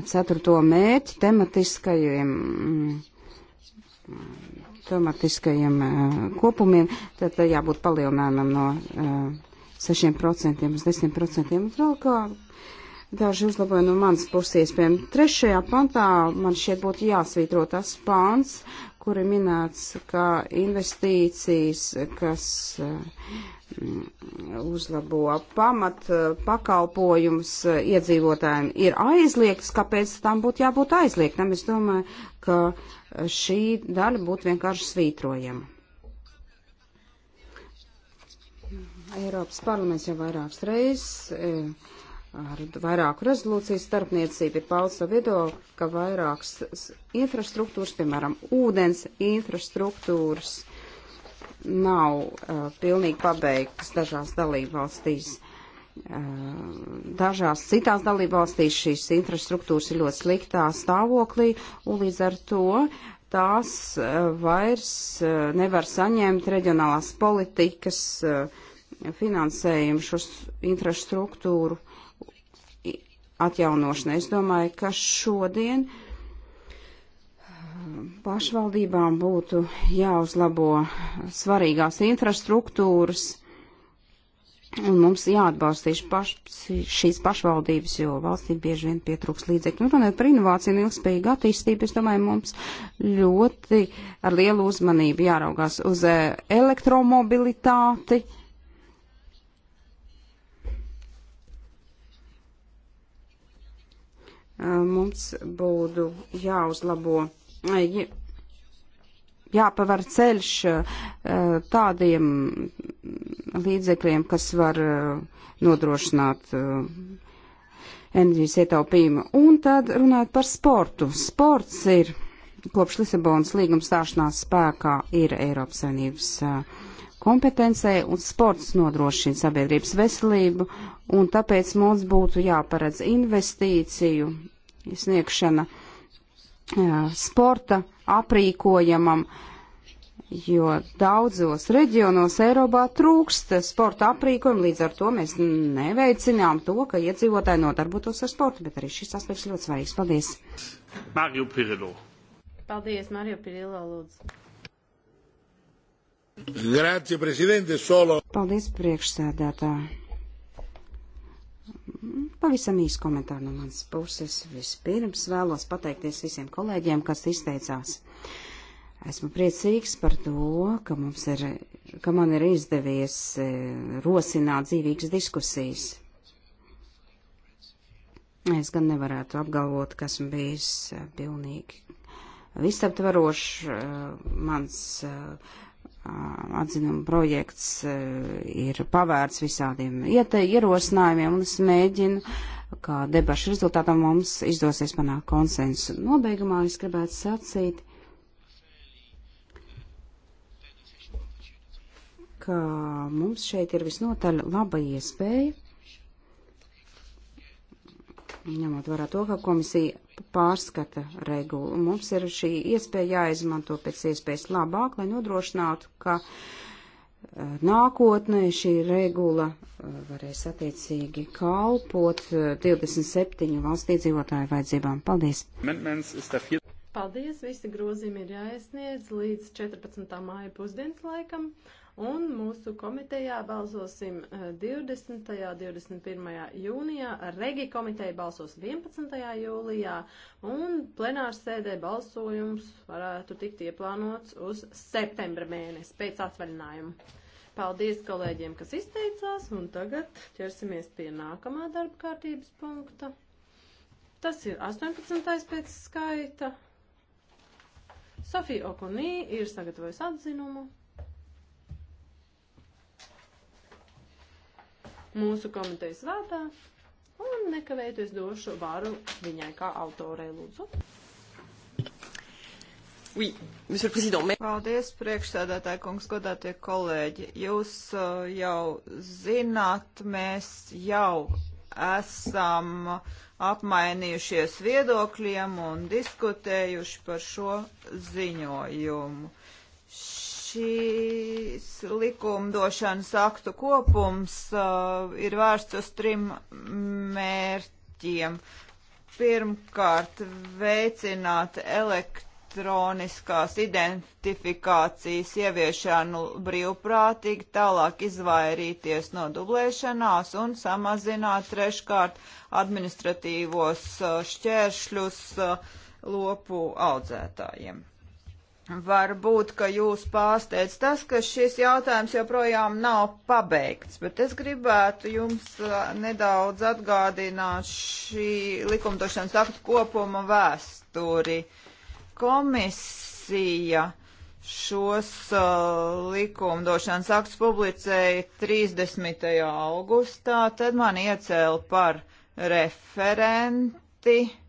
ceturto mērķi tematiskajiem, mm, tematiskajiem eh, kopumiem, tad eh, jābūt palielinājumam no 6% uz 10%. Un vēl kā daži uzlaboja no manas puses, iespējams, trešajā pantā man šeit būtu jāsvītro tas pāns, kur ir minēts, ka investīcijas, kas uh, uzlabo pamat eh, pakalpojums eh, iedzīvotājiem ir aizliegts, kāpēc tam būtu jābūt aizliegtam. Es domāju, ka eh, šī daļa būtu vienkārši svītrojama. Eiropas parlaments jau vairākas reizes ar vairāku rezolūciju starpniecību ir pauda savu viedokli, ka vairākas infrastruktūras, piemēram, ūdens infrastruktūras, nav uh, pilnīgi pabeigtas dažās dalībvalstīs. Uh, dažās citās dalībvalstīs šīs infrastruktūras ir ļoti sliktā stāvoklī, un līdz ar to tās uh, vairs uh, nevar saņemt reģionālās politikas uh, finansējumu šo infrastruktūru atjaunošanai. Es domāju, ka šodien uh, pašvaldībām būtu jāuzlabo svarīgās infrastruktūras, un mums jāatbalstīs paš, šīs pašvaldības, jo valstī bieži vien pietrūks līdzekļu. Nu, runājot par inovāciju un ilgspējīgu attīstību, es domāju, mums ļoti ar lielu uzmanību jāraugās uz e, elektromobilitāti. E, mums būtu jāuzlabo jāpavar ceļš eh, tādiem līdzekļiem, kas var eh, nodrošināt eh, enerģijas ietaupījumu. Un tad runājot par sportu. Sports ir kopš Lisabonas līguma stāšanās spēkā ir Eiropas Savienības kompetencē, un sports nodrošina sabiedrības veselību, un tāpēc mums būtu jāparedz investīciju sniegšana uh, sporta aprīkojumam, jo daudzos reģionos Eiropā trūkst sporta aprīkojumu, līdz ar to mēs neveicinām to, ka iedzīvotāji nodarbotos ar sportu, bet arī šis aspekts ļoti svarīgs. Paldies! Mario Pirillo. Paldies, Mario Pirillo, lūdzu. Grazie, prezidente, solo. Paldies, priekšsēdētāji Pavisam īsi komentāri no manas puses. Vispirms vēlos pateikties visiem kolēģiem, kas izteicās. Esmu priecīgs par to, ka, ir, ka man ir izdevies e, rosināt dzīvīgas diskusijas. Es gan nevarētu apgalvot, ka esmu bijis e, pilnīgi visaptvarošs. E, mans uh, atzinuma projekts ir pavērts visādiem iete, ierosinājumiem, un es mēģinu, kā debašu rezultātā mums izdosies panākt konsensu. Nobeigumā es gribētu sacīt, ka mums šeit ir visnotaļ laba iespēja Ņemot vērā to, ka komisija pārskata regulu, mums ir šī iespēja jāizmanto pēc iespējas labāk, lai nodrošinātu, ka eh, nākotnē šī regula eh, varēs attiecīgi kalpot 27 eh, valsts iedzīvotāju vajadzībām. Paldies! Paldies! Visi grozījumi ir jāiesniedz līdz 14. māja pusdienas laikam un mūsu komitejā balsosim 20. Eh, 21. jūnijā, regi komiteja balsos 11. jūlijā, un plenārsēdē balsojums varētu tikt ieplānots uz septembra mēnesi pēc atvaļinājuma. Paldies kolēģiem, kas izteicās, un tagad ķersimies pie nākamā darba kārtības punkta. Tas ir 18. pēc skaita. Sofija Okonī ir sagatavojusi atzinumu mūsu komitejas vārdā. Un nekavējoties došu vāru viņai kā autorei lūdzu. Oui, monsieur le président. Paldies, priekšsēdētāji kungs, godātie kolēģi. Jūs uh, jau zināt, mēs jau esam apmainījušies viedokļiem un diskutējuši par šo ziņojumu šīs likumdošanas aktu kopums uh, ir vērsts uz trim mērķiem. Pirmkārt, veicināt elektroniskās identifikācijas ieviešanu brīvprātīgi, tālāk izvairīties no dublēšanās un samazināt treškārt administratīvos uh, šķēršļus uh, lopu audzētājiem. Varbūt, ka jūs pārsteidz tas, ka šis jautājums joprojām nav pabeigts, bet es gribētu jums uh, nedaudz atgādināt šī likumdošanas aktu kopuma vēsturi. Komisija šos uh, likumdošanas aktus publicēja 30. augustā, tad man iecēla par referenti. Uh,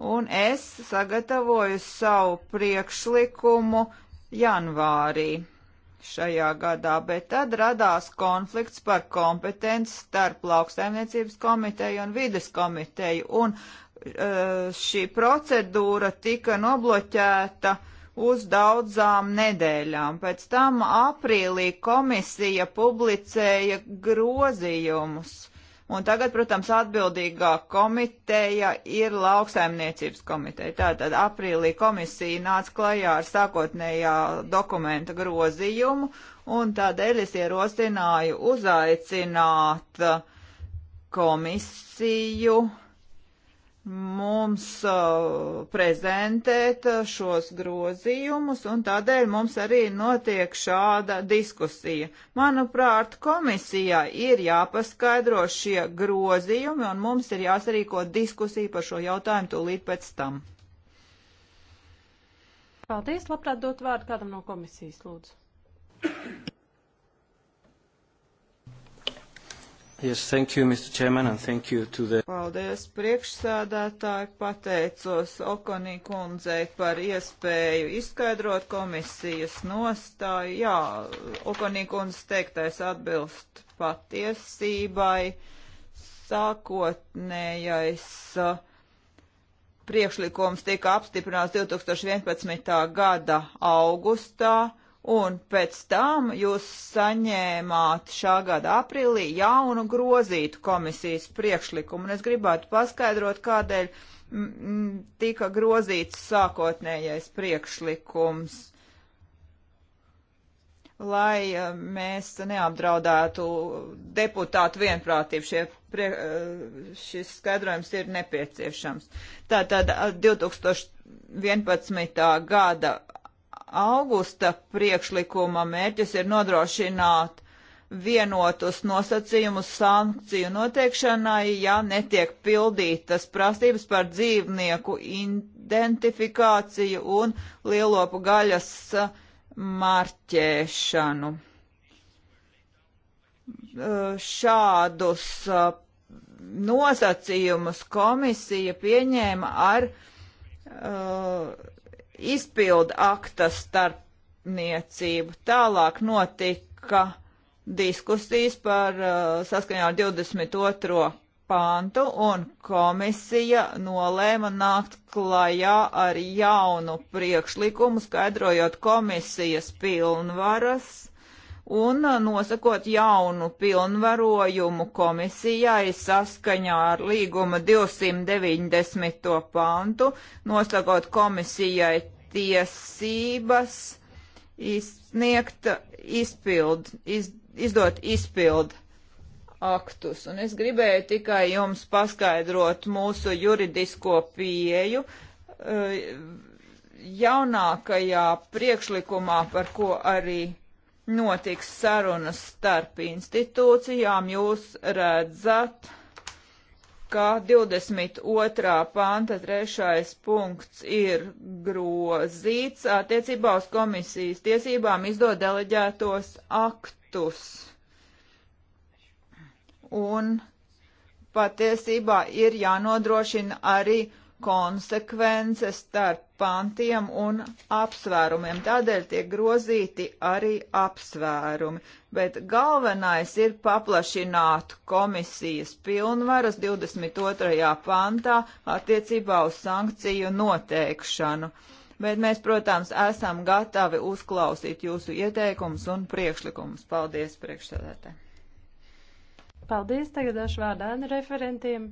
un es sagatavoju savu priekšlikumu janvārī šajā gadā, bet tad radās konflikts par kompetenci starp lauksaimniecības komiteju un vides komiteju, un eh, šī procedūra tika nobloķēta uz daudzām nedēļām. Pēc tam aprīlī komisija publicēja grozījumus Un tagad, protams, atbildīgā komiteja ir lauksaimniecības komiteja. Tātad aprīlī komisija nāca klajā ar sākotnējā dokumenta grozījumu, un tādēļ es ierosināju uzaicināt komisiju mums uh, prezentēt uh, šos grozījumus, un tādēļ mums arī notiek šāda diskusija. Manuprāt, komisijā ir jāpaskaidro šie grozījumi, un mums ir jāsarīko diskusija par šo jautājumu tūlīt pēc tam. Paldies, labprāt dot vārdu kādam no komisijas, lūdzu. Yes, thank you, Mr. Chairman, and thank you to the... Paldies, priekšsēdētāji, pateicos Okonī kundzei par iespēju izskaidrot komisijas nostāju. Jā, Okonī kundzes teiktais atbilst patiesībai. Sākotnējais priekšlikums tika apstiprināts 2011. gada augustā un pēc tam jūs saņēmāt šā gada aprīlī jaunu grozītu komisijas priekšlikumu. Un es gribētu paskaidrot, kādēļ mm, tika grozīts sākotnējais priekšlikums, lai eh, mēs neapdraudētu deputātu vienprātību. Šie prie, eh, šis skaidrojums ir nepieciešams. Tātad 2011. Eh, gada augusta priekšlikuma mērķis ir nodrošināt vienotus nosacījumus sankciju noteikšanai, ja netiek pildītas prasības par dzīvnieku identifikāciju un lielopu gaļas uh, marķēšanu. Uh, šādus uh, nosacījumus komisija pieņēma ar uh, izpildu akta starpniecību. Tālāk notika diskusijas par uh, saskaņā ar 22. pantu, un komisija nolēma nākt klajā ar jaunu priekšlikumu, skaidrojot komisijas pilnvaras un uh, nosakot jaunu pilnvarojumu komisijai saskaņā ar līguma 290. pantu, nosakot komisijai tiesības izsniegt izpild, iz, izdot izpild aktus. Un es gribēju tikai jums paskaidrot mūsu juridisko pieju. Uh, jaunākajā priekšlikumā, par ko arī notiks sarunas starp institūcijām. Jūs redzat, ka 22. panta trešais punkts ir grozīts attiecībā uz komisijas tiesībām izdot deleģētos aktus. Un patiesībā ir jānodrošina arī uh, konsekvence starp pantiem un apsvērumiem. Tādēļ tiek grozīti arī apsvērumi. Bet galvenais ir paplašināt komisijas pilnvaras 22. pantā attiecībā uz sankciju noteikšanu. Bet mēs, protams, esam gatavi uzklausīt jūsu ieteikumus un priekšlikumus. Paldies, priekšsēdētāji! Paldies, tagad došu vārdu referentiem.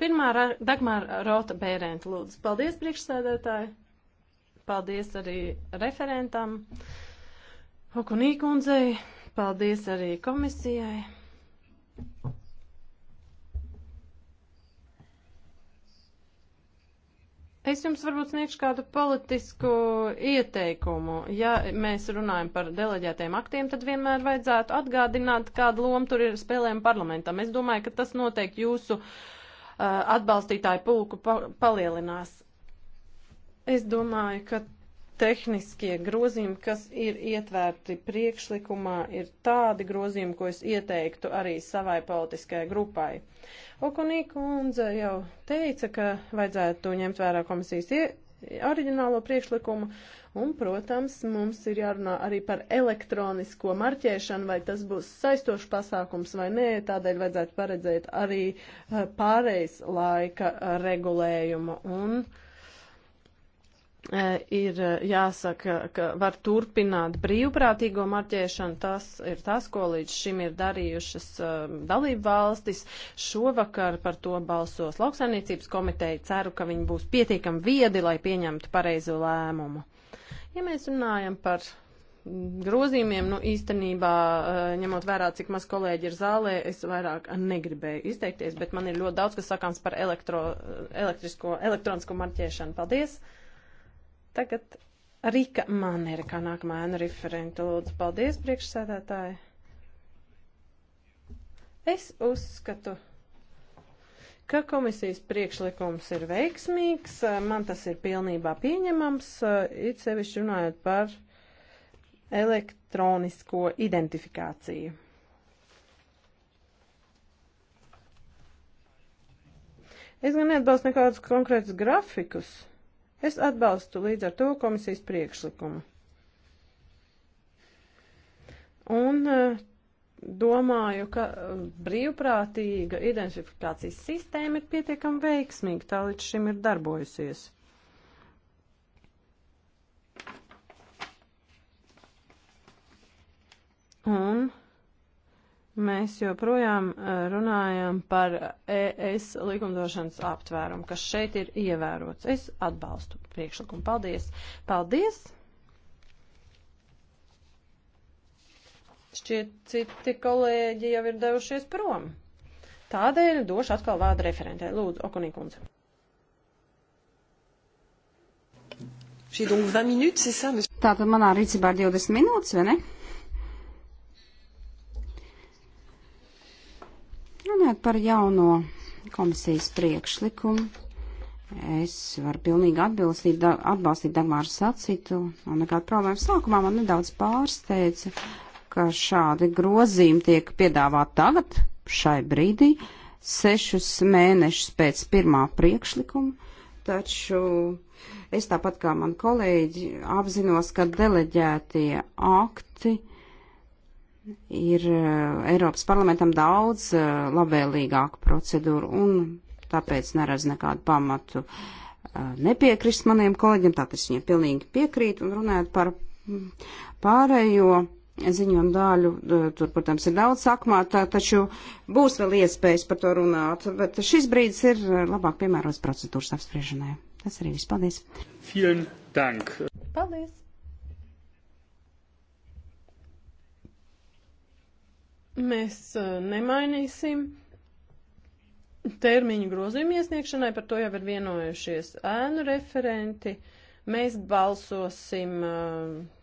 Pirmā Dagmāra Rota Bērēnta lūdzu. Paldies, priekšsēdētāji. Paldies arī referentam Okunī kundzei. Paldies arī komisijai. Es jums varbūt sniegšu kādu politisku ieteikumu. Ja mēs runājam par deleģētiem aktiem, tad vienmēr vajadzētu atgādināt, kādu lomu tur ir spēlējama parlamentam. Es domāju, ka tas noteikti jūsu uh, Eh, atbalstītāju pulku palielinās. Es domāju, ka tehniskie grozījumi, kas ir ietvērti priekšlikumā, ir tādi grozījumi, ko es ieteiktu arī savai politiskajai grupai. Okunī kundze jau teica, ka vajadzētu ņemt vērā komisijas ieteikumu oriģinālo priekšlikumu. Un, protams, mums ir jārunā arī par elektronisko marķēšanu, vai tas būs saistošs pasākums vai nē. Tādēļ vajadzētu paredzēt arī eh, pārejas laika eh, regulējumu. Un, uh, E, ir e, jāsaka, ka var turpināt brīvprātīgo marķēšanu. Tas ir tas, ko līdz šim ir darījušas e, dalību valstis. Šovakar par to balsos lauksainiecības komiteja. Ceru, ka viņi būs pietiekami viedi, lai pieņemtu pareizo lēmumu. Ja mēs runājam par grozījumiem, nu īstenībā, ņemot vērā, cik maz kolēģi ir zālē, es vairāk negribēju izteikties, bet man ir ļoti daudz, kas sakāms par elektro, elektrisko, elektronisko marķēšanu. Paldies! Tagad Rika Manere, kā nākamā ēna referenta, lūdzu, paldies priekšsēdētāji. Es uzskatu, ka komisijas priekšlikums ir veiksmīgs, man tas ir pilnībā pieņemams, it sevišķi runājot par elektronisko identifikāciju. Es gan neatbalstu nekādus konkrētus grafikus. Es atbalstu līdz ar to komisijas priekšlikumu. Un eh, domāju, ka eh, brīvprātīga identifikācijas sistēma ir pietiekami veiksmīga, tā līdz šim ir darbojusies. Un Mēs joprojām eh, runājam par eh, ES likumdošanas aptvērumu, kas šeit ir ievērots. Es atbalstu priekšlikumu. Paldies! Paldies! Šķiet, citi kolēģi jau ir devušies prom. Tādēļ došu atkal vārdu referentē. Lūdzu, Okonī kundze. Tātad manā rīcībā ir 20 minūtes, vai ne? Runājot par jauno komisijas priekšlikumu, es varu pilnīgi atbilstīt, atbalstīt Dagmāru sacītu, un nekāda problēma sākumā man nedaudz pārsteidza, ka šādi grozījumi tiek piedāvāt tagad, šai brīdī, sešus mēnešus pēc pirmā priekšlikuma, taču es tāpat kā man kolēģi apzinos, ka deleģētie akti, uh, ir eh, Eiropas parlamentam daudz eh, labvēlīgāku procedūru un tāpēc neredz nekādu pamatu eh, nepiekrist maniem kolēģiem, tātad es viņiem pilnīgi piekrītu un runājot par pārējo ziņojumu daļu, tur, protams, ir daudz sakmā, tā, taču būs vēl iespējas par to runāt, bet šis brīdis ir labāk piemērots procedūras apspriešanai. Tas arī viss. Paldies! Vielen dank! Paldies! mēs e, nemainīsim termiņu grozījumu iesniegšanai, par to jau ir vienojušies ēnu referenti. Mēs balsosim e,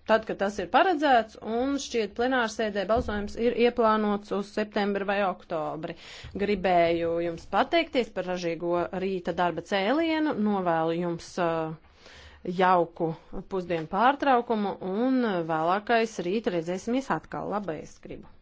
tad, kad tas ir paredzēts, un šķiet plenārsēdē balsojums ir ieplānots uz septembri vai oktobri. Gribēju jums pateikties par ražīgo rīta darba cēlienu, novēlu jums e, jauku pusdienu pārtraukumu, un vēlākais rīt redzēsimies atkal. Labais gribu!